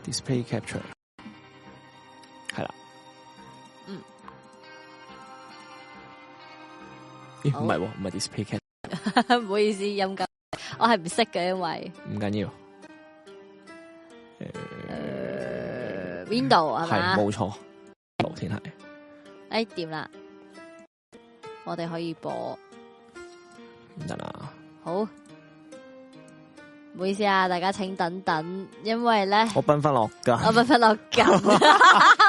？display capture 係啦。嗯。咦？唔係唔係 display capture？唔好意思，飲緊。我係唔識嘅，因為唔緊要。誒、uh，Window 係嘛？冇錯，先係。誒，點、哎、啦？我哋可以播。得啦。好，唔好意思啊，大家請等等，因為咧，我奔翻落㗎，我奔翻落㗎。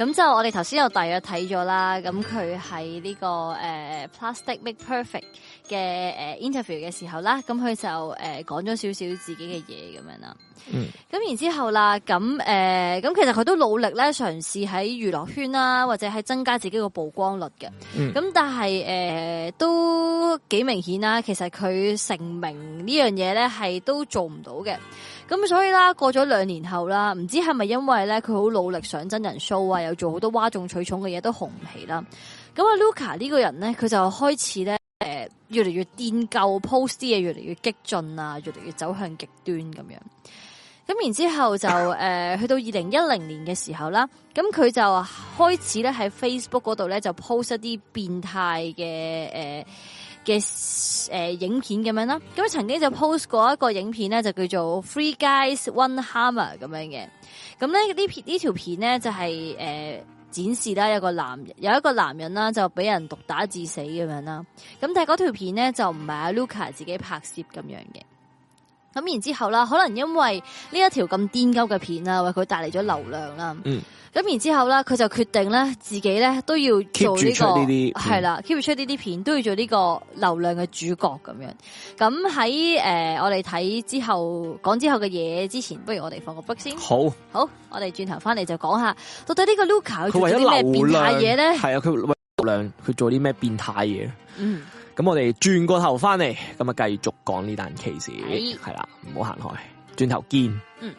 咁就我哋頭先又大約睇咗啦，咁佢喺呢個誒、呃、Plastic Make Perfect 嘅誒、呃、interview 嘅時候啦，咁佢就誒講咗少少自己嘅嘢咁樣啦。咁、嗯、然之後啦，咁誒咁其實佢都努力咧嘗試喺娛樂圈啦，或者係增加自己個曝光率嘅。咁、嗯、但係誒、呃、都幾明顯啦，其實佢成名呢樣嘢咧係都做唔到嘅。咁所以啦，過咗兩年後啦，唔知係咪因為咧佢好努力上真人 show 啊，又做好多嘩眾取寵嘅嘢，都紅唔起啦。咁啊，Luka 呢個人咧，佢就開始咧，誒，越嚟越癲舊，post 啲嘢越嚟越激進啊，越嚟越走向極端咁樣。咁然之後就誒，去、呃、到二零一零年嘅時候啦，咁佢就開始咧喺 Facebook 度咧就 post 一啲變態嘅誒。呃嘅誒、呃、影片咁樣啦，咁、嗯、佢曾經就 post 過一個影片咧，就叫做 Three Guys One Hammer 咁樣嘅，咁咧呢片呢條片咧就係、是、誒、呃、展示啦，有個男有一個男人啦就俾人毒打致死咁樣啦，咁但係嗰條片咧就唔係阿 Luka 自己拍攝咁樣嘅。咁然之後啦，可能因為呢一條咁癲鳩嘅片啦，為佢帶嚟咗流量啦。咁、嗯、然之後啦，佢就決定咧，自己咧都要做 e e 呢啲係啦，keep 住出呢啲片、片，都要做呢個流量嘅主角咁樣。咁喺誒，我哋睇之後講之後嘅嘢之前，不如我哋放個 break 先。好，好，我哋轉頭翻嚟就講下到底呢個 Luka 佢做咗啲咩變態嘢咧？係啊，佢流量，佢做啲咩變態嘢？嗯。咁我哋轉個頭翻嚟，咁啊繼續講呢單 case，係啦，唔好行開，轉頭見。嗯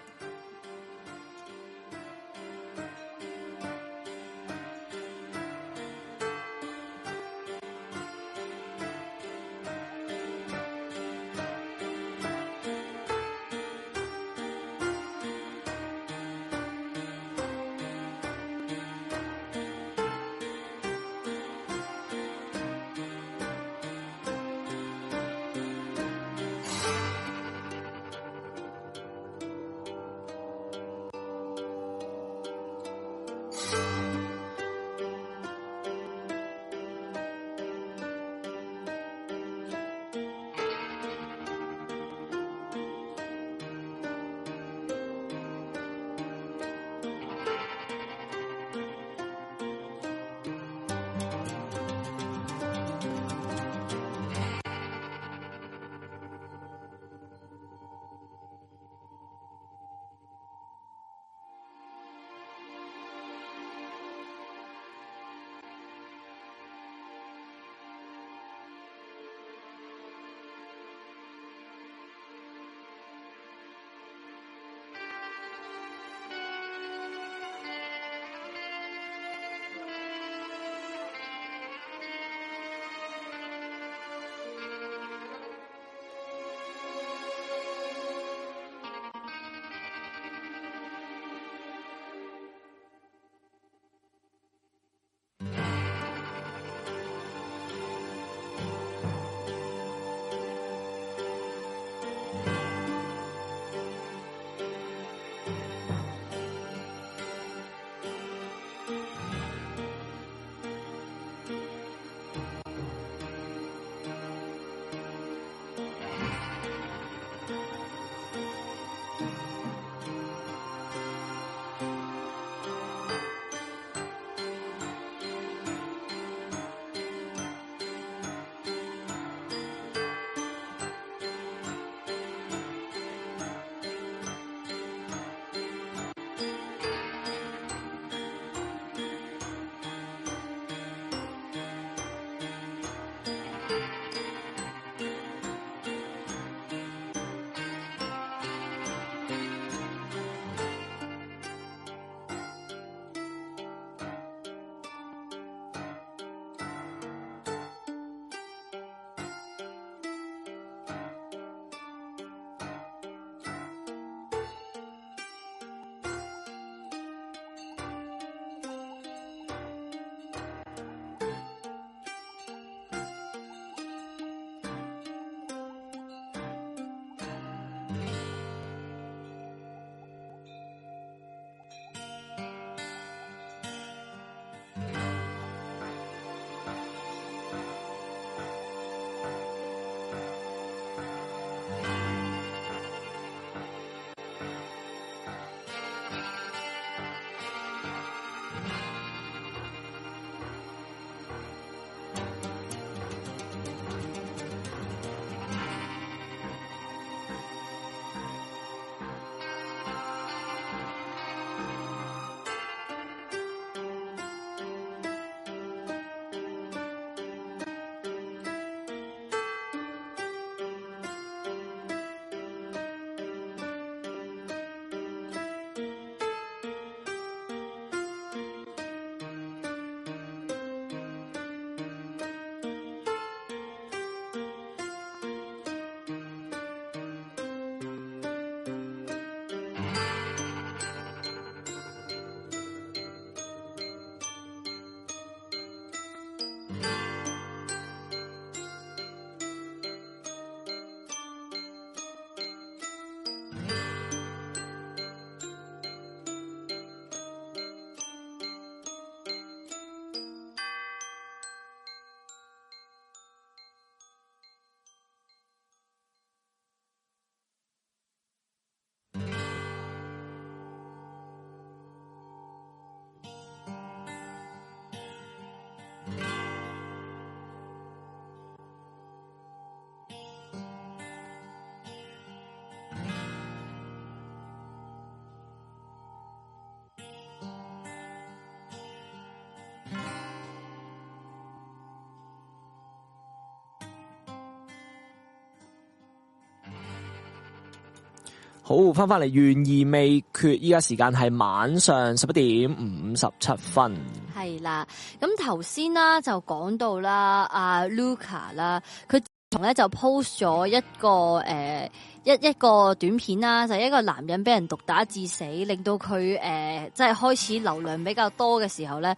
好，翻翻嚟，懸疑未決。依家時間係晚上十一點五十七分。係啦，咁頭先啦就講到啦，阿 Luca 啦，佢，咧就 post 咗一個誒、呃、一一,一個短片啦，就係，一個男人俾人毒打致死，令到佢誒即係開始流量比較多嘅時候咧，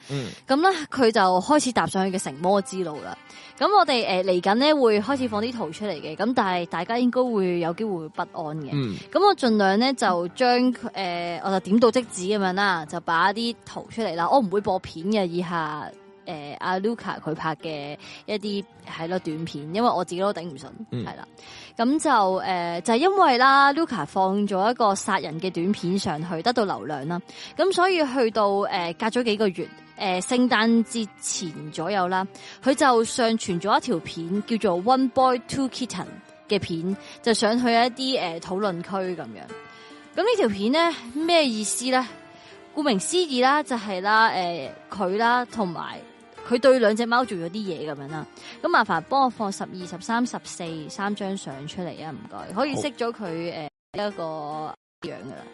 咁咧佢就開始踏上佢嘅成魔之路啦。咁我哋誒嚟緊咧會開始放啲圖出嚟嘅，咁但係大家應該會有機會不安嘅。咁、嗯、我盡量咧就將誒、呃、我就點到即止咁樣啦，就擺啲圖出嚟啦。我唔會播片嘅，以下。誒、呃，阿、啊、Luka 佢拍嘅一啲係咯短片，因為我自己都頂唔順，係、嗯、啦，咁就誒、呃、就係因為啦 Luka 放咗一個殺人嘅短片上去，得到流量啦，咁所以去到誒、呃、隔咗幾個月，誒聖誕節前左右啦，佢就上傳咗一條片叫做 One Boy Two Kitten 嘅片，就上去一啲誒討論區咁樣。咁呢條片咧咩意思咧？顧名思義啦，就係、是、啦，誒、呃、佢啦同埋。佢對兩隻貓做咗啲嘢咁樣啦，咁麻煩幫我放十二、十三、十四三張相出嚟啊！唔該，可以識咗佢誒一個樣噶啦，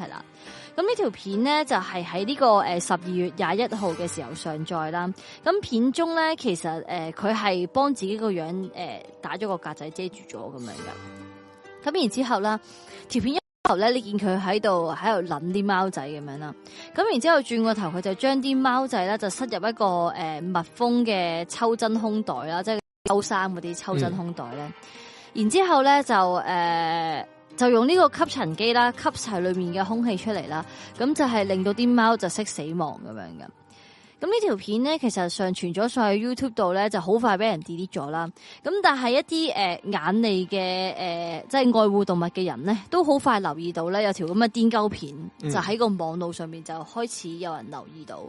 係啦。咁呢條片咧就係喺呢個誒十二月廿一號嘅時候上載啦。咁片中咧其實誒佢係幫自己個樣誒、呃、打咗個格仔遮住咗咁樣噶。咁然之後啦，條片一然後咧，你見佢喺度喺度諗啲貓仔咁樣啦。咁然之後轉個頭，佢就將啲貓仔咧就塞入一個誒密封嘅抽真空袋啦，即係抽衫嗰啲抽真空袋，嗯、然呢然之後咧就誒、呃、就用呢個吸塵機啦，吸晒裏面嘅空氣出嚟啦。咁就係令到啲貓就識死亡咁樣嘅。咁呢條片咧，其實上傳咗上去 YouTube 度咧，就好快俾人 delete 咗啦。咁但係一啲、呃、眼利嘅、呃、即係愛護動物嘅人咧，都好快留意到咧，有條咁嘅癲鳩片，嗯、就喺個網路上面就開始有人留意到。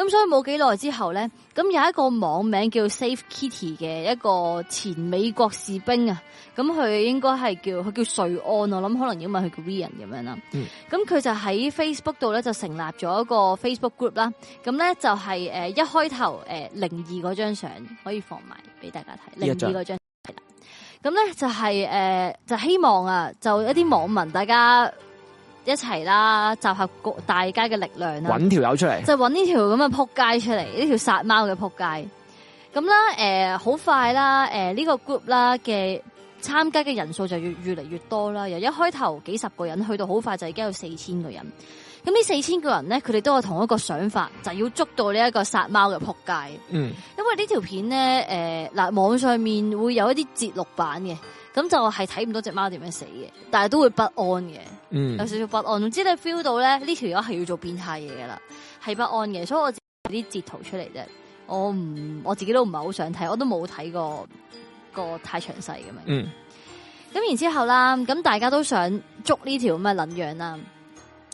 咁所以冇幾耐之後咧，咁有一個網名叫 Safe Kitty 嘅一個前美國士兵啊，咁佢應該係叫佢叫瑞安，我諗可能英文佢叫 Vian 咁樣啦。咁、嗯、佢就喺 Facebook 度咧就成立咗一個 Facebook group 啦。咁咧就係、是、誒一開頭誒零二嗰張相可以放埋俾大家睇，零二嗰張係啦。咁咧就係、是、誒、呃、就希望啊，就一啲網民大家，一齊啦，集合大家嘅力量啦，揾條友出嚟，就揾呢條咁嘅扑街出嚟，呢條殺貓嘅扑街。咁啦，誒、呃，好快啦，誒、呃，呢、呢個 group 啦嘅參加嘅人數就越越嚟越多啦。由一開頭幾十個人去到好快就已經有四千個人。咁呢四千個人咧，佢哋都有同一個想法，就要捉到呢一個殺貓嘅扑街。嗯，因為呢條片呢條片咧，誒，嗱，網上面會有一啲節錄版嘅，咁就係睇唔到隻貓點樣死嘅，但係都會不安嘅。有少少不安，總之你 feel 到咧呢條友係要做變態嘢啦，係不安嘅，所以我有啲截圖出嚟啫。我唔，我自己都唔係好想睇，我都冇睇過個太詳細咁樣。嗯，咁然之後啦，咁大家都想捉呢條咩撚樣啦。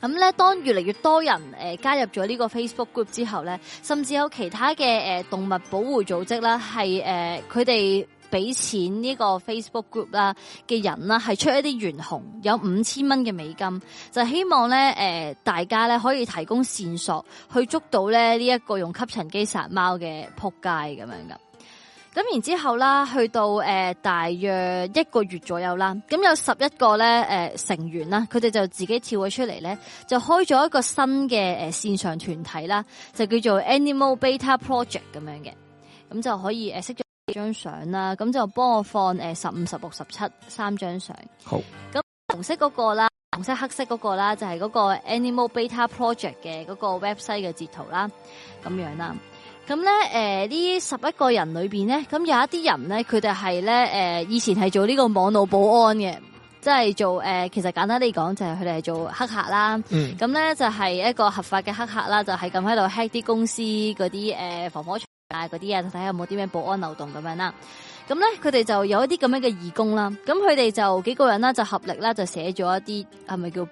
咁咧，當越嚟越多人誒加入咗呢個 Facebook group 之後咧，甚至有其他嘅誒動物保護組織啦，係誒佢哋。俾錢呢個 Facebook group 啦嘅人啦，係出一啲懸紅，有五千蚊嘅美金，就希望咧誒大家咧可以提供線索，去捉到咧呢一個用吸塵機殺貓嘅撲街咁樣噶。咁然之後啦，去到誒大約一個月左右啦，咁有十一個咧誒成員啦，佢哋就自己跳咗出嚟咧，就開咗一個新嘅誒線上團體啦，就叫做 Animal Beta Project 咁樣嘅，咁就可以誒識咗。張相啦，咁就幫我放誒十五、十六、十七三張相。好，咁紅色嗰個啦，紅色黑色嗰個啦，就係嗰個 Animal Beta Project 嘅嗰個 website 嘅截圖啦，咁樣啦。咁咧，誒呢十一個人裏邊咧，咁有一啲人咧，佢哋係咧，誒以前係做呢個網絡保安嘅，即係做誒，其實簡單啲講就係佢哋係做黑客啦。嗯。咁咧就係一個合法嘅黑客啦，就係咁喺度 hack 啲公司嗰啲誒防火牆。界嗰啲人睇下有冇啲咩保安漏洞咁樣啦，咁咧佢哋就有一啲咁樣嘅義工啦，咁佢哋就幾個人啦就合力啦就寫咗一啲係咪叫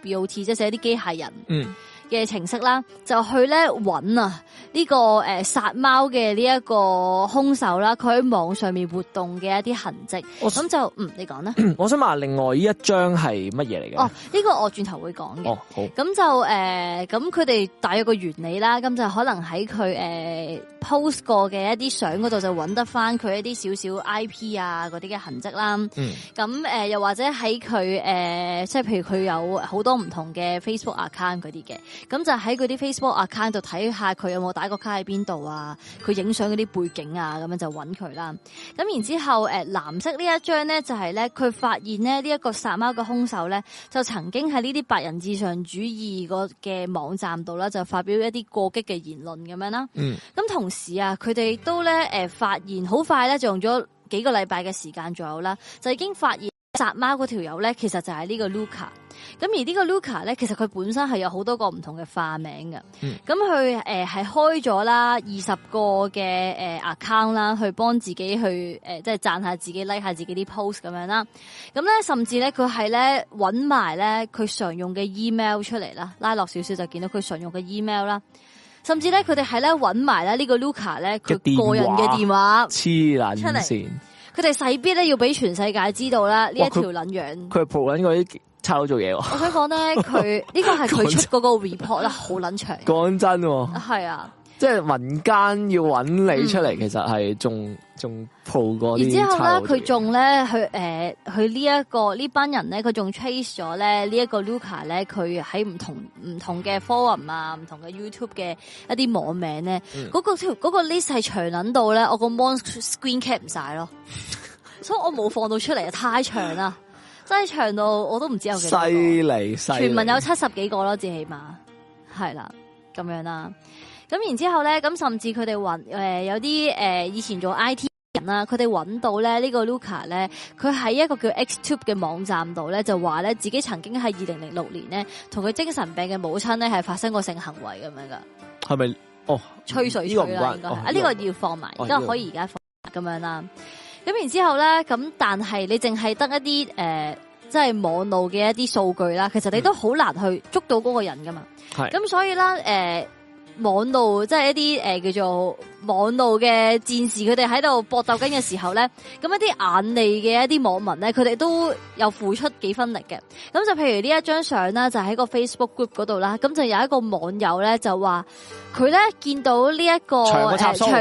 B O T 即係寫啲機械人嗯。嘅程式啦，就去咧揾啊呢個誒殺貓嘅呢一個凶手啦，佢喺網上面活動嘅一啲痕跡，咁就嗯你講啦。我想問下另外呢一張係乜嘢嚟嘅？哦，呢、呢個我轉頭會講嘅。哦，好。咁就誒，咁佢哋大約有個原理啦，咁就可能喺佢誒 post 過嘅一啲相嗰度就揾得翻佢一啲少少 I P 啊嗰啲嘅痕跡啦。咁、嗯、誒、呃，又或者喺佢誒，即、呃、係譬如佢有好多唔同嘅 Facebook account 嗰啲嘅。咁就喺嗰啲 Facebook account 度睇下佢有冇打過卡喺邊度啊，佢影相嗰啲背景啊，咁樣就揾佢啦。咁然之後，誒、呃，藍色一張呢一張咧，就係咧，佢發現咧呢一個殺貓嘅凶手咧，就曾經喺呢啲白人至上主義個嘅網站度啦，就發表一啲過激嘅言論咁樣啦。嗯。咁同時啊，佢哋都咧，誒、呃，發現好快咧，就用咗幾個禮拜嘅時間左右啦，就已經發現。殺貓嗰條友咧，其實就係呢個 Luka。咁而呢個 Luka 咧，其實佢本身係有好多個唔同嘅化名嘅。咁佢誒係開咗啦二十個嘅誒 account 啦，去幫自己去誒即係讚下自己 like 下自己啲 post 咁樣啦。咁咧甚至咧佢係咧揾埋咧佢常用嘅 email 出嚟啦，拉落少少就見到佢常用嘅 email 啦。甚至咧佢哋係咧揾埋咧呢，呢個 Luka 咧佢個人嘅電話出嚟黐捻線。佢哋勢必咧要俾全世界知道啦！呢一條撚樣他，佢係蒲緊嗰啲抄做嘢。我想講咧，佢呢 個係佢出嗰個 report 啦，好撚長。講真喎，係啊。即係民間要揾你出嚟、嗯，其實係仲仲鋪過。然之後咧，佢仲咧去誒，佢呢、呃、一個呢班人咧，佢仲 trace 咗咧呢一個 Luka 咧，佢喺唔同唔同嘅 forum 啊，唔同嘅 YouTube 嘅一啲網名咧，嗰、嗯嗰個、嗰個 list 係長緊到咧，我個 mon screen cap 唔晒咯， 所以我冇放到出嚟啊，太長啦， 真係長到我都唔知有幾多個。犀利犀！傳聞有七十幾個咯，至起碼係啦，咁樣啦。咁然之後咧，咁甚至佢哋揾誒有啲誒、呃、以前做 IT 人啦，佢哋揾到咧呢、這個 Luka 咧，佢喺一個叫 XTube 嘅網站度咧就話咧自己曾經喺二零零六年咧同佢精神病嘅母親咧係發生過性行為咁樣噶。係咪？哦，吹水區啦，呢、這個哦這個要放埋，因、哦、家可以而家放咁、哦、樣啦。咁、這個、然之後咧，咁但係你淨係得一啲誒，即、呃、係網絡嘅一啲數據啦，其實你都好難去捉到嗰個人噶嘛。咁、嗯、所以啦，呃。誒。網路即係一啲誒、呃、叫做網路嘅戰士，佢哋喺度搏鬥緊嘅時候咧，咁一啲眼利嘅一啲網民咧，佢哋都有付出幾分力嘅。咁就譬如呢一張相啦，就喺、係、個 Facebook group 嗰度啦，咁就有一個網友咧就話，佢咧見到呢、呢、一個長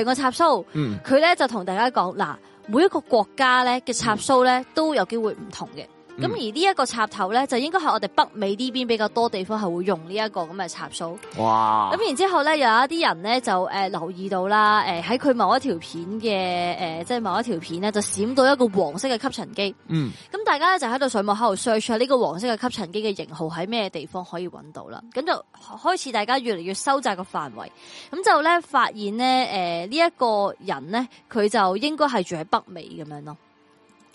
個插蘇，佢、呃、咧、嗯、就同大家講嗱，每一個國家咧嘅插蘇咧都有機會唔同嘅。嗯咁、嗯、而呢一個插頭咧，就應該係我哋北美呢邊比較多地方係會用呢一個咁嘅插蘇。哇！咁然後之後咧，有一啲人咧就誒、呃、留意到啦，誒喺佢某一條片嘅誒、呃，即係某一條片咧，就閃到一個黃色嘅吸塵機。咁、嗯、大家咧就喺度上網喺度 search 呢個黃色嘅吸塵機嘅型號喺咩地方可以揾到啦？咁就開始大家越嚟越收窄個範圍，咁就咧發現咧，誒呢一個人咧，佢就應該係住喺北美咁樣咯。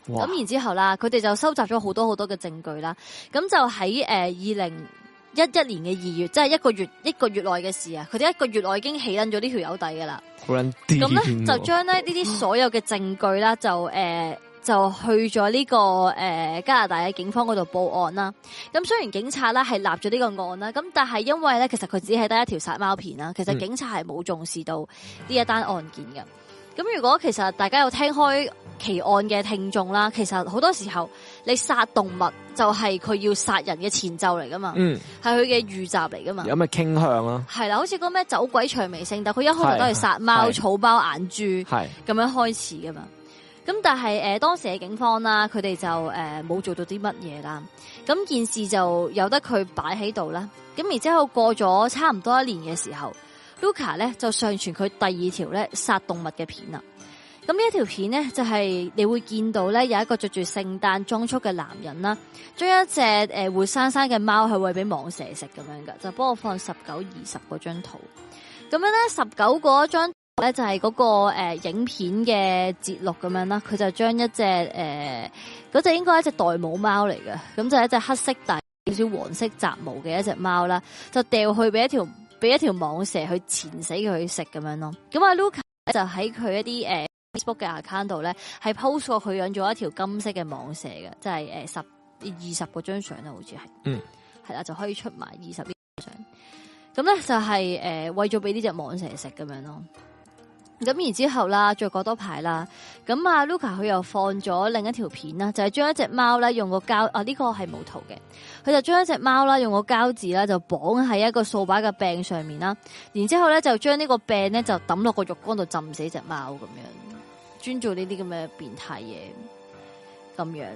咁然之後啦，佢哋就收集咗好多好多嘅證據啦。咁就喺誒二零一一年嘅二月，即係一個月一個月內嘅事啊。佢哋一個月內已經起拎咗呢條友底噶啦。咁咧就將咧呢啲所有嘅證據啦，就誒就去咗呢個誒加拿大嘅警方嗰度報案啦。咁雖然警察咧係立咗呢個案啦，咁但係因為咧其實佢只係得一條殺貓片啦，其實警察係冇重視到呢一單案件嘅。咁、嗯、如果其實大家有聽開。奇案嘅聽眾啦，其實好多時候你殺動物就係佢要殺人嘅前奏嚟噶嘛，係佢嘅預習嚟噶嘛，有咩傾向啊？係啦，好似嗰咩走鬼隨微聲，但佢一開始都係殺貓、草包眼珠咁樣開始噶嘛。咁但係誒當時嘅警方啦，佢哋就誒冇做到啲乜嘢啦。咁件事就由得佢擺喺度啦。咁然之後過咗差唔多一年嘅時候，Luka 咧就上傳佢第二條咧殺動物嘅片啦。咁呢一條片咧，就係、是、你會見到咧有一個着住聖誕裝束嘅男人啦，將一隻誒活生生嘅貓係餵俾蟒蛇食咁樣嘅，就幫我放十九二十嗰張圖。咁樣咧，十九嗰張咧就係、是、嗰、那個誒、呃、影片嘅節錄咁樣啦，佢就將一隻誒嗰隻應該係一隻代母貓嚟嘅，咁就係一隻黑色帶少少黃色雜毛嘅一隻貓啦，就掉去俾一條俾一條蟒蛇去纏死佢去食咁樣咯。咁阿 Luka 咧就喺佢一啲誒。呃 Facebook 嘅 account 度咧，係 post 過佢養咗一條金色嘅蟒蛇嘅，即係誒十二十嗰張相啦，好似係，嗯，係啦，就可以出埋二十張相，咁咧就係誒為咗俾呢隻蟒蛇食咁樣咯，咁然之後啦，再過多排啦，咁啊 Luka 佢又放咗另一條片啦，就係將一隻貓咧用個膠啊呢個係冇圖嘅，佢就將一隻貓啦用個膠紙啦就綁喺一個掃把嘅柄上面啦，然之後咧就將呢個柄咧就抌落個浴缸度浸死隻貓咁樣。專做呢啲咁嘅變態嘢，咁樣，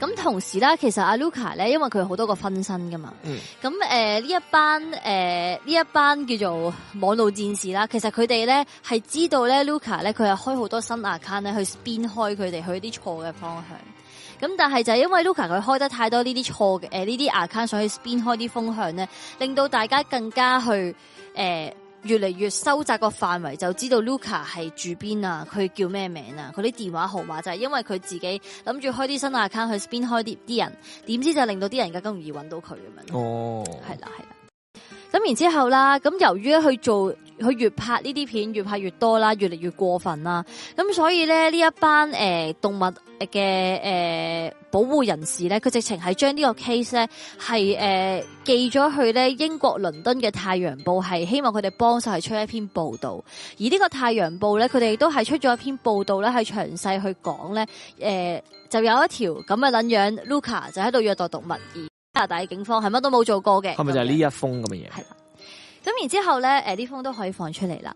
咁同時咧，其實阿 Luca 咧，因為佢好多個分身噶嘛，嗯，咁誒呢一班誒呢、呃、一班叫做網絡戰士啦，其實佢哋咧係知道咧 Luca 咧佢係開好多新 account 咧去編開佢哋去啲錯嘅方向，咁但係就係因為 Luca 佢開得太多這些錯的、呃、這些這些呢啲錯嘅誒呢啲 account 想去編開啲風向咧，令到大家更加去誒。呃越嚟越收窄個範圍，就知道 Luka 係住邊啊，佢叫咩名啊，佢啲電話號碼就係因為佢自己諗住開啲新 account 去邊開啲啲人，點知就令到啲人更加容易揾到佢咁樣哦，係啦，係啦，咁然之後啦，咁由於去做。佢越拍呢啲片越拍越多啦，越嚟越過分啦。咁所以咧，呢一班誒、呃、動物嘅誒、呃、保護人士咧，佢直情係將呢個 case 咧係誒寄咗去咧英國倫敦嘅《太陽報》，係希望佢哋幫手係出一篇報道，而呢個太陽報咧，佢哋都係出咗一篇報道咧，係詳細去講咧誒就有一條咁嘅撚樣 Luka 就喺度虐待動物，而加拿大嘅警方係乜都冇做過嘅。係咪就係呢一封咁嘅嘢？係啦。咁然之後咧，誒，呢封都可以放出嚟啦。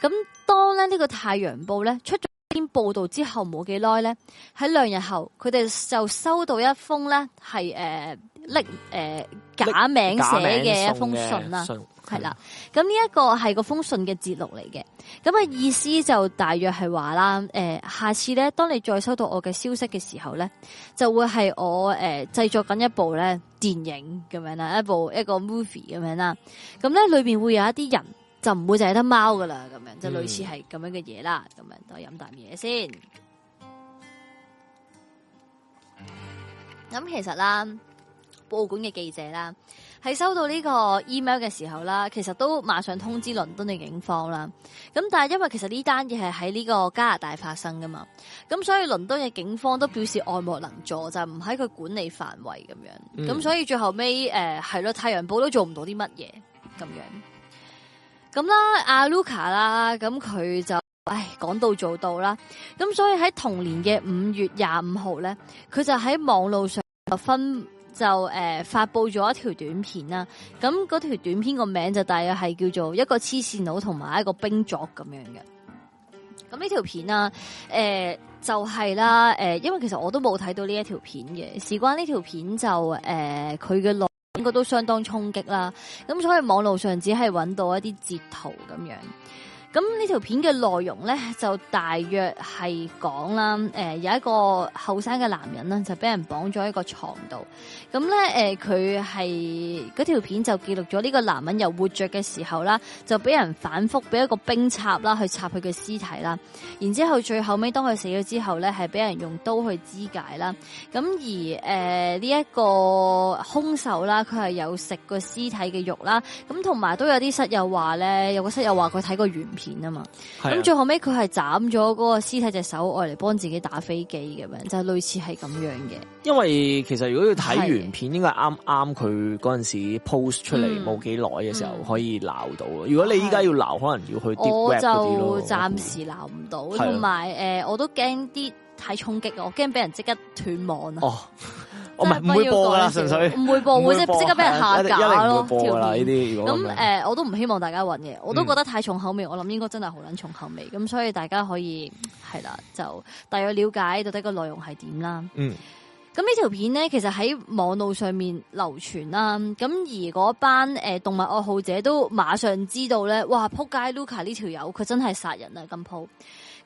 咁當咧呢、這個太陽報咧出咗篇報道之後冇幾耐咧，喺兩日後佢哋就收到一封咧係誒，拎、呃、誒、呃、假名寫嘅一封信啦。係啦，咁呢一個係個封信嘅節錄嚟嘅。咁、那、啊、個、意思就大約係話啦，誒、呃，下次咧，當你再收到我嘅消息嘅時候咧，就會係我誒製、呃、作緊一部咧電影咁樣啦，一部一個 movie 咁樣啦，咁咧裏邊會有一啲人就唔會淨係得貓噶啦，咁樣就類似係咁樣嘅嘢啦，咁、嗯、樣我飲啖嘢先。咁其實啦，報館嘅記者啦。喺收到呢個 email 嘅時候啦，其實都馬上通知倫敦嘅警方啦。咁但係因為其實呢單嘢係喺呢個加拿大發生噶嘛，咁所以倫敦嘅警方都表示愛莫能助，就唔喺佢管理範圍咁樣。咁、嗯、所以最後尾誒係咯，呃是《太陽報》都做唔到啲乜嘢咁樣。咁啦，阿 Luca 啦，咁佢就唉講到做到啦。咁所以喺同年嘅五月廿五號咧，佢就喺網路上分。就誒、呃、發布咗一條短片啦，咁嗰條短片個名就大約係叫做一個黐線佬同埋一個冰錐，咁樣嘅。咁呢條片、呃就是、啦，誒就係啦，誒因為其實我都冇睇到呢一條片嘅，事關呢條片就誒佢嘅內容應該都相當衝擊啦，咁所以網路上只係揾到一啲截圖咁樣。咁呢條片嘅內容咧，就大約係講啦，誒、呃、有一個後生嘅男人啦，就俾人綁咗喺個床度。咁咧，誒佢係嗰條片就記錄咗呢個男人又活着嘅時候啦，就俾人反復俾一個冰插啦，去插佢嘅屍體啦。然之後最後尾，當佢死咗之後咧，係俾人用刀去肢解啦。咁而誒呢一個兇手啦，佢係有食過屍體嘅肉啦。咁同埋都有啲室友話咧，有個室友話佢睇過原片。片啊嘛，咁最後尾，佢係斬咗嗰個屍體隻手攞嚟幫自己打飛機咁樣，就係，類似係咁樣嘅。因為其實如果要睇完片，應該係啱啱佢嗰陣時 post 出嚟，冇幾耐嘅時候可以鬧到。嗯、如果你依家要鬧，可能要去我就暫時鬧唔到，同埋誒，我都驚啲太衝擊，我驚俾人即刻斷網啊，哦 。唔會播啦，純粹唔會，會播，會即即刻俾人下架咯。條、啊、片呢啲，咁誒、呃、我都唔希望大家揾嘅，我都覺得太重口味，嗯、我諗應該真係好撚重口味，咁所以大家可以係啦，就大約了解到底個內容係點啦。嗯，咁呢條片咧，其實喺網路上面流傳啦，咁而嗰班誒、呃、動物愛好者都馬上知道咧，哇！撲街 Luka 呢條友，佢真係殺人啊！咁 p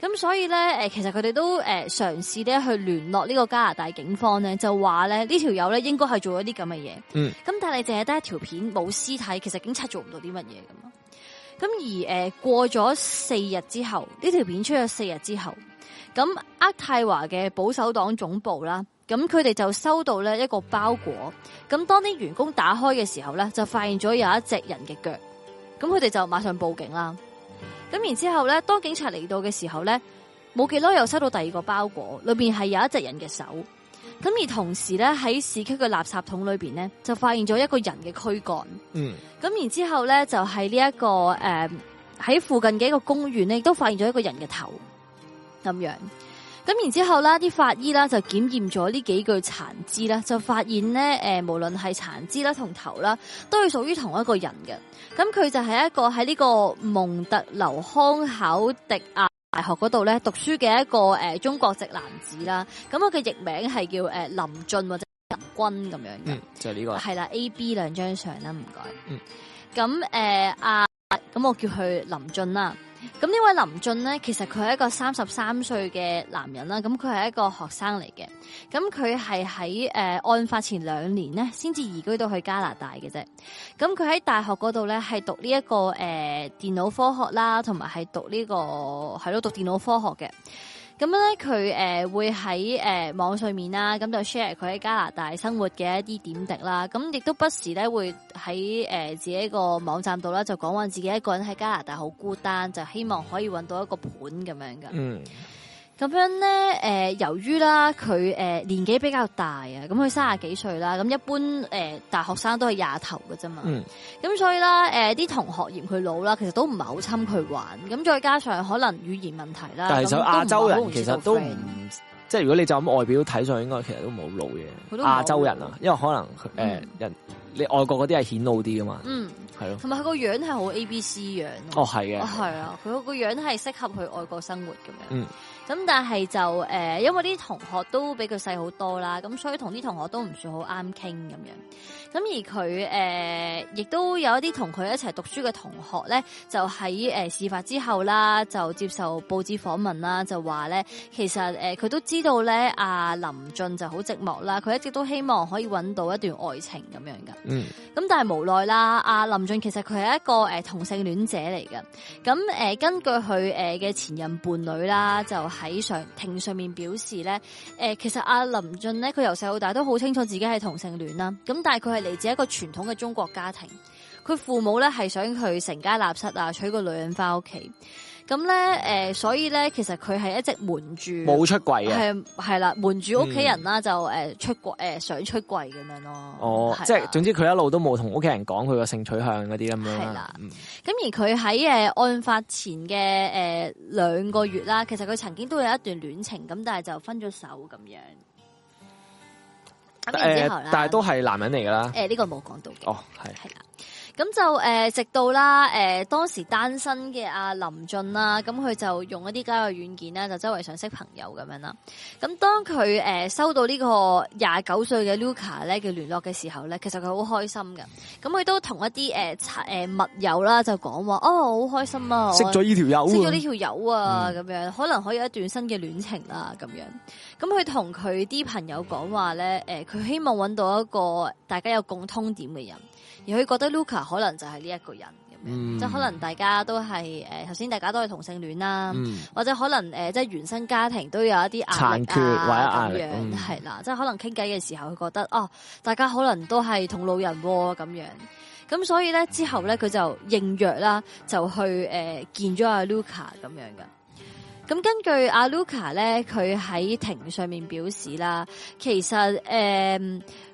咁所以咧，誒，其實佢哋都誒嘗試咧去聯絡呢個加拿大警方咧，就話咧呢條友咧應該係做咗啲咁嘅嘢。嗯。咁但係淨係得一條片，冇屍體，其實警察做唔到啲乜嘢咁。咁而誒、呃、過咗四日之後，呢條片出咗四日之後，咁渥泰華嘅保守黨總部啦，咁佢哋就收到呢一個包裹。咁當啲員工打開嘅時候咧，就發現咗有一隻人嘅腳。咁佢哋就馬上報警啦。咁然之後咧，當警察嚟到嘅時候咧，冇幾多又收到第二個包裹，裏邊係有一隻人嘅手。咁而同時咧，喺市區嘅垃圾桶裏邊咧，就發現咗一個人嘅軀幹。嗯。咁然之後咧，就喺呢一個誒喺附近嘅一個公園咧，都發現咗一個人嘅頭。咁樣。咁然之後呢，啲法醫啦就檢驗咗呢幾具殘肢啦，就發現咧誒，無論係殘肢啦同頭啦，都係屬於同一個人嘅。咁佢就係一個喺呢個蒙特婁康考迪亞大學嗰度咧讀書嘅一個誒、呃、中國籍男子啦，咁佢嘅譯名係叫誒、呃、林俊或者林君咁樣嘅，嗯，就係呢個，係啦，A、B 兩張相啦，唔該，嗯，咁誒阿咁我叫佢林俊啦。咁呢位林俊咧，其實佢係一個三十三歲嘅男人啦。咁佢係一個學生嚟嘅。咁佢係喺誒案發前兩年咧，先至移居到去加拿大嘅啫。咁佢喺大學嗰度咧，係讀呢一個誒電腦科學啦，同埋係讀呢個，係咯讀電腦科學嘅。咁咧佢誒會喺誒網上面啦，咁就 share 佢喺加拿大生活嘅一啲點滴啦。咁亦都不時咧會喺誒自己一個網站度啦，就講話自己一個人喺加拿大好孤單，就希望可以搵到一個伴咁樣㗎。嗯。咁樣咧，誒，由於啦，佢誒年紀比較大啊，咁佢三十幾歲啦，咁一般誒大學生都係廿頭嘅啫嘛，咁、嗯、所以啦，誒啲同學嫌佢老啦，其實都唔係好侵佢玩，咁再加上可能語言問題啦，但係亞洲人其實都，其實都唔即係，如果你就咁外表睇上去，應該其實都冇老嘅亞洲人啊，因為可能誒、嗯、人你外國嗰啲係顯老啲噶嘛，係、嗯、咯，同埋佢個樣係好 A B C 樣，哦係嘅，係啊、哦，佢個樣係適合去外國生活咁樣。嗯。咁但係就欸、呃，因為啲同學都比佢細好多啦，咁所以同啲同學都唔算好啱傾咁樣。咁而佢誒、呃、亦都有一啲同佢一齊讀書嘅同學咧，就喺誒、呃、事發之後啦，就接受報紙訪問啦，就話咧其實誒佢、呃、都知道咧，阿、啊、林俊就好寂寞啦，佢一直都希望可以揾到一段愛情咁樣嘅。嗯。咁但係無奈啦，阿、啊、林俊其實佢係一個誒、呃、同性戀者嚟嘅。咁誒、呃、根據佢誒嘅前任伴侶啦，就喺上庭上面表示咧，誒、呃、其實阿、啊、林俊咧佢由細到大都好清楚自己係同性戀啦。咁但係佢係。嚟自一個傳統嘅中國家庭，佢父母咧係想佢成家立室啊，娶個女人翻屋企。咁咧，誒、呃，所以咧，其實佢係一直瞞住，冇出櫃啊，係係啦，瞞住屋企人啦，嗯，就誒出櫃，誒、呃、想出櫃咁樣咯。哦，即係總之佢一路都冇同屋企人講佢個性取向嗰啲咁樣啦。咁、嗯、而佢喺誒案發前嘅誒兩個月啦，其實佢曾經都有一段戀情，咁但係就分咗手咁樣。誒、欸，但係都係男人嚟噶啦。誒，呢個冇講到嘅。哦，係係啦。咁就誒，直到啦誒，當時單身嘅阿林俊啦，咁佢就用一啲交友軟件啦，就周圍想識朋友咁樣啦。咁當佢誒收到呢個廿九歲嘅 Luka 咧嘅聯絡嘅時候咧，其實佢好開心嘅。咁佢都同一啲誒誒密友啦，就講話哦，好開心啊，識咗呢條友，識咗呢條友啊，咁樣，嗯，可能可以有一段新嘅戀情啦，咁樣。咁佢同佢啲朋友講話咧，誒，佢希望揾到一個大家有共通點嘅人。而佢覺得 Luka 可能就係呢一個人咁樣，即、嗯、係、就是、可能大家都係誒頭先大家都係同性戀啦、嗯，或者可能即係、呃就是、原生家庭都有一啲、啊、殘缺或者係啦，即係、嗯就是、可能傾偈嘅時候佢覺得哦，大家可能都係同路人咁、啊、樣，咁所以咧之後咧佢就應約啦，就去誒、呃、見咗阿 Luka 咁樣嘅。咁根據阿 Luka 咧，佢喺庭上面表示啦，其實誒。呃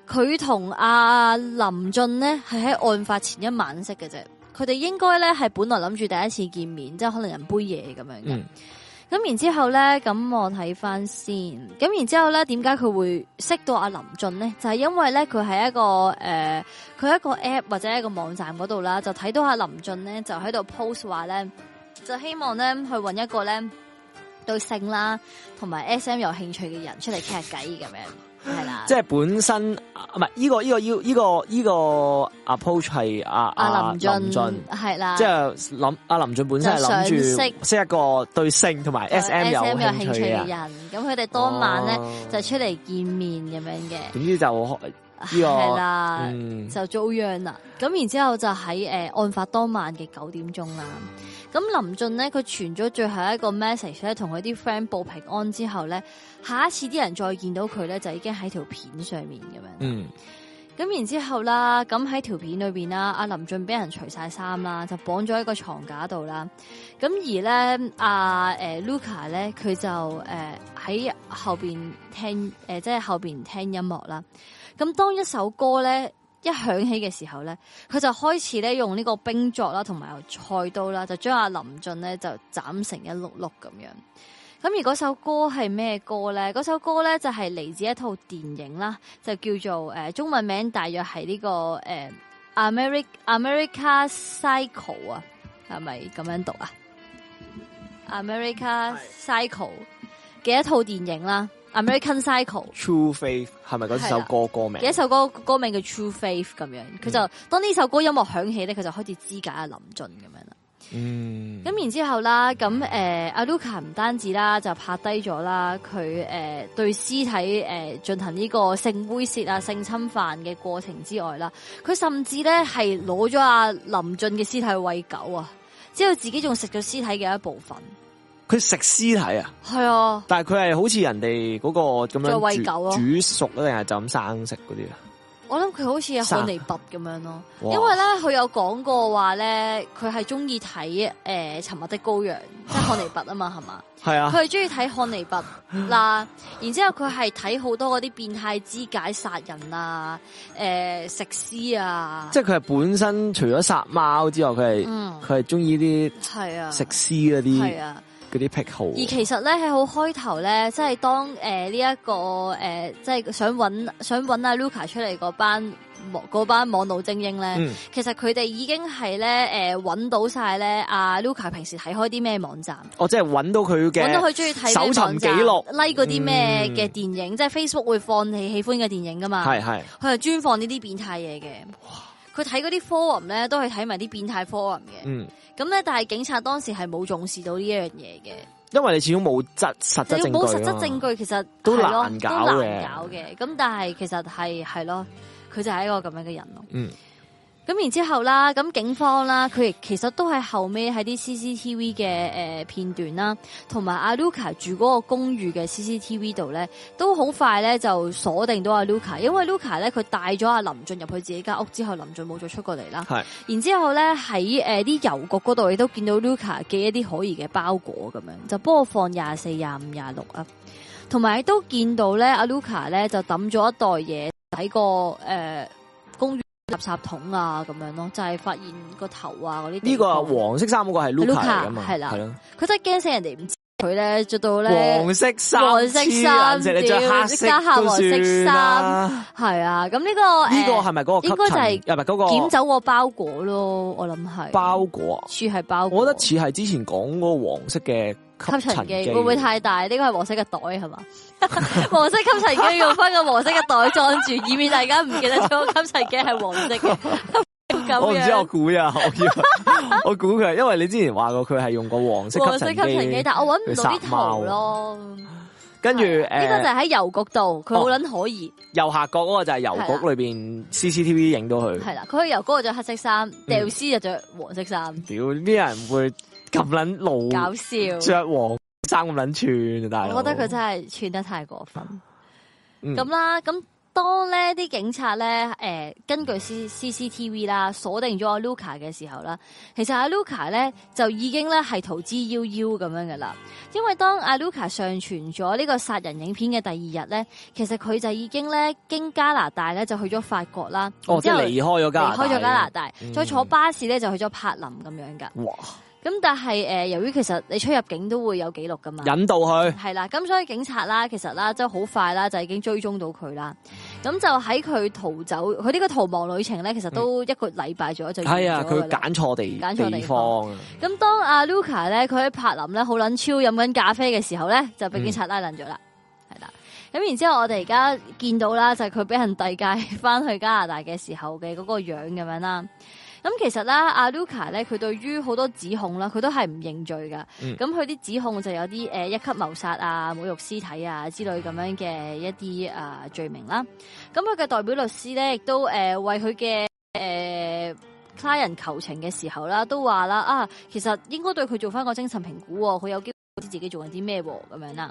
佢同阿林俊呢，係喺案發前一晚識嘅啫，佢哋應該咧係本來諗住第一次見面，即係可能飲杯嘢咁樣嘅。咁、嗯、然之後咧，咁我睇翻，先看看。咁然之後咧，點解佢會識到阿林俊呢？就係、是、因為咧，佢係一個誒，佢、呃、一個 app 或者一個網站嗰度啦，就睇到阿林俊呢，就喺度 post 話咧，就希望咧去搵一個咧對性啦同埋 SM 有興趣嘅人出嚟傾下偈咁樣。係啦，即係本身唔係呢個呢、呢個呢、呢個呢、呢個 approach 係阿阿林俊係啦，即係諗阿林俊本身係諗住識一個對性同埋 SM 有興趣、的有興趣的人，咁佢哋當晚咧就出嚟見面咁樣嘅，哦，點知就呢個就遭殃啦。咁、嗯、然之後就喺誒案發當晚嘅九點鐘啦。咁林俊咧，佢傳咗最後一個 message 咧，同佢啲 friend 報平安之後咧，下一次啲人再見到佢咧，就已經喺條片上面咁樣。嗯。咁然之後啦，咁喺條片裏面啦，阿林俊俾人除晒衫啦，就綁咗喺個床架度啦。咁而咧，阿 Luca 咧，佢、呃、就喺、呃、後面聽即係、呃即係、後面聽音樂啦。咁當一首歌咧，一響起嘅時候咧，佢就開始咧用呢個冰作啦，同埋菜刀啦，就將阿林俊咧就斬成一碌碌咁樣。咁而嗰首歌係咩歌咧？嗰首歌咧就係嚟自一套電影啦，就叫做誒、呃、中文名大約係呢、這個誒、呃、America America Psycho 啊，係咪咁樣讀啊？America Psycho 嘅一套電影啦。American Psycho True Faith 係咪嗰首歌的歌名？一首歌歌名叫 True Faith 咁樣，佢就、嗯、當呢首歌音樂響起咧，佢就開始肢解阿林俊咁樣啦。嗯，咁然後之後啦，咁誒阿、呃、Luca 唔單止啦，就拍低咗啦，佢誒、呃、對屍體誒、呃、進行呢個性猥褻啊、嗯、性侵犯嘅過程之外啦，佢甚至咧係攞咗阿林俊嘅屍體喂狗啊，之後自己仲食咗屍體嘅一部分。佢食屍體啊！係啊，但係佢係好似人哋嗰個咁樣、啊、樣，樣，就餵狗啊，煮熟啊定係就咁生食嗰啲啊？我諗佢好似漢尼拔咁樣咯，因為咧佢有講過話咧，佢係中意睇誒《沉默的羔羊》，即係漢尼拔啊嘛，係 嘛？係啊，佢係中意睇漢尼拔嗱， 然之後佢係睇好多嗰啲變態肢解殺人啊，誒、呃、食屍啊。即係佢係本身除咗殺貓之外，佢係佢係中意啲係啊食屍嗰啲係啊。啲癖好，而其實咧喺好開頭咧，即係當誒呢一個誒、呃，即係想搵想搵阿 Luka 出嚟嗰班，班網嗰班網絡精英咧，嗯、其實佢哋已經係咧誒搵到晒咧阿 Luka 平時睇開啲咩網站，哦，即係搵到佢嘅，搵到佢中意睇嘅網站，搜尋記錄 like 嗰啲咩嘅電影，嗯、即係 Facebook 會放你喜歡嘅電影噶嘛，係係，佢係專放呢啲變態嘢嘅。佢睇嗰啲 forum 咧，都係睇埋啲變態 forum 嘅。嗯，咁咧，但係警察當時係冇重視到呢一樣嘢嘅。因為你始終冇質實質證據咯。冇實質證據，其實都難搞，都難搞嘅。咁但係其實係係咯，佢就係一個咁樣嘅人咯。嗯。咁然之後啦，咁警方啦，佢其實都係後尾喺啲 CCTV 嘅片段啦，同埋阿 Luka 住嗰個公寓嘅 CCTV 度咧，都好快咧就鎖定到阿 Luka，因為 Luka 咧，佢帶咗阿林俊入去自己間屋之後，林俊冇再出過嚟啦。係。然之後咧喺啲郵局嗰度，亦都見到 Luka 寄一啲可疑嘅包裹咁樣，就幫我放廿四、廿五、廿六啊，同埋都見到咧阿 Luka 咧就揼咗一袋嘢喺個誒。呃垃圾桶啊，咁樣咯，就係發現個頭啊啲。呢個黃色衫嗰個係 Luka，係啦，佢真係驚死人哋唔知佢咧，着到咧黃色衫，黃色衫，即係你着黑色都算啦，係啊，咁呢個呢個係咪嗰個？應該就係，唔係嗰個撿走個包裹咯，我諗係包裹，似係包裹。我覺得似係之前講嗰個黃色嘅。吸塵機會唔會太大？呢、這個係黃色嘅袋係嘛？是吧 黃色吸塵機用翻個黃色嘅袋裝住， 以免大家唔記得咗吸塵機係黃色嘅。 我唔知我估呀，我估，我估佢 因為你之前話過佢係用過黃色吸塵機，但我搵唔到啲頭咯。跟住誒、呢、uh, 個就喺郵局度，佢好捻可疑。右、哦、下角嗰個就係郵局裏邊 C C T V 影到佢，係啦。佢喺郵局着黑色衫，屌、嗯、絲就着黃色衫。屌，啲人會。咁捻老搞笑，着黃生咁捻串，但係我覺得佢真係串得太過分咁、嗯、啦。咁當呢啲警察咧，誒、呃，根據 CCTV 啦，鎖定咗阿 Luka 嘅時候啦,其實阿 Luka 咧就已經咧係逃之夭夭咁樣噶啦。因為當阿 Luka 上傳咗呢個殺人影片嘅第二日咧，其實佢就已經咧經加拿大咧就去咗法國啦，哦、即係離開咗加拿大，離開咗加拿大，嗯、再坐巴士咧就去咗柏林咁樣噶。哇咁但係誒，由於其實你出入境都會有記錄噶嘛，引導佢係啦，咁所以警察啦，其實啦，即係好快啦，就已經追蹤到佢啦。咁就喺佢逃走，佢呢個逃亡旅程咧，其實都一個禮拜咗就完咗啦。係啊，佢揀錯地，揀錯地方。咁當阿 Luka 咧，佢喺柏林咧，好撚超飲緊咖啡嘅時候咧，就俾警察拉撚咗啦，係、嗯、啦。咁然之後我哋而家見到啦，就係佢俾人遞解翻去加拿大嘅時候嘅嗰個樣咁樣啦。咁其實啦，阿 Luca 咧，佢對於好多指控啦，佢都係唔認罪㗎。咁佢啲指控就有啲誒一級謀殺啊、侮辱屍體啊之類咁樣嘅一啲啊罪名啦。咁佢嘅代表律師咧，亦都誒為佢嘅誒 client 求情嘅時候啦，都話啦啊，其實應該對佢做翻個精神評估，佢有機會知自己做緊啲咩咁樣啦。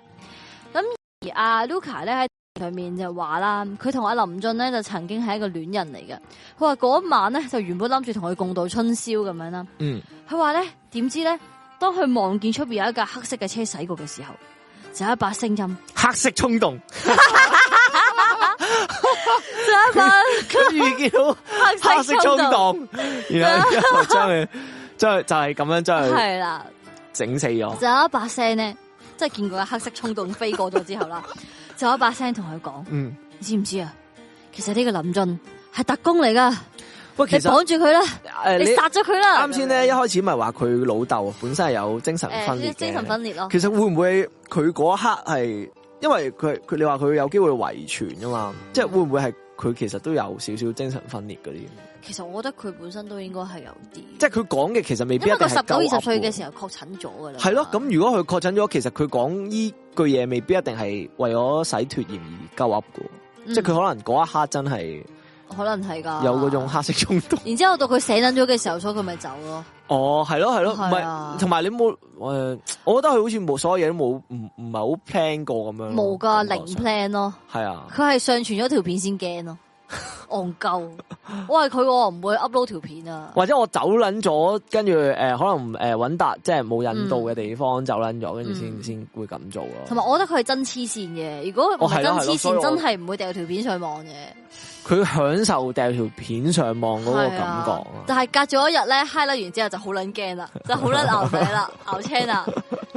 咁而阿 Luca 咧喺。上面就話啦，佢同阿林俊咧就曾經係一個戀人嚟嘅。佢話嗰晚咧就原本諗住同佢共度春宵咁樣啦。嗯，佢話咧點知咧，當佢望見出邊有一架黑色嘅車駛過嘅時候，就有一把聲音，黑色衝動，就一把佢遇叫黑色衝動，動 然後將佢將就係、是、咁樣將佢係啦，整死咗。就有一把聲咧，即、就、係、是、見過嘅黑色衝動飛過咗之後啦。 就一把聲同佢講，你知唔知啊？其實呢個林俊係特工嚟噶，你綁住佢啦、呃，你殺咗佢啦。啱先咧，一開始咪話佢老豆本身係有精神分裂嘅、欸，精神分裂咯。其實會唔會佢嗰一刻係，因為佢佢你話佢有機會遺傳噶嘛？即、嗯、係會唔會係佢其實都有少少精神分裂嗰啲？其實我覺得佢本身都應該係有啲。即係佢講嘅，其實未必一個十九二十歲嘅時候確診咗噶啦。係咯，咁如果佢確診咗，其實佢講醫。句嘢未必一定係為咗洗脫嫌疑鳩噏嘅，嗯、即係佢可能嗰一刻真係，可能係噶有嗰種黑色衝動。 然之後到佢死撚咗嘅時候，所以佢咪走咯。哦，係咯，係咯，唔係同埋你冇誒，我覺得佢好似冇所有嘢都冇，唔唔係好 plan 過咁樣，冇噶，零 plan 咯，係啊，佢係上傳咗條片先驚咯。戇 鳩、嗯，我係佢，我唔會 upload 條片啊。或者我走撚咗，跟住誒可能誒揾達即係冇引導嘅地方走撚咗，跟住先先會咁做咯。同埋我覺得佢係真黐線嘅，如果唔真黐線、哦，真係唔會掉條片上網嘅。佢享受掉條片上網嗰個感覺是、啊、但係隔咗一日咧嗨甩完之後就好撚驚啦，就好撚 牛仔啦，牛車啦，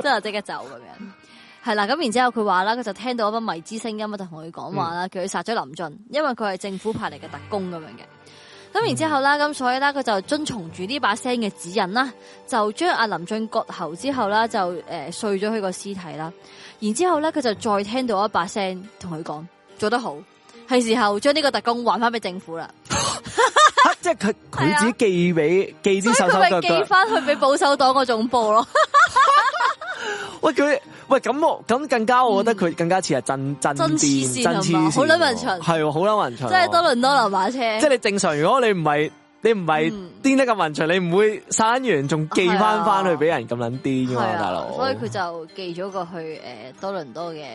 之後即刻走咁樣。係啦，咁然之後佢話啦，佢就聽到一把迷之聲音，就同佢講話啦，叫佢殺咗林俊，因為佢係政府派嚟嘅特工咁樣嘅。咁、嗯、然之後啦，咁所以啦，佢就遵從住呢把聲嘅指引啦，就將阿林俊割喉之後啦，就誒碎咗佢個屍體啦。然之後咧，佢就再聽到一把聲同佢講做得好。係時候將呢個特工還翻俾政府啦 ，即係佢佢只寄俾、啊、寄隻手手腳腳，寄翻去俾保守黨個總部咯。喂佢，喂，咁咁更加我覺得佢更加似係震震震癲，好捻文長，係好捻文長，即係多倫多流馬車。即係你正常如果你唔係你唔係癲得咁文長，你唔、嗯、會刪完仲寄翻翻去俾人咁捻癲噶嘛大佬。所以佢就寄咗過去誒、呃、多倫多嘅。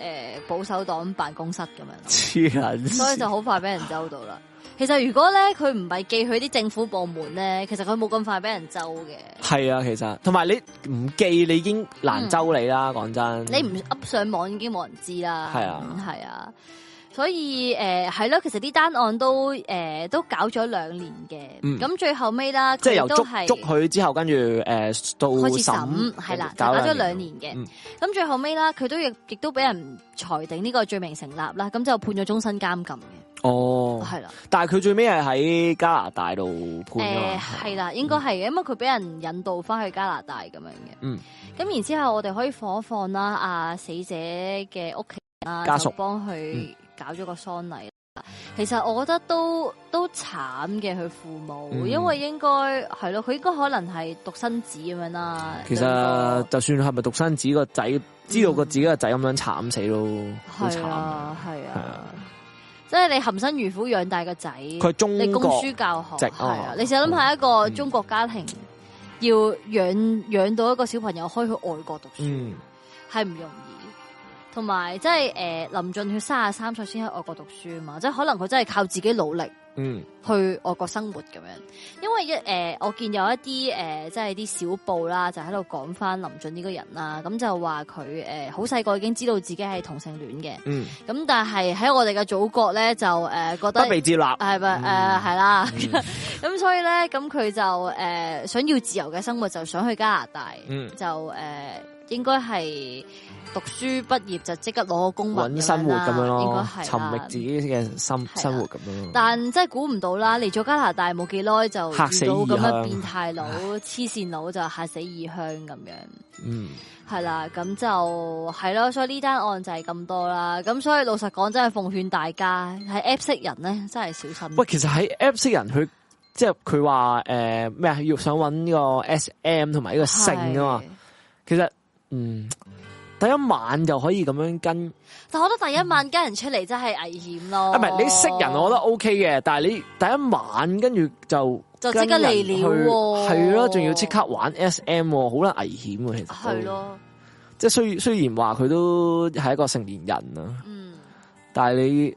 誒，保守黨辦公室咁樣，黐線，所以就好快俾人揪到啦。 其實如果咧，佢唔係寄去啲政府部門咧，其實佢冇咁快俾人揪嘅。係啊，其實同埋你唔寄，你已經難揪你啦。講、嗯、真，你唔噏上網已經冇人知啦。係啊，係啊。所以係咯，呃，其實呢單案都，呃、都搞咗兩年嘅。咁，嗯、最後尾啦，即係由捉捉佢之後，跟住誒到開始審係啦，搞咗兩年嘅。咁，嗯、最後尾啦，佢都亦亦都俾人裁定呢個罪名成立啦，咁就判咗終身監禁嘅。哦，係啦，但係佢最尾係喺加拿大度判嘅。係，呃、啦，應該係嘅，嗯，因為佢俾人引導翻去加拿大咁樣嘅。咁，嗯、然後之後我哋可以放一放啦，啊，死者嘅屋企啦，家屬幫佢。嗯搞咗個喪禮，其實我覺得都都慘嘅佢父母、嗯，因為應該係咯，佢應該可能係獨生子咁樣啦。其實就算係咪獨生子個仔，子知道個自己個仔咁樣慘死咯，係、嗯、慘，係啊，啊，啊，即係你含辛茹苦養大個仔，佢中你供書教學係啊，啊，你成日諗下一個中國家庭、嗯、要養養到一個小朋友可以去外國讀書，係、嗯、唔容易。同埋即係誒，林俊係三十三歲先喺外國讀書嘛，即、就、係、是、可能佢真係靠自己努力，嗯，去外國生活咁樣。嗯、因為一誒、呃，我見有一啲誒，即係啲小報啦，就喺度講返林俊呢個人啦，咁就話佢誒，好細個已經知道自己係同性戀嘅，嗯，咁但係喺我哋嘅祖國咧就誒、呃、覺得不被接納，係咪誒係啦，咁、嗯、 所以咧咁佢就誒、呃、想要自由嘅生活，就想去加拿大，嗯、就誒、呃、應該係。讀書畢業就即刻攞個工搵生活咁樣咯，應該係，尋覓自己嘅生、啊、生活咁樣。但真係估唔到啦，嚟咗加拿大冇幾耐就遇到咁樣變態佬、黐線佬，就吓死異鄉咁樣。嗯是、啊，係啦，咁就係咯。所以呢單案就係咁多啦。咁所以老實講，真係奉勸大家喺 App 識人咧，真係小心。喂，其實喺 App 識人，佢即係佢話誒咩要想搵呢個 S M 同埋呢個性啊嘛。其實，嗯。第一晚就可以咁樣跟，但我覺得第一晚跟人出嚟真係危險咯。啊，唔係你識人，我覺得 O K 嘅，但係你第一晚跟住就跟就即刻嚟了、哦，係咯，仲要即刻玩 S M，好、哦、難危險喎，其實係咯、啊，即係雖雖然話佢都係一個成年人啊，嗯，但係你。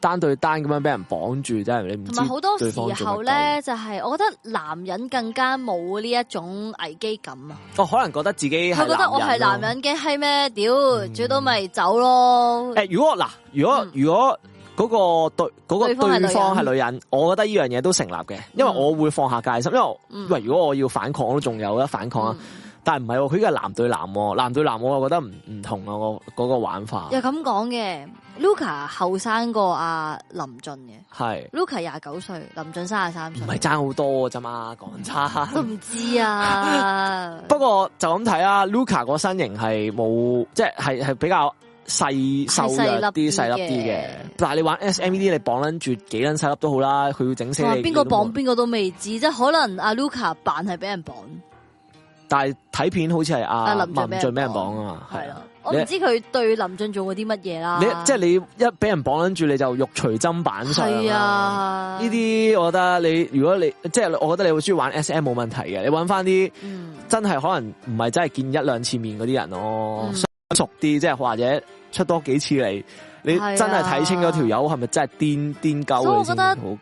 單對單咁樣俾人綁住真係，你唔知對方做乜。同埋好多時候咧，就係、是、我覺得男人更加冇呢一種危機感啊！哦，可能覺得自己係男人。佢覺得我係男人嘅閪咩？屌、嗯嗯，最多咪走咯！誒、欸，如果嗱，如果、嗯、如果嗰個對、嗰個對方係女人，我覺得呢樣嘢都成立嘅、嗯，因為我會放下戒心。因為喂，如果我要反抗，我都仲有得反抗啊！嗯但係唔係喎，佢依家男對男，男對男，我覺覺得唔唔同啊，我嗰個玩法有。又咁講嘅，Luka 後生過阿林俊嘅。係。Luka 廿九歲，林俊卅三歲。唔係爭好多咋嘛，講差。都唔知啊。 不過就咁睇啊，Luka 個身形係冇，即係係係比較細瘦弱啲細粒啲嘅。但係你玩 S M e D，你綁緊住幾細粒細粒都好啦，佢要整死。邊個綁邊個都未知，即係可能阿 Luka 扮係俾人綁。但係睇片好似係阿林俊俾人綁啊嘛，係啦、啊啊，我唔知佢對林俊做過啲乜嘢啦你。你即係你一俾人綁跟住你就肉隨砧板上。係啊，呢啲我覺得你如果你即係、就是、我覺得你好中意玩 S M 冇問題嘅，你揾翻啲真係可能唔係真係見一兩次面嗰啲人咯，嗯、相熟啲即係或者出多幾次嚟，你真係睇清嗰條友係咪真係癲癲鳩嚟？是啊、是是很搞我覺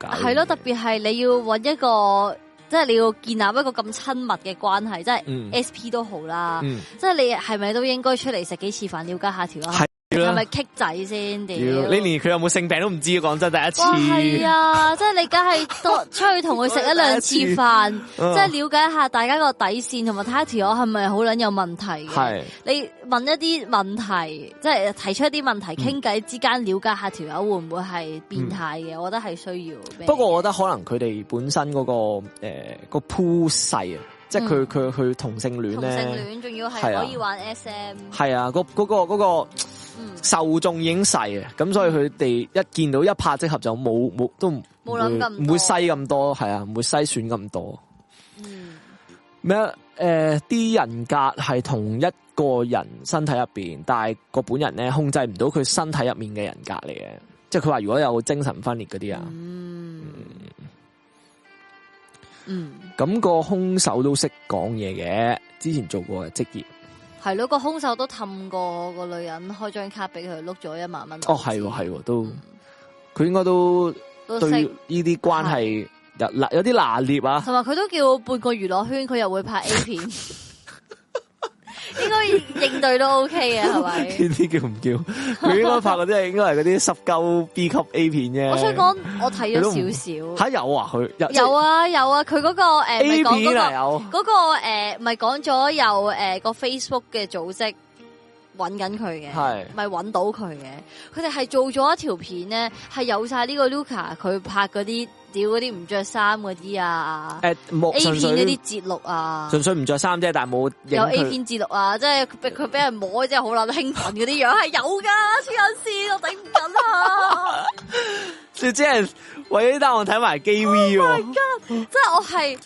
得係咯、啊，特別係你要揾一個。即係你要建立一個咁親密嘅關係，嗯、即係 SP 都好啦，嗯、即係你係咪都應該出嚟食幾次飯，了解下條啦。係咪棘仔先？點？你連佢有冇性病都唔知，講真，第一次。係啊， 啊，即係你梗係多出去同佢食一兩次飯，即係了解一下大家個底線，同埋睇下條友係咪好撚有問題。係。你問一啲問題，即係提出一啲問題，傾、嗯、偈之間了解一下條友會唔會係變態嘅、嗯？我覺得係需要嘅。不過我覺得可能佢哋本身嗰、那個誒、呃那個鋪勢啊。即係佢佢佢，同性戀呢，同性戀仲要係可以玩 SM，係啊，嗰、嗯、嗰、啊嗰個嗰、嗰個、嗯、受眾已經細嘅，咁所以佢哋一見到一拍即合就冇冇都唔冇諗咁唔會篩咁多，多，係啊，唔會篩選咁多。咩、嗯？誒、呃，啲人格係同一個人身體入邊，但係個本人咧控制唔到佢身體入面嘅人格嚟嘅，即係佢話如果有精神分裂嗰啲啊。嗯嗯嗯，咁、那個兇手都識講嘢嘅，之前做過嘅職業係咯，個兇手都氹過個女人，開張卡俾佢碌咗一萬蚊。哦，係喎，係喎，都佢應該都對呢啲關係有有啲拿捏啊。同埋佢都叫半個娛樂圈，佢又會拍 A 片。 應該 應對都 OK 啊，係咪？呢啲叫唔叫？佢應該拍嗰啲係應該係嗰啲濕鳩 B 級 A 片啫。 我想講 啊，我睇咗少少。吓有啊，佢有。有啊有啊，佢嗰、嗰個誒，咪、呃、講、嗰個嗰、啊嗰個誒，咪講咗有誒個 Facebook 嘅組織搵緊佢嘅，係咪搵到佢嘅？佢哋係做咗一條片咧，係有晒呢個 Luka 佢拍嗰啲。屌嗰啲唔着衫嗰啲啊，誒、欸、冇 A 片嗰啲節錄啊，純粹唔着衫啫，但係冇有，有 A 片節錄啊，即係佢佢俾人摸 真係好難，興奮嗰啲樣係有噶，黐撚線我頂唔緊啊！即係喂，但係我睇埋 G V 喎，即、oh、係我係。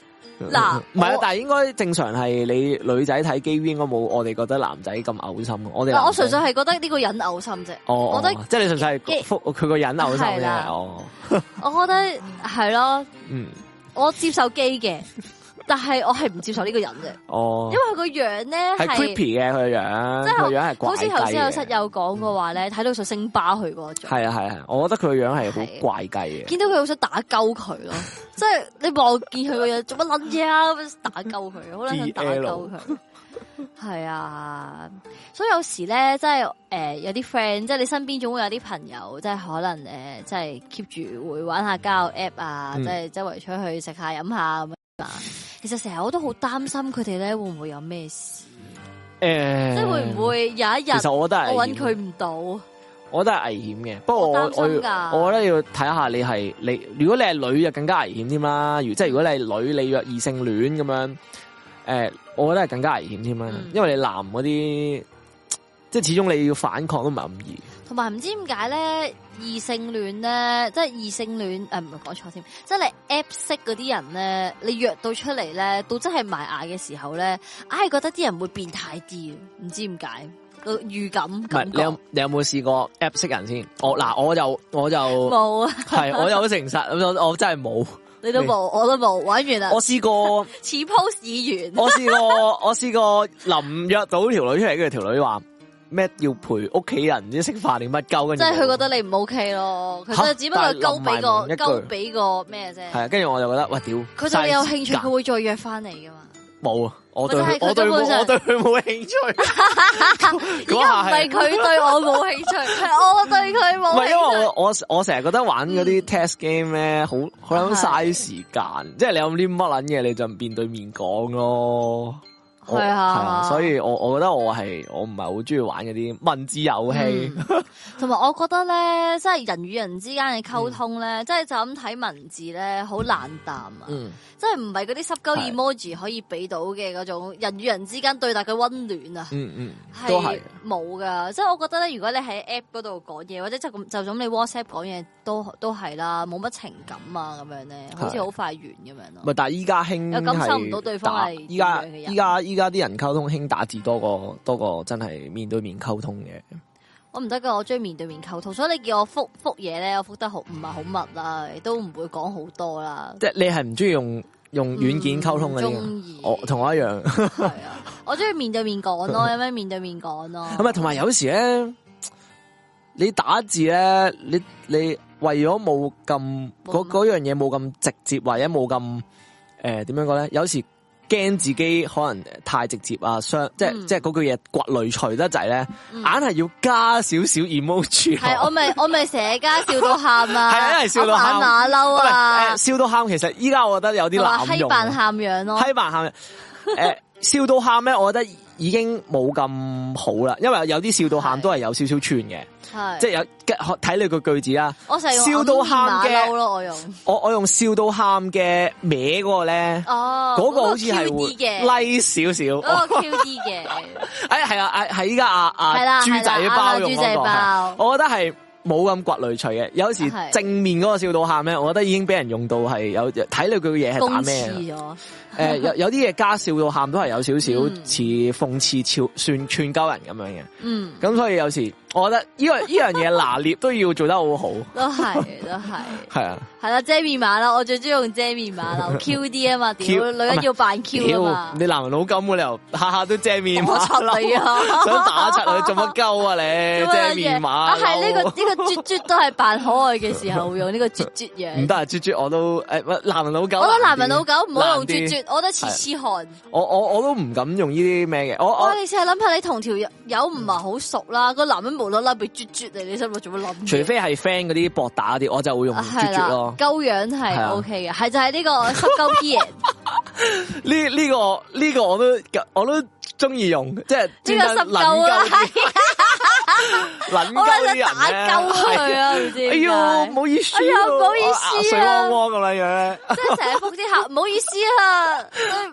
嗱， 唔係，但係應該正常係你女仔睇 GV 應該冇我哋覺得男仔咁嘔心，我哋嗱，我純粹係覺得呢個人嘔心啫，哦，我覺得、哦、即係你純粹係佢個人嘔心啫，哦， 我覺得係咯，嗯，我接受 GV 嘅。 但係我係唔接受呢個人嘅、哦，因為佢個樣咧係 creepy 嘅，佢個樣子，個、就是、樣係好似頭先有室友講嘅話咧，睇、嗯、到想星巴佢嗰種。係啊係啊，我覺得佢個樣係好怪雞嘅。見到佢好想打鳩佢咯，即 係、就是、你望見佢個樣做乜捻嘢啊？打鳩佢，好撚想打鳩佢。係啊，所以有時咧，即係誒、呃、有啲 friend，即係你身邊總會有啲朋友，即係可能誒、呃，即係 keep 住會玩下交友 app、嗯、啊，即係周圍出去食下飲下咁。嗯嗱，其實成日我都好擔心佢哋咧，會唔會有咩事？誒、欸，即係會唔會有一日？其實我都係我搵佢唔到，我都係危險嘅。不過我我心我覺得要睇下你係你，如果你係女就更加危險添啦。如即係如果你係女，你若異性戀咁樣，誒，我覺得係更加危險添啦。嗯、因為你男嗰啲。即係始終你要反抗都唔係咁易不知呢，同埋唔知點解咧，異性戀咧，即係異性戀，誒唔係講錯添，即係你 app 識嗰啲人咧，你約到出嚟咧，到真係埋牙嘅時候咧，唉、啊、覺得啲人會變態啲，唔知點解個預感，感你有你有冇試過 app 識人先？我嗱，我就我就冇啊，係我好誠實咁 我，我真係冇。 你都冇，我都冇，玩完啦。我試過似 post 似議完。 我試過，我試過臨約到條女出嚟，跟住條女話。咩要陪屋企人唔知食飯定乜鳩？即係佢覺得你唔 OK 咯，其實只不過勾俾個勾俾個咩啫。係啊，跟住我就覺得喂屌，佢仲有興趣，佢會再約翻你噶嘛？冇啊、就是，我對我對我對佢冇興趣。而家係佢對我冇興趣，係 我對佢冇。唔係因為我我我成日覺得玩嗰啲 test game 咧、嗯，好好想嘥時間，即係、就是、你有啲乜撚嘢，你就唔面對面講咯。係啊， 所以我我覺得我係我唔係好中意玩嗰啲文字遊戲、嗯，同 埋我覺得咧，即係人與人之間嘅溝通咧，即、嗯、係就咁睇文字咧，好冷淡啊，即係唔係嗰啲濕鳩 emoji 可以俾到嘅嗰種人與人之間對答嘅溫暖啊，係冇噶，即、嗯、係我覺得咧，如果你喺 app 度講嘢，或者即就咁你 whatsapp 講嘢都都係啦，冇乜情感啊咁樣咧，好似好快完咁樣咯。唔係，但係依家興，感受唔到對方係依家依家而家啲人溝通興打字多過多過真係面對面溝通嘅，我唔得噶，我中意面對面溝通，所以你叫我覆覆嘢咧，我覆得好唔係好密啦，亦都唔會講好多啦。即係你係唔中意用用軟件溝通嘅？中意我同我一樣。係啊，我中意面對面講咯， 有咩面對面講咯？咁啊，同埋有時咧，你打字咧，你你為咗冇咁嗰嗰樣嘢冇咁直接，或者冇咁誒點樣講咧？有時。驚自己可能太直接啊，傷即係、嗯、即係嗰句嘢刮雷除得滯咧，硬、嗯、係要加少少 emoji。係我咪我咪成日加笑到喊啊！係啊，一係笑到喊馬騮啊！笑,笑到喊、啊，其實依家我覺得有啲濫用。稀扮喊樣咯、啊，稀扮喊樣，誒, 笑到喊咩？我覺得。已經冇咁好啦，因為有啲笑到喊都係有少少串嘅，是是即係有睇你個句，句子啊，我用笑到喊嘅，我用我，我用笑到喊嘅歪嗰、那個咧，哦，嗰、那個好似係會 like 少少。嗰、那個 Q 啲嘅、 哎，哎係啊，係依家啊，阿阿豬仔包用嗰、啊那個、啊，我覺得係冇咁掘雷除嘅。有時正面嗰個笑到喊咧，我覺得已經俾人用到係有睇你句嘢係打咩？誒、呃、有有啲嘢加笑到喊都係有少少似諷刺、嘲、算串鳩人咁樣嘅，嗯，咁所以有時。我覺得呢、呢個呢樣嘢拿捏都要做得好好。 都係，都係。係啊。係啦，遮面碼啦，我最中意用遮面碼啦，Q 啲啊嘛，點女人要扮 Q 嘛 啊嘛。你男人老狗嘅又下下都遮面碼插女啊， 想打插女做乜鳩啊你？遮面碼係呢個呢、呢個絕絕、呢個、都係扮可愛嘅時候用呢個絕絕嘢。唔得啊，絕絕我都誒，男、哎、男人老狗，我覺得男人老狗唔好用絕絕，我覺得似痴漢。我我我都唔敢用呢啲咩嘅，我我哋先係諗下你同條友唔係好熟啦，個男人。無啦啦，變啜啜，你你心入做乜諗，除非係 friend 嗰啲博打嗰啲，我就會用絕絕咯。鳩樣係 OK 嘅，係就係呢、這個濕鳩啲呢呢個呢、這個我都我都中意用，即、就、係、是這個、 呢個濕鳩。我今日打鳩佢啊！唔 知 哎呀，唔好意思，哎呀，唔好意思啊，汪汪咁樣，即係成日撲啲客。唔好意思啊，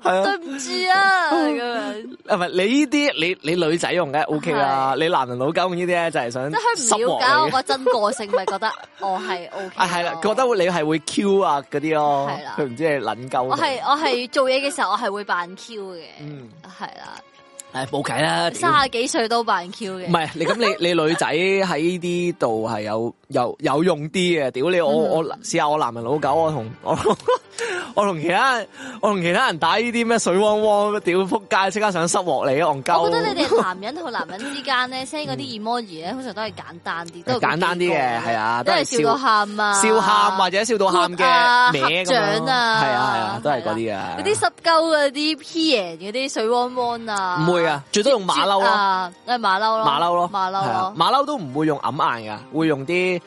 對唔住啊咁啊。唔係你呢啲，你你，你女仔用嘅 OK 啊！你男人老狗呢啲。就係、即係、想，佢唔了解我個真個性咪 覺得我係 OK，係啦，覺得你係會 Q 啊嗰啲咯，係啦，佢唔知係捻夠，我係我係做嘢嘅時候我係會扮 Q 嘅，嗯，係啦。誒、哎，冇計啦，卅幾歲都扮 Q 嘅。唔係你咁，你你，你女仔喺呢啲度係有有有用啲嘅。屌 你我我試下我，我男人老狗，我同我 我同其他我同其他人打呢啲咩水汪汪，屌仆街，即刻想失鑊。你我覺得你哋男人同男人之間咧，send 嗰啲 emoji 咧，通常都係簡單啲，都簡單啲嘅，係啊，啊，啊，啊，啊，啊，都係笑到喊啊，笑喊或者笑到喊嘅，咩獎啊，係啊係啊，都係嗰啲啊。嗰啲濕鳩嗰啲 P 人嗰啲水汪汪啊，最多用馬騮咯，誒馬騮咯，馬騮咯，馬騮係啊，馬騮都唔會用揞眼噶，會用啲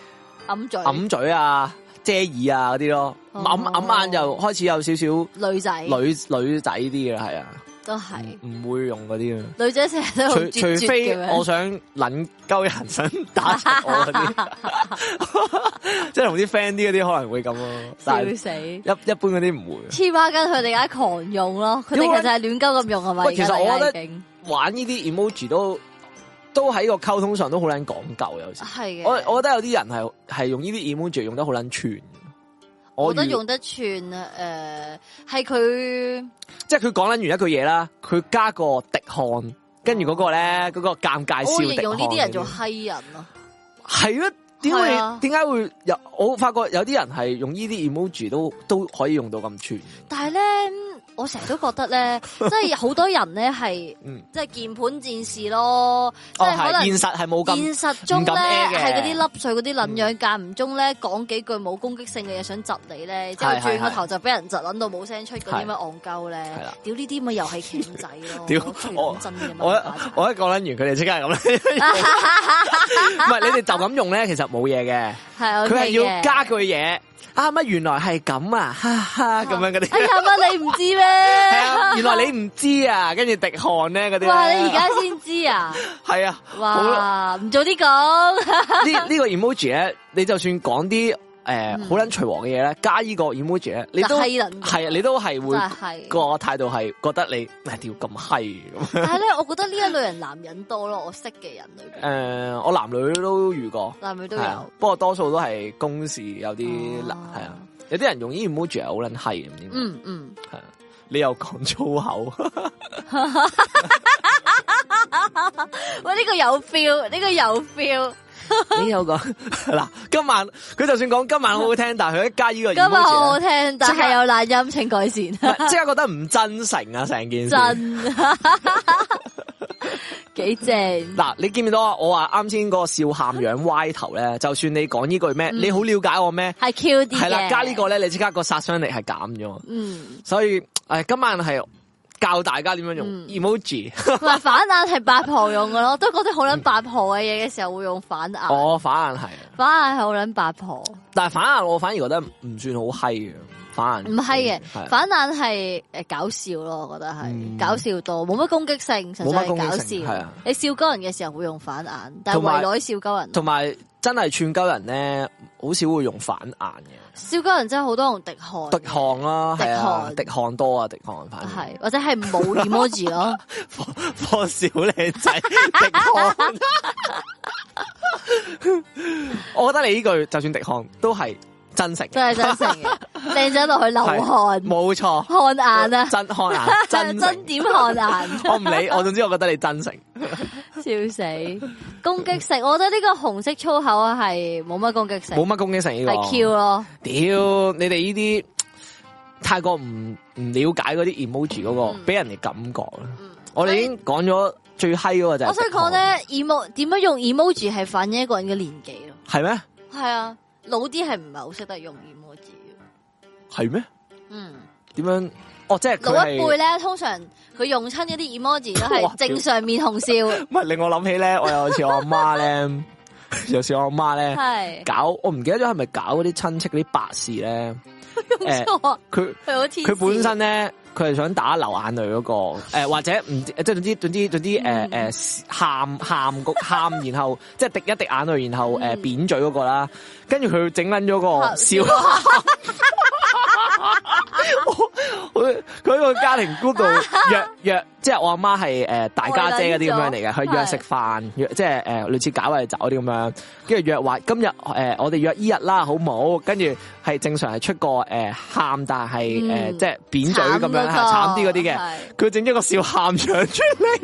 揞嘴、揞嘴啊、遮耳啊嗰啲咯，揞揞眼又開始有少少女，女仔、女女仔啲嘅係啊。都係唔會用嗰啲啊，女仔成日都除除非我想捻鳩人 想打我，即係同啲 friend 啲嗰啲可能會咁咯。笑死！一一般嗰啲唔會。黐孖筋，佢哋而家狂用咯，佢哋其實係亂鳩咁用係咪？其實我覺得玩呢啲 emoji 都都喺個溝通上都好撚講究有時。係嘅。我我覺得有啲人係係用呢啲 emoji 用得好捻全。我都用得串啊！係、呃、佢即係佢講緊完一句嘢啦，佢加個滴汗，跟住嗰個咧，嗰、嗰個尷尬笑滴汗。我認為用呢啲人做閪人咯，係啊？點會、啊？點解、啊、會有？我發覺有啲人係用呢啲 emoji 都都可以用到咁串。但係咧。我成日都覺得咧、嗯，即係好多人咧係，即係鍵盤戰士咯，即係可能現實係冇咁，現實中咧係嗰啲粒碎嗰啲撚樣，間唔中咧講幾句冇攻擊性嘅嘢想窒你咧，之後轉個頭就俾人窒捻到冇聲出嗰啲咩戇鳩咧，屌呢啲咪又係僆仔咯，屌，真嘅嘛，我一講捻完佢哋即刻係咁咧，唔係你哋就咁用咧，其實冇嘢嘅。佢係要加句嘢，啱、啊、乜原來係咁啊，哈哈咁樣嗰啲。啱乜、哎？你唔知咩、 啊？原來你唔知道啊，跟住滴汗咧嗰啲。哇！你而家先知啊？係 啊。哇！好啦，唔早啲講。呢 呢、呢個 emoji 咧，你就算講啲。誒、嗯，好撚隨和嘅嘢咧，加呢個 emoji 你都係啊、就是，你都係會、就是、個態度係覺得你點咁閪？但係咧，我覺得呢一類人男人多咯， 我識嘅人裏邊。誒、呃，我男女都遇過，男女都有、啊啊，不過多數都係公事有啲難，係啊，啊，有啲人用 emoji 好撚閪，咁知。嗯嗯，係啊，你又講粗口， 喂，呢、呢個有 feel，呢個有 feel。你有講嗱，今晚佢就算講今晚好好聽，但係佢一加呢個，今晚好好聽，但係有懶音，請改善是，即刻覺得唔真誠啊，成件事真，真 幾正嗱，你見唔到啊？我話啱先嗰個笑喊、樣歪頭咧，就算你講呢句咩、嗯，你好了解我咩，係 Q 啲，係啦，加這個呢個咧，你即刻個殺傷力係減咗，嗯，所以誒，今晚係。教大家點樣用 emoji，唔、嗯、 反眼係八婆用嘅咯， 都覺得好撚八婆嘅嘢嘅時候會用反眼。哦，反眼係，反眼係好撚八婆。但係反眼我反而覺得唔算好嗨嘅，反眼唔係嘅，反眼係誒搞笑咯，我覺得係、嗯、搞笑到冇乜攻擊性，實在係搞笑。係啊，你笑鳩人嘅時候會用反眼，但係圍內笑鳩人，同埋真係串鳩人咧，好少會用反眼嘅。笑嘅人真係好多用滴汗，滴汗啦，係啊，滴汗、啊、多啊，滴汗快，係或者係冇 emoji 咯、 哦，放小靚仔， 迪寒 我覺得你呢句就算滴汗都係。真誠，真係真誠靚仔度去流汗，冇錯，汗顏啊真汗，真汗顏，真 真點汗顏， 我唔理，我總之我覺得你真誠 笑死，攻擊性，我覺得呢個紅色粗口啊，係冇乜攻擊性，冇乜攻擊性呢、這個係 Q 咯，屌、嗯、你哋呢啲太過唔唔了解嗰啲 emoji 嗰、那個俾、嗯、人哋感覺，嗯、我哋已經講咗最嗨嗰個就，我想講咧 emoji 點樣用 emoji 係反映一個人嘅年紀咯，係咩？係啊。老啲係唔係好識得用 emoji？係咩？嗯，點樣？哦，即係老一輩咧，通常佢用親嗰啲 emoji 都係正常面紅笑。唔 係令我諗起咧，我有一次我阿媽咧， 有時似我阿媽咧， 搞我唔記得咗係咪搞嗰啲親戚啲白事咧？用錯， 佢，呃、佢本身咧。佢係想打流眼淚，嗰個，誒、呃、或者唔知，即係總之總之總之誒誒、呃嗯呃、喊喊嗰喊，然後即係滴一滴眼淚，然後誒、呃、扁嘴，嗰個啦，跟住佢整捻咗個笑。 我佢佢個家庭 group 度約 約，約，即係我阿媽係誒大家姐嗰啲咁樣嚟嘅，去約食飯，約、呃約好好是是呃是呃、即係誒類似搞圍酒嗰啲咁樣，跟住約話今日誒我哋約依日啦，好唔好？」跟住係正常係出個誒喊，但係誒即係扁嘴咁樣吓，慘啲嗰啲嘅，佢整咗個笑喊場出嚟，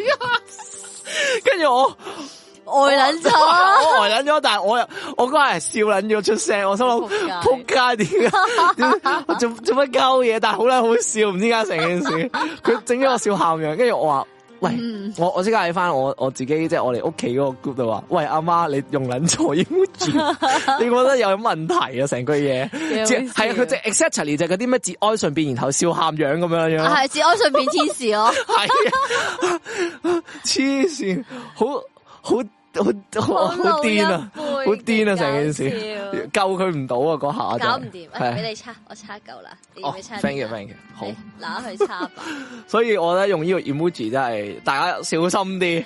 跟 住我。呆卵咗，我呆卵咗，但係我又我嗰日笑卵咗出聲，我心諗仆街點解？做做乜鳩嘢？但係好卵，好笑，唔知解成件事，佢整咗個笑喊樣，跟、呃、住我話：喂，嗯、我我即刻喺翻我我自己即係我哋屋企嗰個 group 度話：喂，阿媽，你用卵坐應唔住？ 你覺得有有問題啊？成句嘢，係啊，佢就 exactly 你，就嗰啲咩節哀順變，然後笑喊樣咁樣樣，係、啊、節哀順變天使咯，係 啊，黐線，好好。好好癲啊，好癲啊，啊！成件事救佢唔到啊，嗰下搞唔掂。係、哎、你插，我插夠啦。哦 thank you，thank you 好，嗱、哎、去插 所以我咧用呢個 emoji 真係大家小心啲。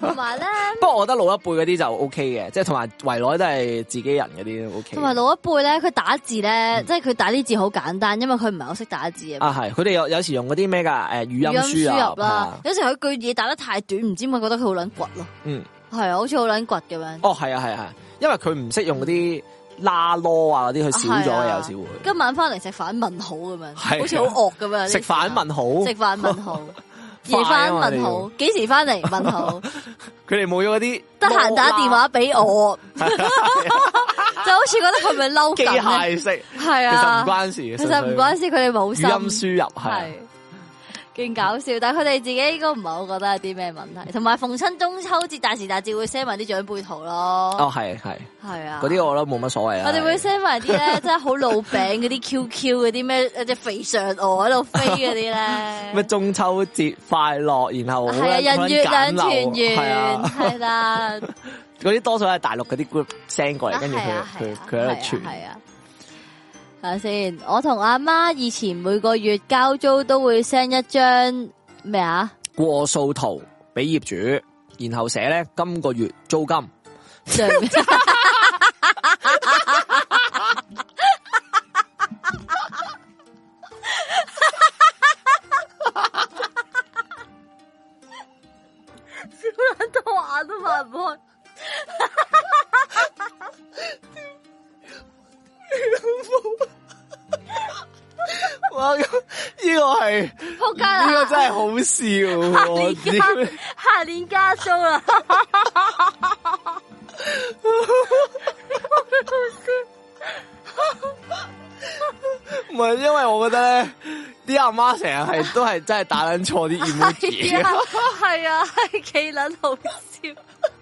同埋咧， 不過我覺得老一輩嗰啲就 OK 嘅，即係同埋圍內都係自己人嗰啲 OK。同埋老一輩咧，佢打字咧、嗯，即係佢打啲字好簡單，因為佢唔係好識打字啊。啊，係佢哋有有時用嗰啲咩噶，誒、呃、語音輸入啦、啊，有時佢句嘢打得太短，唔知咪覺得佢好撚骨咯。嗯。係、哦、啊，好似好撚倔咁樣。哦，係啊，係啊，因為佢唔識用嗰啲拉囉啊嗰啲，佢少咗、啊、有時會。今晚翻嚟食飯問好、啊、好咁樣，好似好惡咁樣。食飯問好，食飯問好，夜 翻問好，幾時翻嚟問好？佢哋冇咗嗰啲。得閒打電話俾我， 就好似覺得佢咪嬲。機械式係 啊，其實唔關事，其實唔關事，佢哋冇。心、啊。語音輸入係。勁搞笑，但係佢哋自己應該唔係好覺得有啲咩問題，同埋逢親中秋節大時大節會 send 埋啲長輩圖咯。哦，係係係啊，嗰啲我咧冇乜所謂啊。我哋會 send 埋啲咧，即係好老餅嗰啲 QQ 嗰啲咩，有隻肥嫦娥喺度飛嗰啲咧。咩 中秋節快樂，然後係人月兩團圓，係啦。嗰啲 多數係大陸嗰啲 group send 過嚟，跟住佢佢喺度傳。睇下先，我同阿媽以前每個月交租都會 send 一張咩啊？過數圖俾業主，然後寫咧今個月租金。 屌， 我、這、依個係，呢、這個真係好笑，下年加租，下年加租啊！唔係 因為我覺得咧，啲阿媽成日係都係真係打捻錯啲 emoji，係啊，係幾捻好笑。，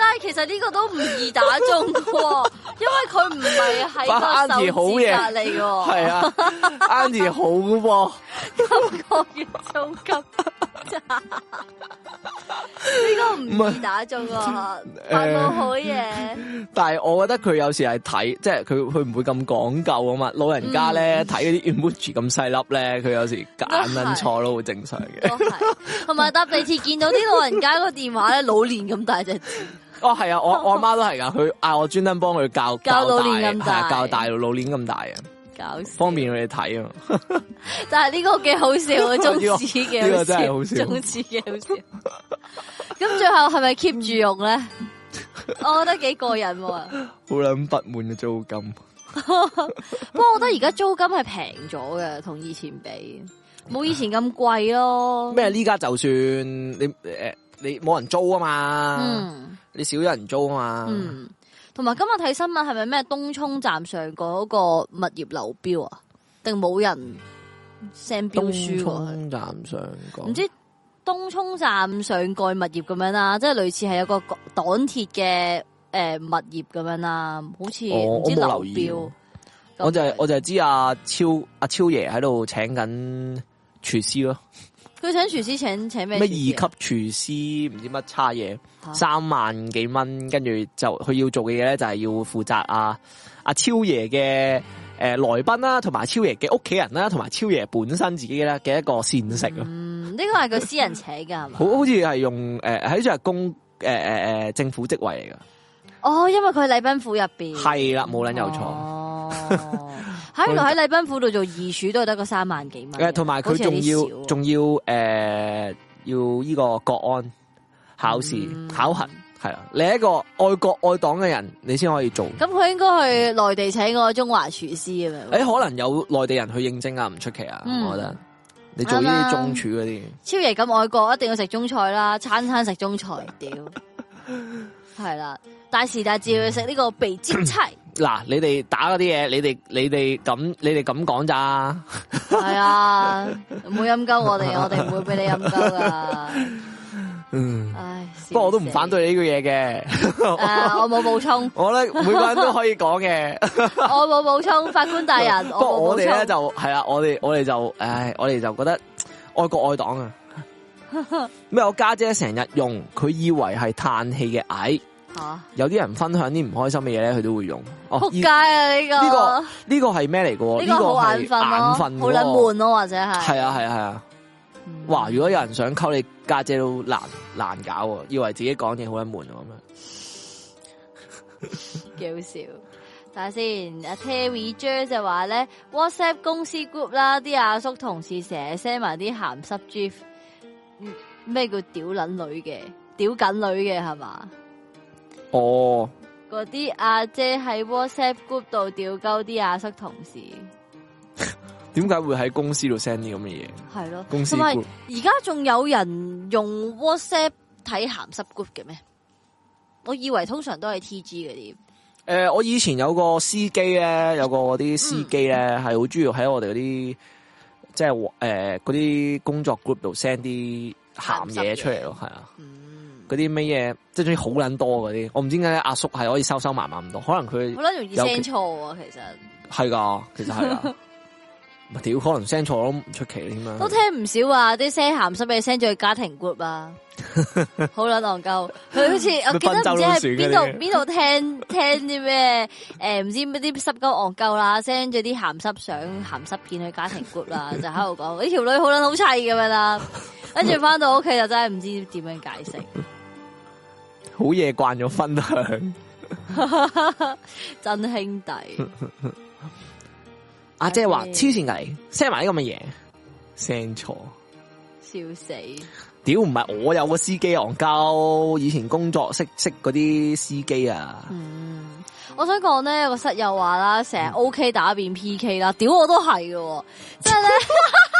但係其實呢個都唔易打中的，因為佢唔係喺個手指隔籬嘅，係 是啊，手 指好噃，今 個月中咁渣，呢個唔易打中啊，發、嗯、到好嘢。但係我覺得佢有時係睇，即係佢佢唔會咁講究啊嘛。老人家咧睇嗰啲 emoji 咁細粒咧，佢有時揀捻錯咯，好正常嘅。同埋搭地鐵見到啲老人家個電話咧， 老年咁大隻。哦，係啊，我我阿媽都係噶，佢嗌、啊、我專登幫佢教教年咁大，教大老年咁大啊，搞笑，方便佢哋睇啊。但係呢個幾好笑，宗師幾好笑的，宗師幾好笑。咁 最後係咪 keep 住用咧？ 我覺得幾過癮喎。 好捻不滿嘅租金。不 過 我覺得而家租金係平咗㗎，同以前比冇以前咁貴咯。咩？ 呢家就算你誒，你冇、呃、人租啊嘛。嗯。你少有人租啊嘛？嗯，同埋今日睇新聞係咪咩東涌站上蓋嗰個物業流標啊？定冇人聲標書？東涌站上蓋唔知東涌站上蓋物業咁樣啦，即係類似係有個擋鐵嘅誒物業咁樣啦，好似唔、哦、知流標。我就係我就係、是、知阿、啊、超阿超爺喺度請緊廚師咯。佢請廚師請請咩？咩二級廚師唔知乜叉嘢，啊，三萬幾蚊，跟住就佢要做嘅嘢咧，就係要負責啊阿、啊、超爺嘅誒來賓啦，啊，同埋，啊、超爺嘅屋企人啦，啊，同埋，啊、超爺本身自己咧嘅一個膳食咯。嗯，呢個係個私人請噶 好好似係用誒喺住係公誒誒誒政府職位嚟噶。哦，因為佢喺禮賓府入邊。係啦，冇捻有錯。哦 喺度喺麗賓府度做二廚都係得個三萬幾蚊，誒，同埋佢仲要仲要誒，要呢個國安考試、嗯、考核，係啊，你係一個愛國愛黨嘅人，你先可以做。咁佢應該去內地請個中華廚師咁樣，誒、欸，可能有內地人去應徵啊，唔出奇啊，嗯、我覺得你做呢啲中廚嗰啲，超爺咁愛國，一定要食中菜啦，餐餐食中菜，屌， 係啦，大時大節要食呢個北京菜。 嗱，你哋打嗰啲嘢，你哋你哋咁，你哋咁講咋？係啊，啊，唔好陰鳩我哋，我哋唔會俾你陰鳩噶。嗯， 唉，不過我都唔反對、 uh, 呢句嘢嘅。我冇補充。我咧，每個人都可以講嘅。 我冇補充，法官大人， 不我不過我哋咧就係啊，我哋我哋就唉，我哋就覺得愛國愛黨啊。咩？ 我家姐成日用，佢以為係嘆氣嘅矮。吓有啲人分享啲唔開心嘅嘢咧，佢都會用。扑、哦、街啊！呢、這個呢、這個呢、這個係咩嚟嘅？呢、這個好眼瞓、啊，好撚悶咯，或者係係啊係啊係啊！哇、啊啊嗯！如果有人想溝你家姐，姐都難難搞、啊，以為自己講嘢好撚悶咁樣，幾 好笑。睇下先，Terry J 就話咧，WhatsApp 公司 group 啦，啲、啊、阿叔同事成日 send 埋啲鹹濕 GIF 咩叫屌撚女嘅，屌緊女嘅係嘛？哦，嗰啲阿姐喺 WhatsApp group 度釣鳩啲阿叔同事，點解會喺公司度 send 啲咁嘅嘢？係咯，公司 g r 而家仲有人用 WhatsApp 睇鹹濕 group 嘅咩？我以為通常都係 T G 嗰啲。誒、呃，我以前有個司機咧，有個嗰啲司機咧係好中意喺我哋嗰啲，即係誒嗰啲工作 group 度 send 啲鹹嘢出嚟咯，係啊。嗰啲咩嘢，即係好似好撚多嗰啲，我唔知點解阿叔係可以收收埋埋咁多，可能佢好撚容易 send 錯、啊，其實係噶，其實係啦，屌， 可能 send 錯都唔出奇添啊，都聽唔少啊，啲聲鹹濕俾 send 咗去家庭 group 啊， 很他好撚戇鳩，佢好似我記得唔知喺邊度邊度聽聽啲咩，誒 唔、欸、知啲濕鳩戇鳩啦，send 咗啲鹹濕相鹹濕片去家庭 group 啦， 就喺度講呢條女好撚好砌咁樣啦，跟住翻到屋企就真係唔知點樣解釋。 好嘢，慣咗分享 真兄弟 姐姐。阿姐話痴線嚟，send 埋咁嘅嘢，send 錯，笑死。屌唔係我有個司機戇鳩，以前工作識識嗰啲司機啊。嗯，我想講咧，有個室友話啦，成日 O K 打變 P K 啦，屌我都係嘅，即係咧。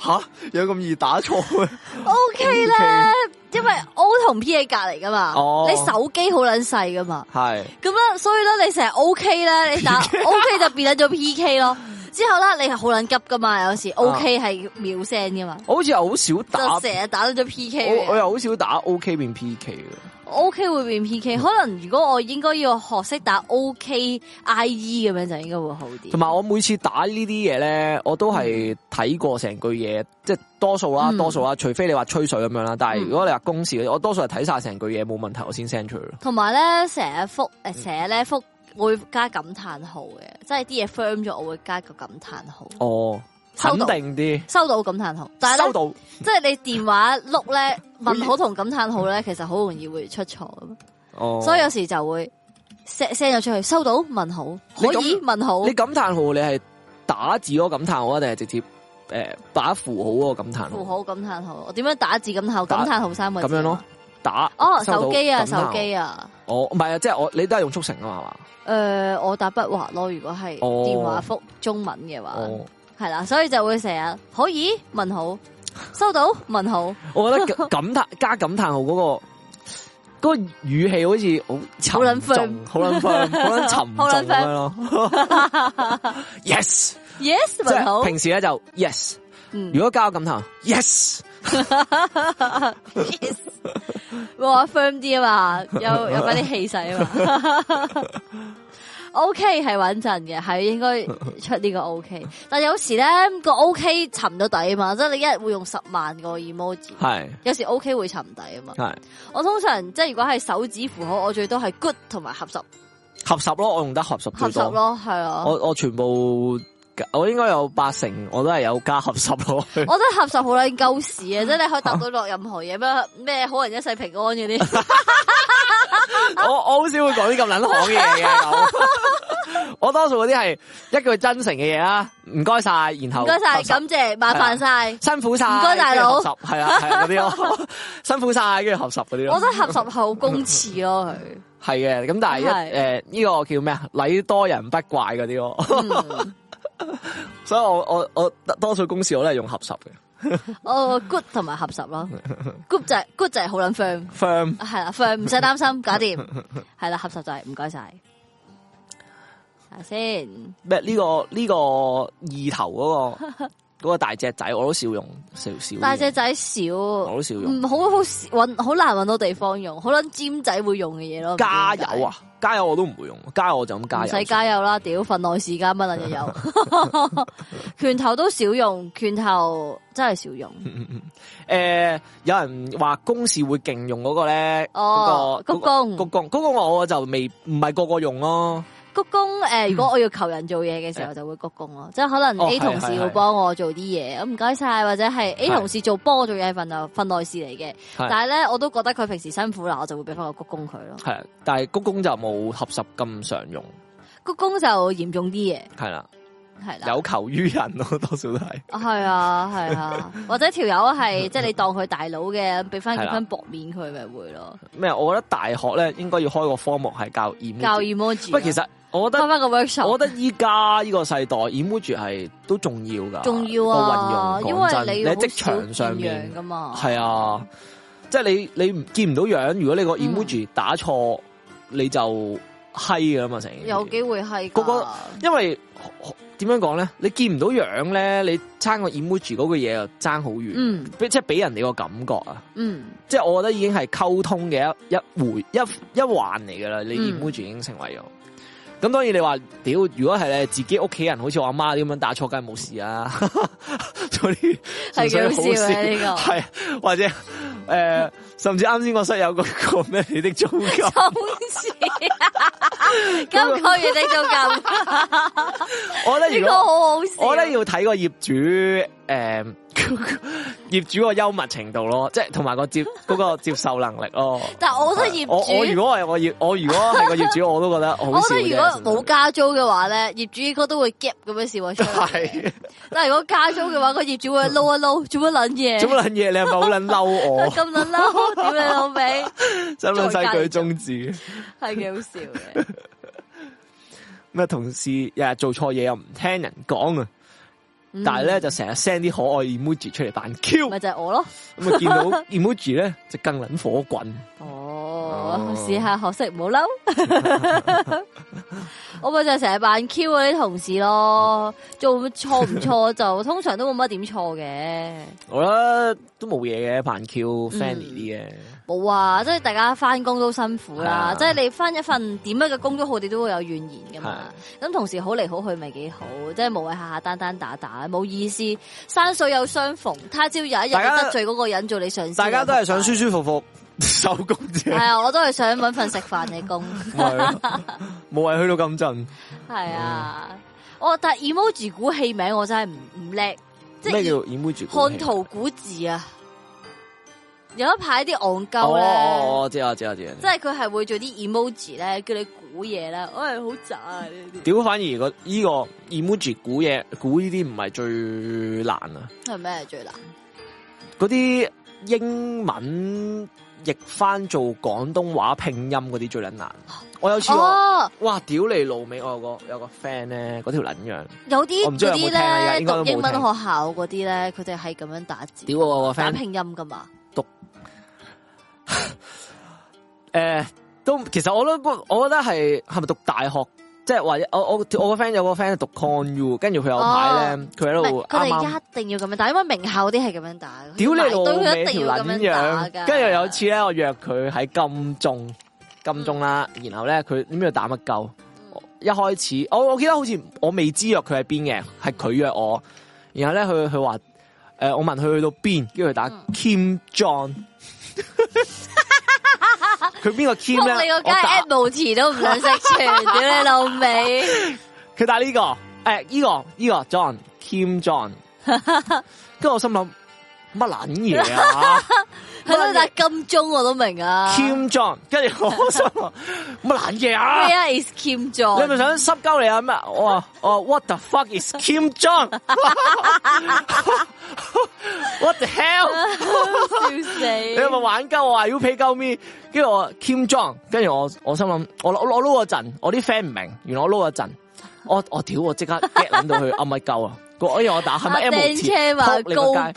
吓有咁易打錯？o K 咧，okay okay、因為 O 同 P 喺隔籬噶嘛、oh，你手機好撚細噶嘛，係咁啦，所以咧你成日 O K 咧，你打 O、OK、K 就變咗 P K 咯， 之後咧你係好撚急噶嘛，有時 O K 係秒聲噶嘛，啊、我好似好少打，成日打到咗 P K，我我又好少打 O、OK、K 變 P K 嘅。O、okay, K 會變 P K，嗯，、可能如果我應該要學識打 O K I E 咁樣就應該會好啲。同埋我每次打呢啲嘢咧，我都係睇過成句嘢，嗯，即係多數啦，多數啦，啊啊，除非你話吹水咁樣啦，但係如果你話公事，嗯，我多數係睇晒成句嘢冇問題，我先 send 出去。同埋咧，成日複誒寫咧複，我會加感嘆號嘅，即係啲嘢 firm 咗，我會加個感嘆號。哦。肯定啲收到感嘆號，但係收到，即係你電話碌咧 問號同感嘆號咧，其實好容易會出錯。哦，所以有時就會 send send 咗出去，收到問號可以問號，你感嘆號你係打字咯感嘆號啊，定係直接誒打、呃、符號咯感嘆符號感嘆號。我點樣打字打感嘆感嘆號三個字咁樣咯，打哦手機啊手機啊。我唔係啊，即、哦、係、就是、我你都係用速成啊嘛，係嘛？誒、呃，我打筆畫咯。如果係電話復中文嘅話。哦哦係啦，所以就會成日可以問號，收到問號。我覺得感嘆加感嘆號嗰、那個嗰、那個語氣好似好沉重，好諗翻，好諗沉重咯。Yes，Yes yes，問號。就是、平時咧就 Yes、嗯、如果加感嘆 Yes，哇 firm 啲啊嘛，有有翻啲氣勢。 O K 係穩陣嘅，係應該出呢個 O K。但有時咧個 O K 沉到底啊嘛，即係你一日會用十萬個 emoji。係。有時 OK 會沉底啊嘛。係。我通常即係如果係手指符號，我最多係 good 同埋合十。合十咯，我用得合十最多。合十咯，係啊。我我全部我應該有八成，我都係有加合十咯。我覺得合十好啦，夠屎啊！即係你可以答到落任何嘢咩咩好人一世平安嗰啲。 啊、我我好少會講啲咁捻行嘅嘢嘅， 我多數嗰啲係一句真誠嘅嘢啦，唔該晒，然後唔該晒，感謝，感謝，麻煩晒，辛苦晒，唔該大佬，係啊，嗰啲咯， 辛苦晒，跟住合十嗰啲咯，我覺得合十好公辭咯，佢係嘅，咁但係一誒呢、呃這個叫咩啊？禮多人不怪嗰啲咯， 嗯、所以我我我，我多數公辭我都係用合十嘅。哦、 oh，good 同埋合十咯，good 就係 good 就係好捻 firm，firm 係啦 firm 唔使擔心，搞掂係啦，合十就係唔該晒，睇下先？咩呢個呢個二頭嗰個？ 嗰、嗰個大隻仔，我都少用，少少。大隻仔少，我都少用，唔好好揾，好，好揾難揾到地方用，好撚尖仔會用嘅嘢咯。加油啊！加油，我都唔會用，加油我就咁加油。唔使加油啦，屌，份內時間，加乜能又有。 拳頭都少用，拳頭真係少用。誒、 呃，有人話公事會勁用嗰個咧，嗰、哦嗰個鞠躬鞠躬，公那個那個、我就未唔係個個用咯。鞠躬誒、呃，如果我要求人做嘢嘅時候，就會鞠躬咯。即、嗯、係可能 A 同事會幫我做啲嘢，唔該晒，或者係 A 同事做幫我做嘢份就分內事嚟嘅。但係咧，我都覺得佢平時辛苦啦，我就會俾翻個鞠躬佢咯。係，但係鞠躬就冇合十咁常用。鞠躬就嚴重啲嘢，係啦，係啦，有求於人咯，多少都係。係啊，係啊，啊 或者條友係即係你當佢大佬嘅，俾翻幾分薄面佢咪、啊、會咯。咩？我覺得大學咧應該要開個科目係教 emoji，教 emoji 魔其實。 我覺得，我覺得依家呢個世代 emoji 係都重要噶，重要啊我運用。因為你喺職場上面噶嘛，係啊，即係你你見唔到樣，如果你個 emoji、嗯、打錯，你就閪噶嘛成，有機會閪個，因為點樣講咧？你見唔到樣咧，你撐個 emoji 嗰個嘢就爭好遠，嗯、即係俾人哋個感覺啊，嗯，即係我覺得已經係溝通嘅一回一一環嚟噶啦，你 emoji 已經成為咗、嗯。嗯咁當然你話屌，如果係咧自己屋企人，好似我阿媽咁樣打錯梗係冇事啊！係 幾好笑呢個，係 或者誒、呃，甚至啱先我室友、那個咩你的中介， 今個月你做咁，我覺得如果我咧要睇個業主誒。呃 業主個幽默程度咯，即係同埋個接嗰、嗰個接受能力咯、哦。但係我都業主我，我如果係我業，我如果係個業主，我都覺得好。 我覺得如果冇加租嘅話咧，業主應該都會 gap 咁嘅事喎。係 ，但係如果加租嘅話，個業主會撈一撈，做乜捻嘢？做乜捻嘢？你係咪好捻嬲我？咁捻嬲點樣老味？真捻晒舉中指，係幾好笑嘅。咩 同事日日做錯嘢又唔聽人講啊！但係咧、嗯、就成日 send 啲可愛 emoji 出嚟扮 Q，咪就係我咯。咁啊見到 emoji 咧 就更捻火滾、哦。哦試，試下學識唔好嬲。我咪就係成日扮 Q 嗰啲同事咯， 做錯唔錯就通常都冇乜點錯嘅。我啦都冇嘢嘅，扮 Q funny 啲嘅。冇啊！即係大家翻工都辛苦啦，係啊、即係你翻一份點樣嘅工作都好，我哋都會有怨言噶嘛。咁、啊、同時好嚟好去，咪幾好？即係無謂下下單單打打，冇意思。山水有相逢，他朝有一日得罪嗰個人做你上司大，大家都係想舒舒服服收工啫。係啊，我都係想揾份食飯嘅工，冇 謂、啊、去到咁盡。係啊，我、啊哦、但係 emoji 估戲名我真係唔唔叻，即係咩叫漢圖古字啊。有一排啲戇鳩咧，哦，知啦，知啦，知啦，即係佢係會做啲 emoji 咧，叫你估嘢咧，我係好渣啊呢啲。屌，反而個呢個 emoji 估嘢估呢啲唔係最難啊。係咩最難？嗰啲英文譯翻做廣東話拼音嗰啲最捻難，哦。我有次哦，哇，屌你老味！我有個有個 friend 咧，嗰條捻樣，有啲唔知有冇聽啊？讀英文學校嗰啲咧，佢哋係咁樣打字，屌啊，打拼音噶嘛。誒、 呃，都其實我都，我覺得係係咪讀大學，即係話我我我個 friend 有一個 friend 有個 friend 讀 conu，跟住佢有排咧，佢喺度，佢哋一定要咁樣打，因為名校啲係咁樣打。屌你老味，一定要咁樣打。跟住有一次咧，我約佢喺金鐘，金鐘啦、嗯，然後咧佢咁樣打乜鳩、嗯？一開始我我記得好似我未知約佢喺邊嘅，係佢約我，嗯、然後咧佢佢話誒，我問佢去到邊，跟住佢打、嗯、Kim Jong。 佢邊個 Kim 咧？我，打我打也不吃不吃你個街，at l 詞都唔想識唱，屌你老味！佢打呢、這個，誒、欸，呢、這個呢、這個 John Kim John，跟 住我心諗。乜卵嘢啊！喺度打金鐘我都明啊！Kim Jong，跟住我心諗，乜卵嘢啊？咩啊？Is Kim Jong？你係咪想濕鳩你啊？咩？我話啊！哇！哦，What the fuck is Kim Jong？What the hell？笑死！你係咪玩鳩我啊？妖皮鳩面，跟住我 Kim Jong，跟住我，我，我心諗，我我攞撈個陣，我啲 friend 唔明，原來我撈個陣，我我屌我即刻 get 到佢：我「阿米鳩啊！我因為我打係咪 M 字托你個街？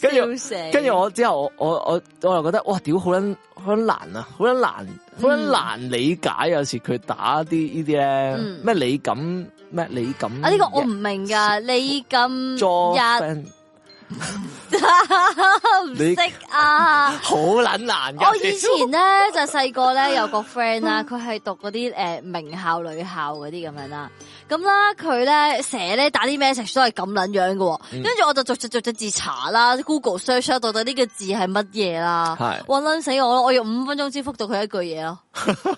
跟住跟住，我之後，我我我我又覺得，哇屌，好撚難好撚難啊，好撚難好撚難理解。有時佢打啲呢啲咧，咩你咁，咩你咁啊，呢個我唔明噶你咁日。唔 識啊，好撚難。我以前咧就細個咧有個 friend 啦，佢係讀嗰啲誒名校女校嗰啲咁樣啦。咁啦，佢咧成日咧打啲 message 都係咁卵樣嘅、喔，跟、嗯、住我就逐逐逐逐字查啦，Google search 啦，到底呢個字係乜嘢啦，我卵死我咯，我用五分鐘先覆到佢一句嘢咯， 因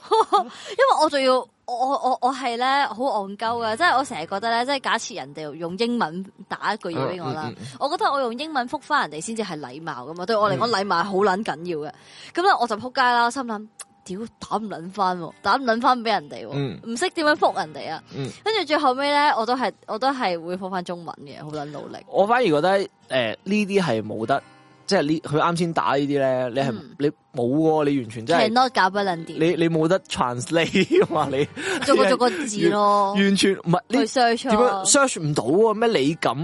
為我仲要我我我係咧好戇鳩嘅，即係我成日覺得咧，即係假設人哋用英文打一句嘢俾我啦，啊、嗯嗯我覺得我用英文覆翻人哋先至係禮貌噶嘛，對我嚟講禮貌好卵緊要嘅，咁、嗯、咧、嗯、我就仆街啦，我心諗。屌，打唔捻翻，打唔捻翻俾人哋，唔識點樣覆人哋啊！跟、嗯、住最後尾咧，我都係我都係會覆翻中文嘅，好捻努力。我反而覺得誒呢啲係冇得，即係呢佢啱先打呢啲咧，你係、嗯、你冇喎，你完全真係多搞不捻掂。你你冇得 translate 嘛 你？ 你做個逐個字咯，完全唔係。點 樣 search 唔到啊？咩你咁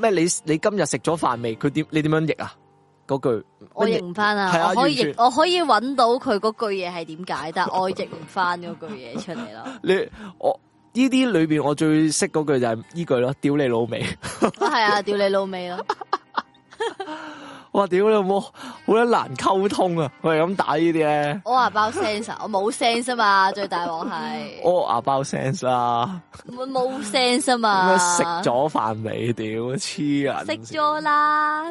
咩你你今日食咗飯未？佢點你點樣譯啊？句我認唔翻啊，可以我可以揾到佢嗰句嘢係點解， 但係我認唔翻嗰句嘢出嚟啦。你我呢啲裏邊我最識嗰句就係呢句咯，屌你老味，係 啊，屌、啊、你老味咯。我 屌你老冇好好難溝通啊？是這樣打這 我係咁打呢啲咧。我話包 sense，我冇 sense 嘛， 最大鑊係。我啊包 sense 啊，冇 sense 嘛？食咗飯未？屌黐人，食咗啦。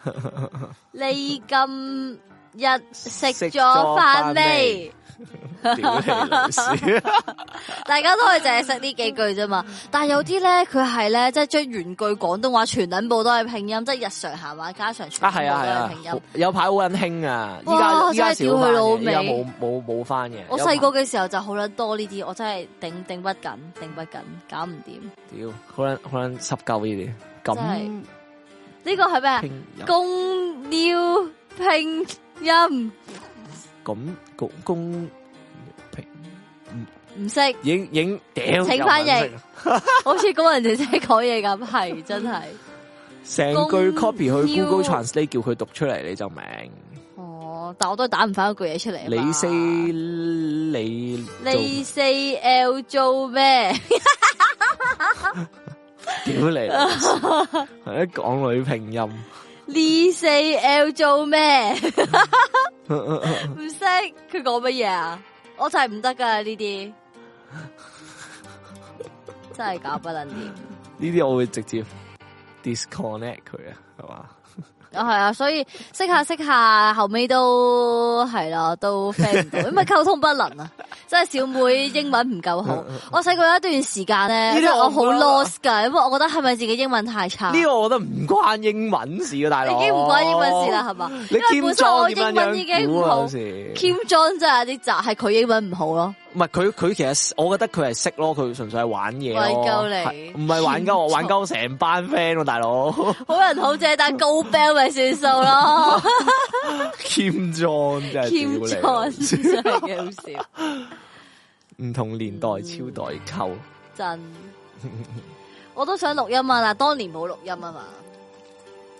你今日食咗飯未？吃飯 你女 大家都係淨係識呢幾句啫嘛，但係有啲咧，佢係咧，即係將原句廣東話全捻部都係拼音，即係日常閒話、家常全部都係拼音。有排好捻興啊！依家依家屌佢老味，依家冇冇冇翻嘅。我細個嘅時候就好捻多呢啲，我真係頂頂不緊，頂不緊，搞唔掂。屌， 好捻好捻濕鳩呢啲咁。呢個係咩啊？公鳥拼音咁公公拼唔唔識，影影頂請翻譯，好似工人姐姐講嘢咁，係真係成句 copy 去 Google Translate 叫佢讀出嚟，你就明。哦，但我都係打唔翻嗰句嘢出嚟。你 say 你你 say L 做咩？屌你，係一港女拼音，呢四 L 做咩？唔識佢講乜嘢啊？我就真係唔得噶呢啲，真係搞不撚掂！呢啲我會直接 disconnect 佢啊，係嘛？啊，係 啊樂、 哦，所以識一下識一下，後尾都係啦，都 friend 唔到，因為溝通不能啊， 真係小妹英文唔夠好。 我細個有一段時間咧，真係我好 lost 噶、嗯，因為我覺得係咪自己英文太差？呢、這個我覺得唔關英文事啊，大佬， 你已經唔關英文事啦，係嘛？ 因為本身我英文已經唔好。Kim John 真係有啲雜，係佢英文唔好咯。唔係佢，佢其實我覺得佢係識咯，佢純粹係玩嘢。玩鳩你，唔係玩鳩我，玩鳩成班 friend 咯、啊，大佬。好人好姐，但高 bel 咪算數咯 。Kim Jong 真係笑你。唔同年代超代溝、嗯。真。我都想錄音啊！嗱，當年冇錄音啊嘛，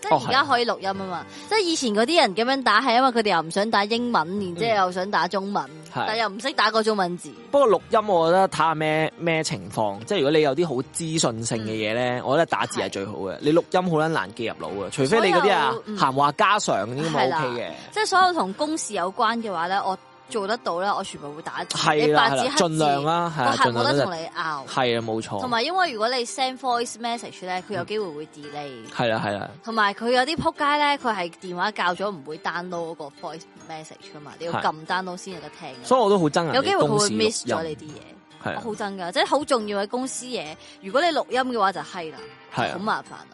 即係而家可以錄音啊嘛，即、哦、係以前嗰啲人咁樣打，係因為佢哋又唔想打英文，然之後又想打中文。嗯但又唔識打嗰中文字。不過錄音，我覺得睇下咩咩情況。即係如果你有啲好資訊性嘅嘢咧，我覺得打字係最好嘅。你錄音好難記入腦嘅。除非你嗰啲啊閒話家常的，咁 OK 嘅。即係所有同公事有關嘅話咧，我做得到咧，我全部會打字。係啦，盡量啦，係啦，盡量唔好同你拗。係啊，冇錯。同埋因為如果你 send voice message 咧，佢、嗯、有機會會 delay。係啊，係啊。同埋佢有啲仆街咧，佢係電話教咗唔會 download 嗰個 voice。message 噶嘛你要撳 download 先有得聽，所以我都好憎呀，有機會佢會 miss 咗你啲嘢，我好憎噶即係好重要嘅公司嘢。如果你錄音嘅話就係啦，好麻煩啦。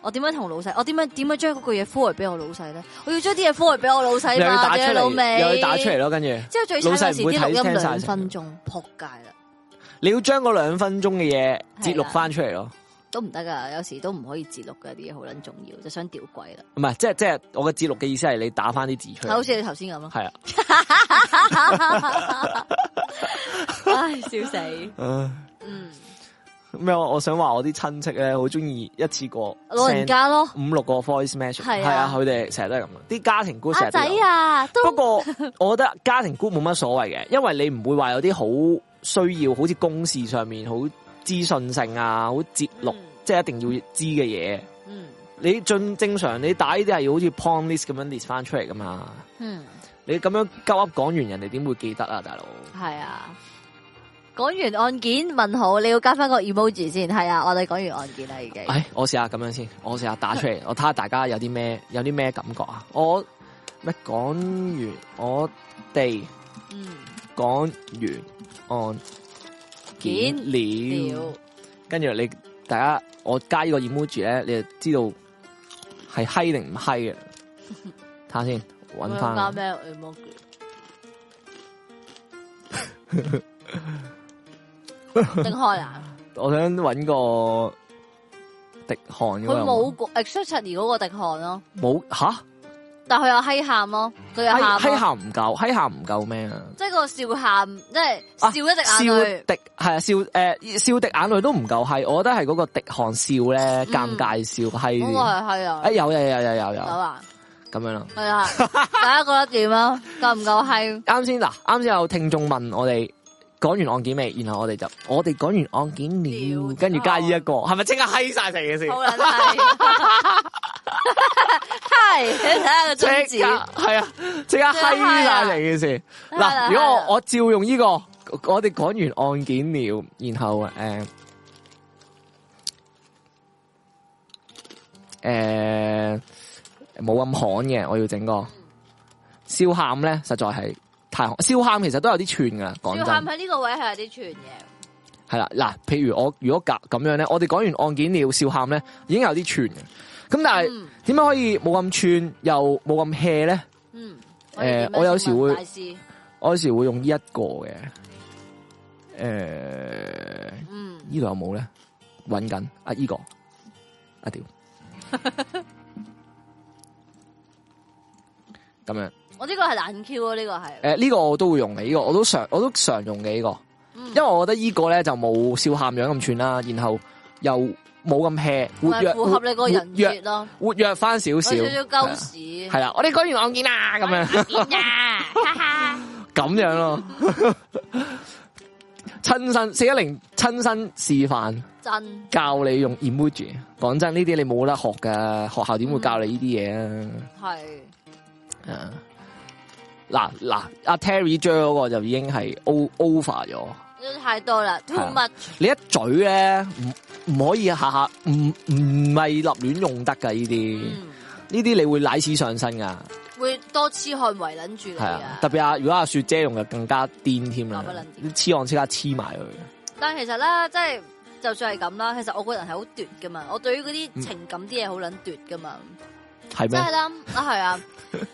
我點樣同老細？我點樣點樣將嗰句嘢 copy 俾我老細咧？我要將啲嘢 copy 俾我老細嘛？老尾又打出嚟咯，跟住即係最差嘅時，啲錄音兩分鐘，扑街啦！你要將嗰兩分鐘嘅嘢截錄翻出嚟咯。都唔得噶，有時都唔可以節錄噶，啲嘢好撚重要，就想掉鬼啦。唔係，即係即係，我嘅節錄嘅意思係你打返啲字出嚟。好似你頭先咁咯。係啊。 唉，笑死。 嗯。咩？我想我想話我啲親戚咧，好中意一次過老人家咯，五六個 voice message，係啊，佢哋成日都係咁。啲家庭姑成日。仔啊！都都不過我覺得家庭姑冇乜所謂嘅，因為你唔會話有啲好需要，好似公事上面好。資訊性啊，好節錄，嗯、即係一定要知嘅嘢，嗯。你進正常，你打呢啲係要好似 point list 咁樣 list 翻出嚟噶嘛？嗯，你咁樣鳩噏講完，人哋點會記得啊，大佬？係啊，講完案件問好，你要加翻個 emoji 先。係啊，我哋講完案件啦，已經。哎，我試下咁樣先，我試下打出嚟， 我睇下大家有啲咩，有啲咩感覺啊？我咩講完，我哋講，嗯，完案。On, 見了，見了，跟住你大家，我加呢個 emoji 咧，你就知道係嗨定唔嗨嘅。睇 下先，搵翻。有冇加咩 emoji？睜開眼。我想搵個滴汗嘅。佢冇 exactly 嗰個滴汗咯。冇吓？但佢有嘿喊咯，佢有喊。嘿喊唔夠，嘿喊唔夠咩啊？即係個笑喊，即係笑一滴眼淚，滴係啊，笑誒，笑滴、呃、眼淚都唔夠嗨。我覺得係嗰個滴汗笑咧，尷、嗯、尬笑嘿。我係係啊，誒有有有有有有。有啊，咁樣咯。係啊，大家覺得點啊？夠唔夠嗨？啱先嗱，啱先有聽眾問我哋講完案件未？然後我哋就我哋講完案件了，跟住加依一個，係咪即刻嗨晒成嘅先？是 係， 你睇下個樽子，係啊，即刻閪晒成件事。嗱，如果我、Hi、我照用呢、這個，我哋講完案件了，然後誒誒冇咁旱嘅，我要整個笑喊咧，實在係太笑喊，其實都有啲串噶。笑喊喺呢個位係有啲串嘅，係啦。嗱，譬如我如果夾咁樣咧，我哋講完案件了，笑喊咧已經有啲串。咁但係點解可以冇咁串又冇咁 hea 咧？嗯，誒、呃呃，我有時會，我有時會用呢一個嘅，誒、呃，嗯、有有呢度有冇咧？搵緊啊，呢、這個啊屌，咁 樣。我呢個係難 Q 啊，呢、這個係、呃。誒，呢個我都會用嘅，呢、這個我都常我都常用嘅呢、這個，嗯、因為我覺得個呢個咧就冇笑喊樣咁串啦，然後又。冇咁 hea，活躍，符合你個人格咯，活躍翻少少，有少少鳩屎。係啊，我哋講完案件啊，咁樣，咁 樣咯吧，親 身四一零親身示範，真教你用 emoji。講真，呢啲你冇得學㗎，學校點會教你呢啲嘢、嗯、啊？係嗱嗱，阿 Terry 張嗰個就已經係 over 咗。太多啦 too much、啊、你一嘴咧，唔唔可以下下，唔唔係立亂用得噶呢啲，呢啲你會奶屎上身噶、嗯。會多黐汗圍捻住。係啊，特別阿如果阿雪姐用嘅更加癲添啦，黐汗即刻黐埋佢。但其實咧，即係就算係咁啦，其實我個人係好奪噶嘛，我對於嗰啲情感啲嘢好捻奪噶嘛。係、嗯、咩？即係啦，係啊，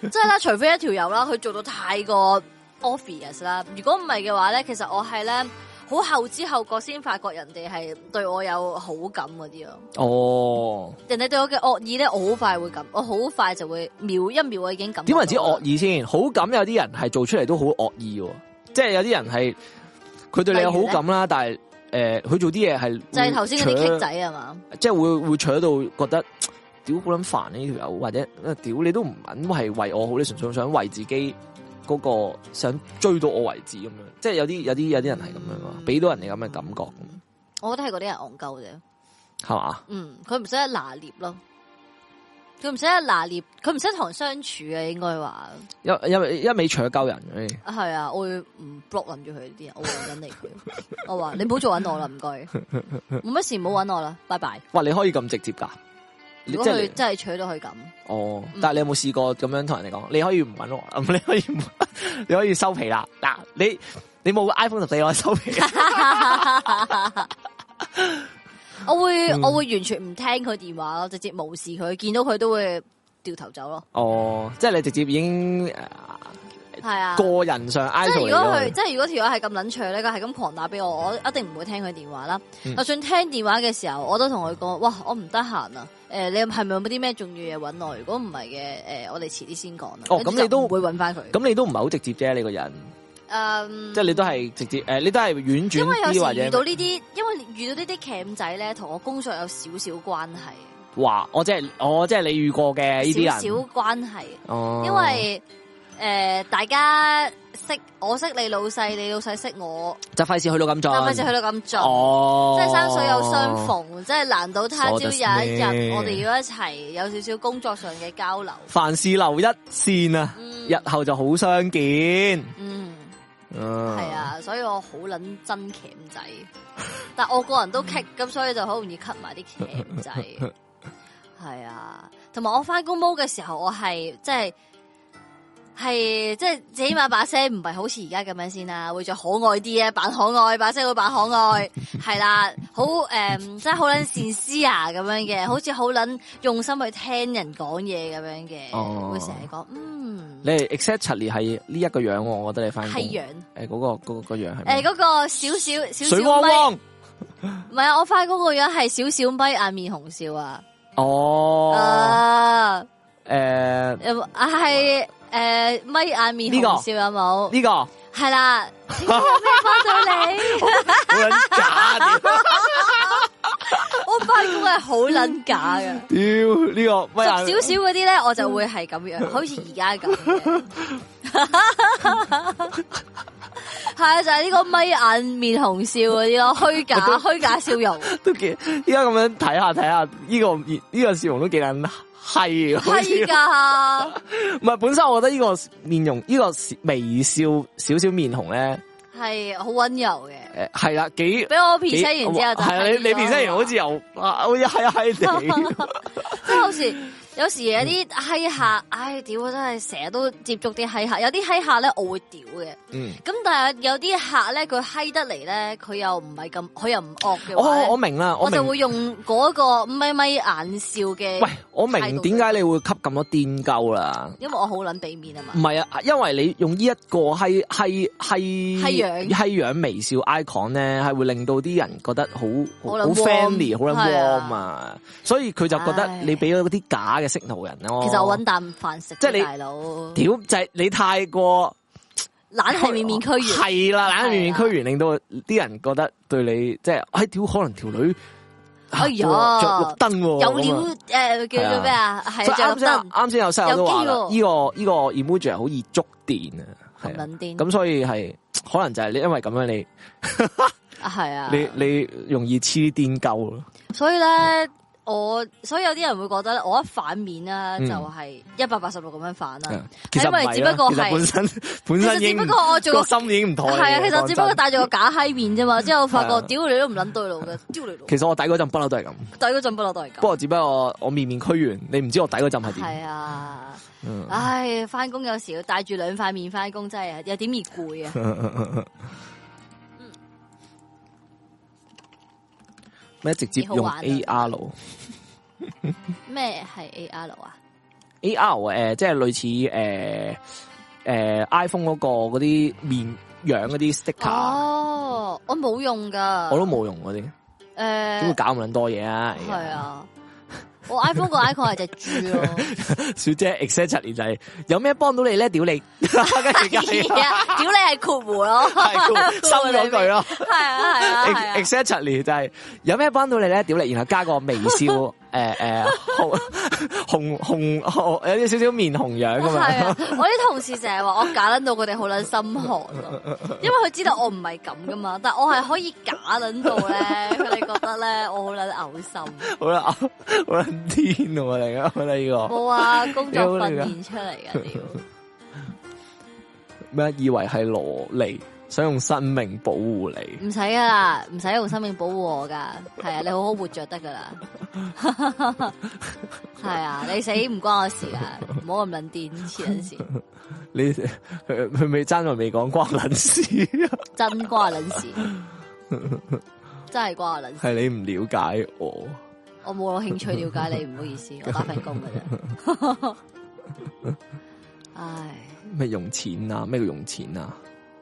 即係啦，除非一條友啦，佢做到太過。office 啦，如果唔係嘅話咧，其實我係咧好後知後覺先發覺人哋係對我有好感嗰啲咯。哦、oh.，人哋對我嘅惡意咧，我好快會感，我好快就會秒一秒我已經感。點為止惡意先？好感有啲人係做出嚟，都好惡意，即係有啲人係佢對你有好感啦，但係誒佢做啲嘢，係就係頭先嗰啲傾仔啊嘛，即係會會扯到覺得屌好捻煩呢條友，或者屌你都唔肯係為我好，你純粹想為自己。嗰、那個想追到我為止咁樣，即係有啲有啲有啲人係咁樣啊，俾到人哋咁嘅感覺咁、嗯嗯。我覺得係嗰啲人戇鳩啫，係嘛？嗯，佢唔使一拿捏咯，佢唔使一拿捏，佢唔使同人相處啊，應該話。一因為一味搶鳩人嘅。係啊，我會唔 block 諗住佢啲人，我會搵嚟佢。 我話你唔好再搵我啦，唔該，冇 乜事唔好搵我啦，拜拜。哇，你可以咁直接㗎？如果佢真係娶到佢以咁，哦！但係你有冇試過咁樣同人哋講？你可以唔搵我，你可以 你可以收皮了啦。嗱，你你冇 iPhone 十四我收皮了。 我會、嗯、我會完全唔聽佢電話咯，直接無視佢，見到佢都會掉頭走咯。哦，即係你直接已經係、呃、啊？個人上即，即係如果佢，即係如果條友係咁蠢，蠢咧佢係咁狂打俾我，我一定唔會聽佢電話啦、嗯。就算聽電話嘅時候，我都同佢講：哇，我唔得閒啊！誒、呃，你係咪有冇啲咩重要嘢搵我？如果唔係嘅，誒、呃，我哋遲啲先講啦。哦，咁你都會搵翻佢。咁你都唔係好直接啫，你個人。嗯。即係你都係直接，誒、呃，你都係婉轉啲或者，因為有時遇到呢啲，因為遇到呢啲，因為遇到呢啲鉗仔咧，同我工作有少少關係。話，我即係我即係你遇過嘅呢啲人。少關係。哦。因為。誒、呃，大家識我識你老細，你老細識我，就費事去到咁做，就費事去到咁做。哦，即係山水有相逢，哦、即係難道他朝有一日，我哋要一齊有少少工作上嘅交流。凡事留一線啊、嗯，日後就好相見。嗯，係、嗯、啊，啊，所以我好捻真鉗仔， 但我個人都棘，咁所以就好容易 cut 埋啲鉗仔。係 啊，同埋我翻工 mode 嘅時候我是，我係即係。係即係起碼把聲唔係好似而家咁樣先啦，會着可愛啲啊，扮可愛，把聲會扮可愛，係 啦、um,，好誒，即係好捻善思啊，咁樣嘅，好似好捻用心去聽人講嘢咁樣嘅，會成日講嗯。你 exactly 係呢一個樣，我覺得你翻譯係樣誒，嗰、欸那個嗰、那個樣係。誒、欸，嗰、那個少少少少咪，唔係啊，我翻嗰個樣係少少咪啊，眼面紅笑、哦、啊。哦、欸。啊。誒。啊係。誒、呃，咪眼面紅笑有冇？呢、這個係啦，咩幫到你？ 好假！ 我發覺係好捻假嘅。屌，呢個咪眼少少嗰啲咧，我就會係咁樣， 好似而家咁。係啊，就係呢個咪眼面紅笑嗰啲咯，虛假虛假笑容都。都幾依家咁樣睇下睇下，呢、這個呢、這個笑容都幾難。係，係噶，唔係 本身我覺得呢個面容，呢、這個微笑少少面紅咧，係好溫柔嘅，係啦，幾俾我 P 完之後就係你，你 P 完好似又， 好似係係地，即係 好似。 有時有啲嗨客，唉、哎、屌！真係成日都接觸啲嗨客，有啲嗨客咧我會屌嘅。嗯，咁但係有啲客咧佢嗨得嚟咧，佢又唔係咁，佢又唔惡嘅。我我明啦，我就會用個咪咪眼笑嘅。喂，我明點解你會吸咁多癲鳩啦？因為我好捻俾面啊嘛。唔係啊，因為你用呢一個嗨嗨嗨嗨樣，嗨樣微笑 icon 咧，係會令到啲人覺得好好好 family 好 warm 啊，啊，所以佢就覺得你俾咗啲假嘅。識鬧人咯、哦，其實我揾啖飯食。即、就、係、是、你大佬，屌就係、是、你太過懶係面面俱圓，係啦，懶面面俱圓、啊，令到啲人覺得對你即係、啊，哎屌，可能條女、啊、哎呀着、啊、綠燈有料誒、呃，叫做咩啊？係着綠燈。啱先有西哥呢啦，呢個呢個 emoji 好易觸電啊，係、哦這個這個、啊，咁、嗯啊嗯、所以係可能就係你因為咁樣你係 啊，你你容易黐癲鳩咯，所以咧。嗯我所以有啲人會覺得我一反面是186這反、嗯、是啦，就係一百八十六咁樣反啦，因為只不過係本身本身只不過我做個心已經唔同，係 啊，其實只不過帶住個假閪面啫嘛，之後我發覺屌你都唔捻對路嘅，屌你老。其實我底嗰陣不嬲都係咁，底嗰陣不嬲都係咁。不過只不過我面面俱圓，你唔知我底嗰陣係點。係啊、嗯，唉，返工有時要帶住兩塊面返工真係有點而攰啊！ 咩直接用 A.R. 咩係、啊、 A.R. 啊？A.R. 誒、呃，即係類似誒誒、呃呃、iPhone 嗰個嗰啲面樣嗰啲 sticker 啊？哦，我冇用噶，我都冇用嗰啲誒，點、呃、會搞咁撚多嘢啊？係啊。哎我、哦、iPhone 個 icon 係隻豬咯，小姐 exactly 就係有咩幫到你咧？屌你，跟住加，屌你係括弧咯，收你兩句咯，係啊係啊 exactly 就係，有咩幫到你咧？屌你，然後、， 啊啊啊啊、然後加個微笑。誒、呃、誒、呃、紅 紅紅有啲少少面紅樣的啊 我啲同事成日話我假捻到佢哋好捻心寒，因為佢知道我唔係咁噶嘛，但係我係可以假捻到咧，佢哋覺得咧我好捻嘔心，好捻好捻癲啊！嚟啊、呢個，嚟依個冇啊，工作訓練出嚟噶屌咩？以為係蘿莉。想用生命保護你？唔使噶啦，唔使用，用生命保護我噶，係 啊，你好好活着得噶啦。係 啊， 你死唔關我事， 事，關我事啊，唔好咁撚電前陣時。你佢佢未爭在未講關我卵事啊？真關我卵事，真係關我卵事。係你唔了解我，我冇興趣了解你，唔 好意思，我打份工噶啫。 唉，咩用錢啊？咩叫用錢啊？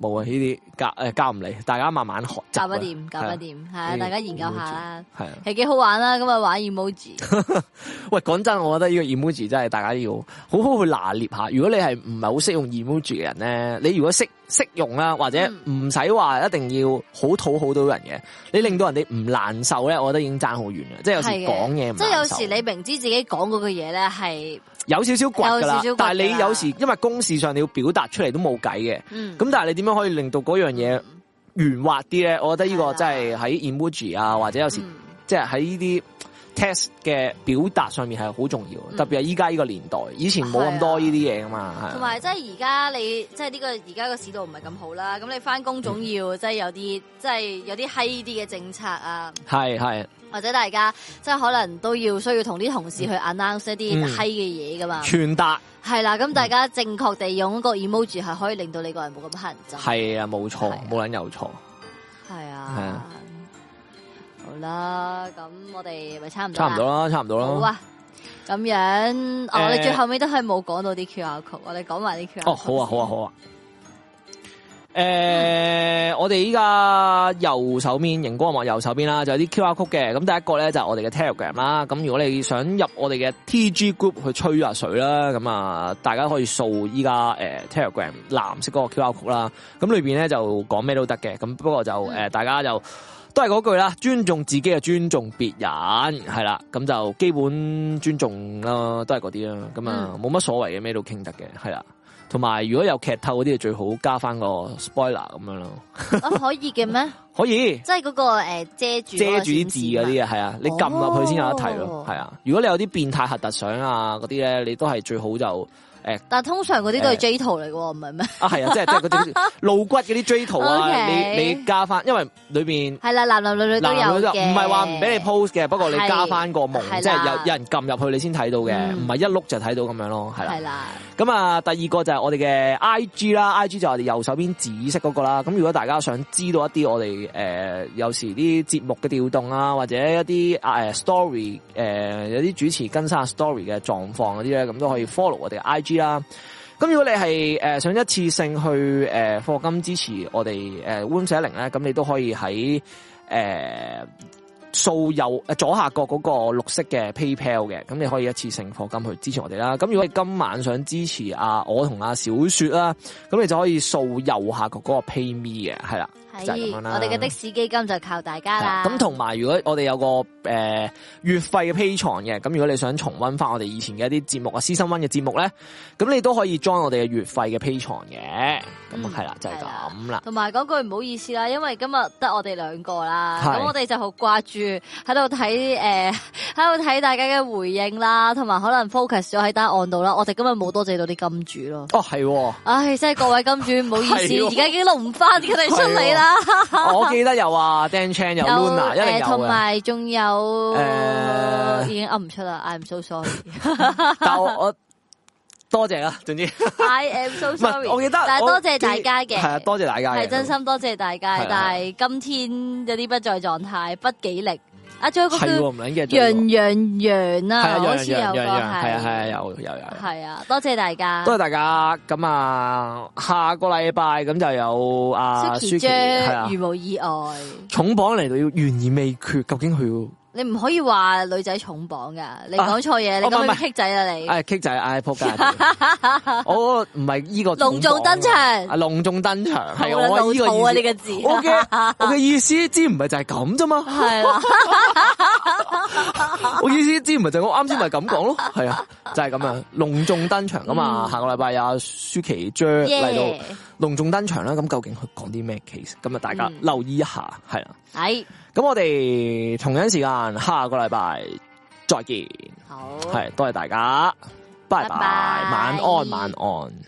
冇啊，呢啲教、誒教唔嚟，大家慢慢學習。教得掂，教得掂，係啊，大家研究下啦，係，係幾好玩啦。咁啊玩 emoji，喂，講真，我覺得呢個 emoji 真係大家要好好去拿捏下。如果你係唔係好識用 emoji 嘅人咧，你如果識識用啦，或者唔使話一定要好討好到人嘅，嗯、你令到人哋唔難受咧，我覺得已經爭好遠啦。即係有時講嘢，即係有時你明知自己講嗰句嘢咧係。有少少怪啦，但係你有時因為公事上你要表達出嚟，都冇計嘅，咁、嗯、但係你點樣可以令到嗰樣嘢圓滑啲咧？我覺得呢個真係喺 emoji 啊，或者有時即係喺呢啲。嗯 test 嘅表達上面係好重要，特別係依家呢個年代，以前冇咁多呢啲嘢噶嘛。同埋即係而家你即係呢個而家個市道唔係咁好啦，咁你返工總要即係有啲即係有啲嗨啲嘅政策啊。係係、啊，或者大家即係、就是、可能都要需要同啲同事去 announce 一啲嗨嘅嘢噶嘛。傳達係啦，咁、啊嗯啊、大家正確地用一個 emoji 係可以令到你個人冇咁乞人憎。係啊，冇錯，冇撚有錯。係啊。啦，咁我哋咪差唔多，差唔多啦，差唔多啦。好啊，咁樣、呃哦、我哋最後尾都係冇講到啲 Q R 曲，我哋講埋啲 Q R 曲。哦，好啊，好啊，好啊。誒、呃，嗯、我哋依家右手邊熒光幕右手邊啦，就有啲 Q R 曲嘅。咁第一個咧就係我哋嘅 Telegram 啦。咁如果你想入我哋嘅 T G group 去吹下水啦，咁啊，大家可以掃依家誒 Telegram 藍色嗰個 Q R 曲啦。咁裏邊咧就講咩都得嘅。咁不過就誒，嗯、大家就。都係嗰句啦，尊重自己就尊重別人，係啦，咁就基本尊重啦，都係嗰啲啦，咁啊冇乜所謂嘅咩都傾得嘅，係啦。同埋如果有劇透嗰啲，就最好加翻個 spoiler 咁樣咯、啊。可以嘅咩？可以，即係嗰、個誒、呃、遮住閃閃遮住啲字嗰啲啊，係啊，你撳入去先有得睇咯，係、oh. 啊。如果你有啲變態核突相啊嗰啲咧，你都係最好就。誒，但係通常嗰啲都係 J 圖嚟嘅，唔係咩？啊，係啊，即係即係嗰啲露骨嗰啲 J 圖啊， 你你加翻，因為裏邊係啦，男男女女都有嘅，唔係話唔俾你 post 嘅，不過你加翻個蒙，即係有有人撳入去你先睇到嘅，唔、嗯、係一碌就睇到咁樣咯，係啦。係啦。咁啊，第二個就係我哋嘅 I G 啦，I G 就係我哋右手邊紫色嗰個啦。咁如果大家想知道一啲我哋誒、呃、有時啲節目嘅調動啊，或者一啲誒、啊啊、story 誒、呃、有啲主持更新 story 嘅狀況嗰啲咧，咁都可以 follow、嗯、我哋 I 啦，咁如果你係誒、呃、想一次性去誒課、呃、金支持我哋誒 Room 零咧，咁、呃、你都可以喺誒掃右誒左下角嗰個綠色嘅 PayPal 嘅，咁你可以一次性課金去支持我哋啦。咁如果你今晚想支持阿、啊、我同阿小雪啦，咁你就可以掃右下角嗰個 Pay Me 嘅，係啦。係、咁、樣我哋嘅的，的士基金就靠大家啦。咁同埋，如果我哋有個誒、呃、月費嘅 Patreon 嘅，咁如果你想重温翻我哋以前嘅一啲節目啊、私心溫嘅節目咧，咁你都可以 join 我哋嘅月費嘅 Patreon 嘅。咁係啦，就係咁啦。同埋講句唔好意思啦，因為今日得我哋兩個啦，咁我哋就好掛住喺度睇誒，喺度睇大家嘅回應啦，同埋可能 focus 咗喺單案度啦。我哋今日冇多謝到啲金主咯。哦，係。唉、哎，真係各位金主唔好意思，而家已經錄唔翻佢哋出嚟啦。 我記得有啊，Dan Chan 有 Luna，一同埋仲有，誒、呃呃、已經噏唔出啦、呃、，I'm so sorry 但。但係我多謝啦，總之 I'm so sorry。唔係，我記得，但係多謝大家嘅，係啊，多謝大家嘅，多謝大家的是真心多謝大家。但係今天有啲不在狀態，不給力。啊，仲有個叫楊楊楊啊，洋洋洋洋好似有，有，係啊係啊，有有有，係啊，多謝大家，多謝大家咁啊，下個禮拜咁就有啊雪姐，如無意外，重磅嚟到要懸而未決，究竟佢要。你唔可以話女仔重磅噶，你講錯嘢，你講激仔呀你。係激仔，係扑街。我唔係呢個重。隆重登場。啊、隆重登場，係我依個意思。好啊，呢個字。我嘅意思，之唔係就係咁啫嘛。係啊。我意思之唔係就我啱先咪咁講咯，係啊，就係、是、咁樣隆重登場噶嘛、嗯。下個禮拜有舒淇嚟、yeah、到隆重登場啦。咁究竟佢講啲咩 case？咁啊，大家留意一下，係、嗯、啦。係。咁我哋同樣時間，下個禮拜再見，好，係多謝大家，拜拜，晚安，晚安。晚安。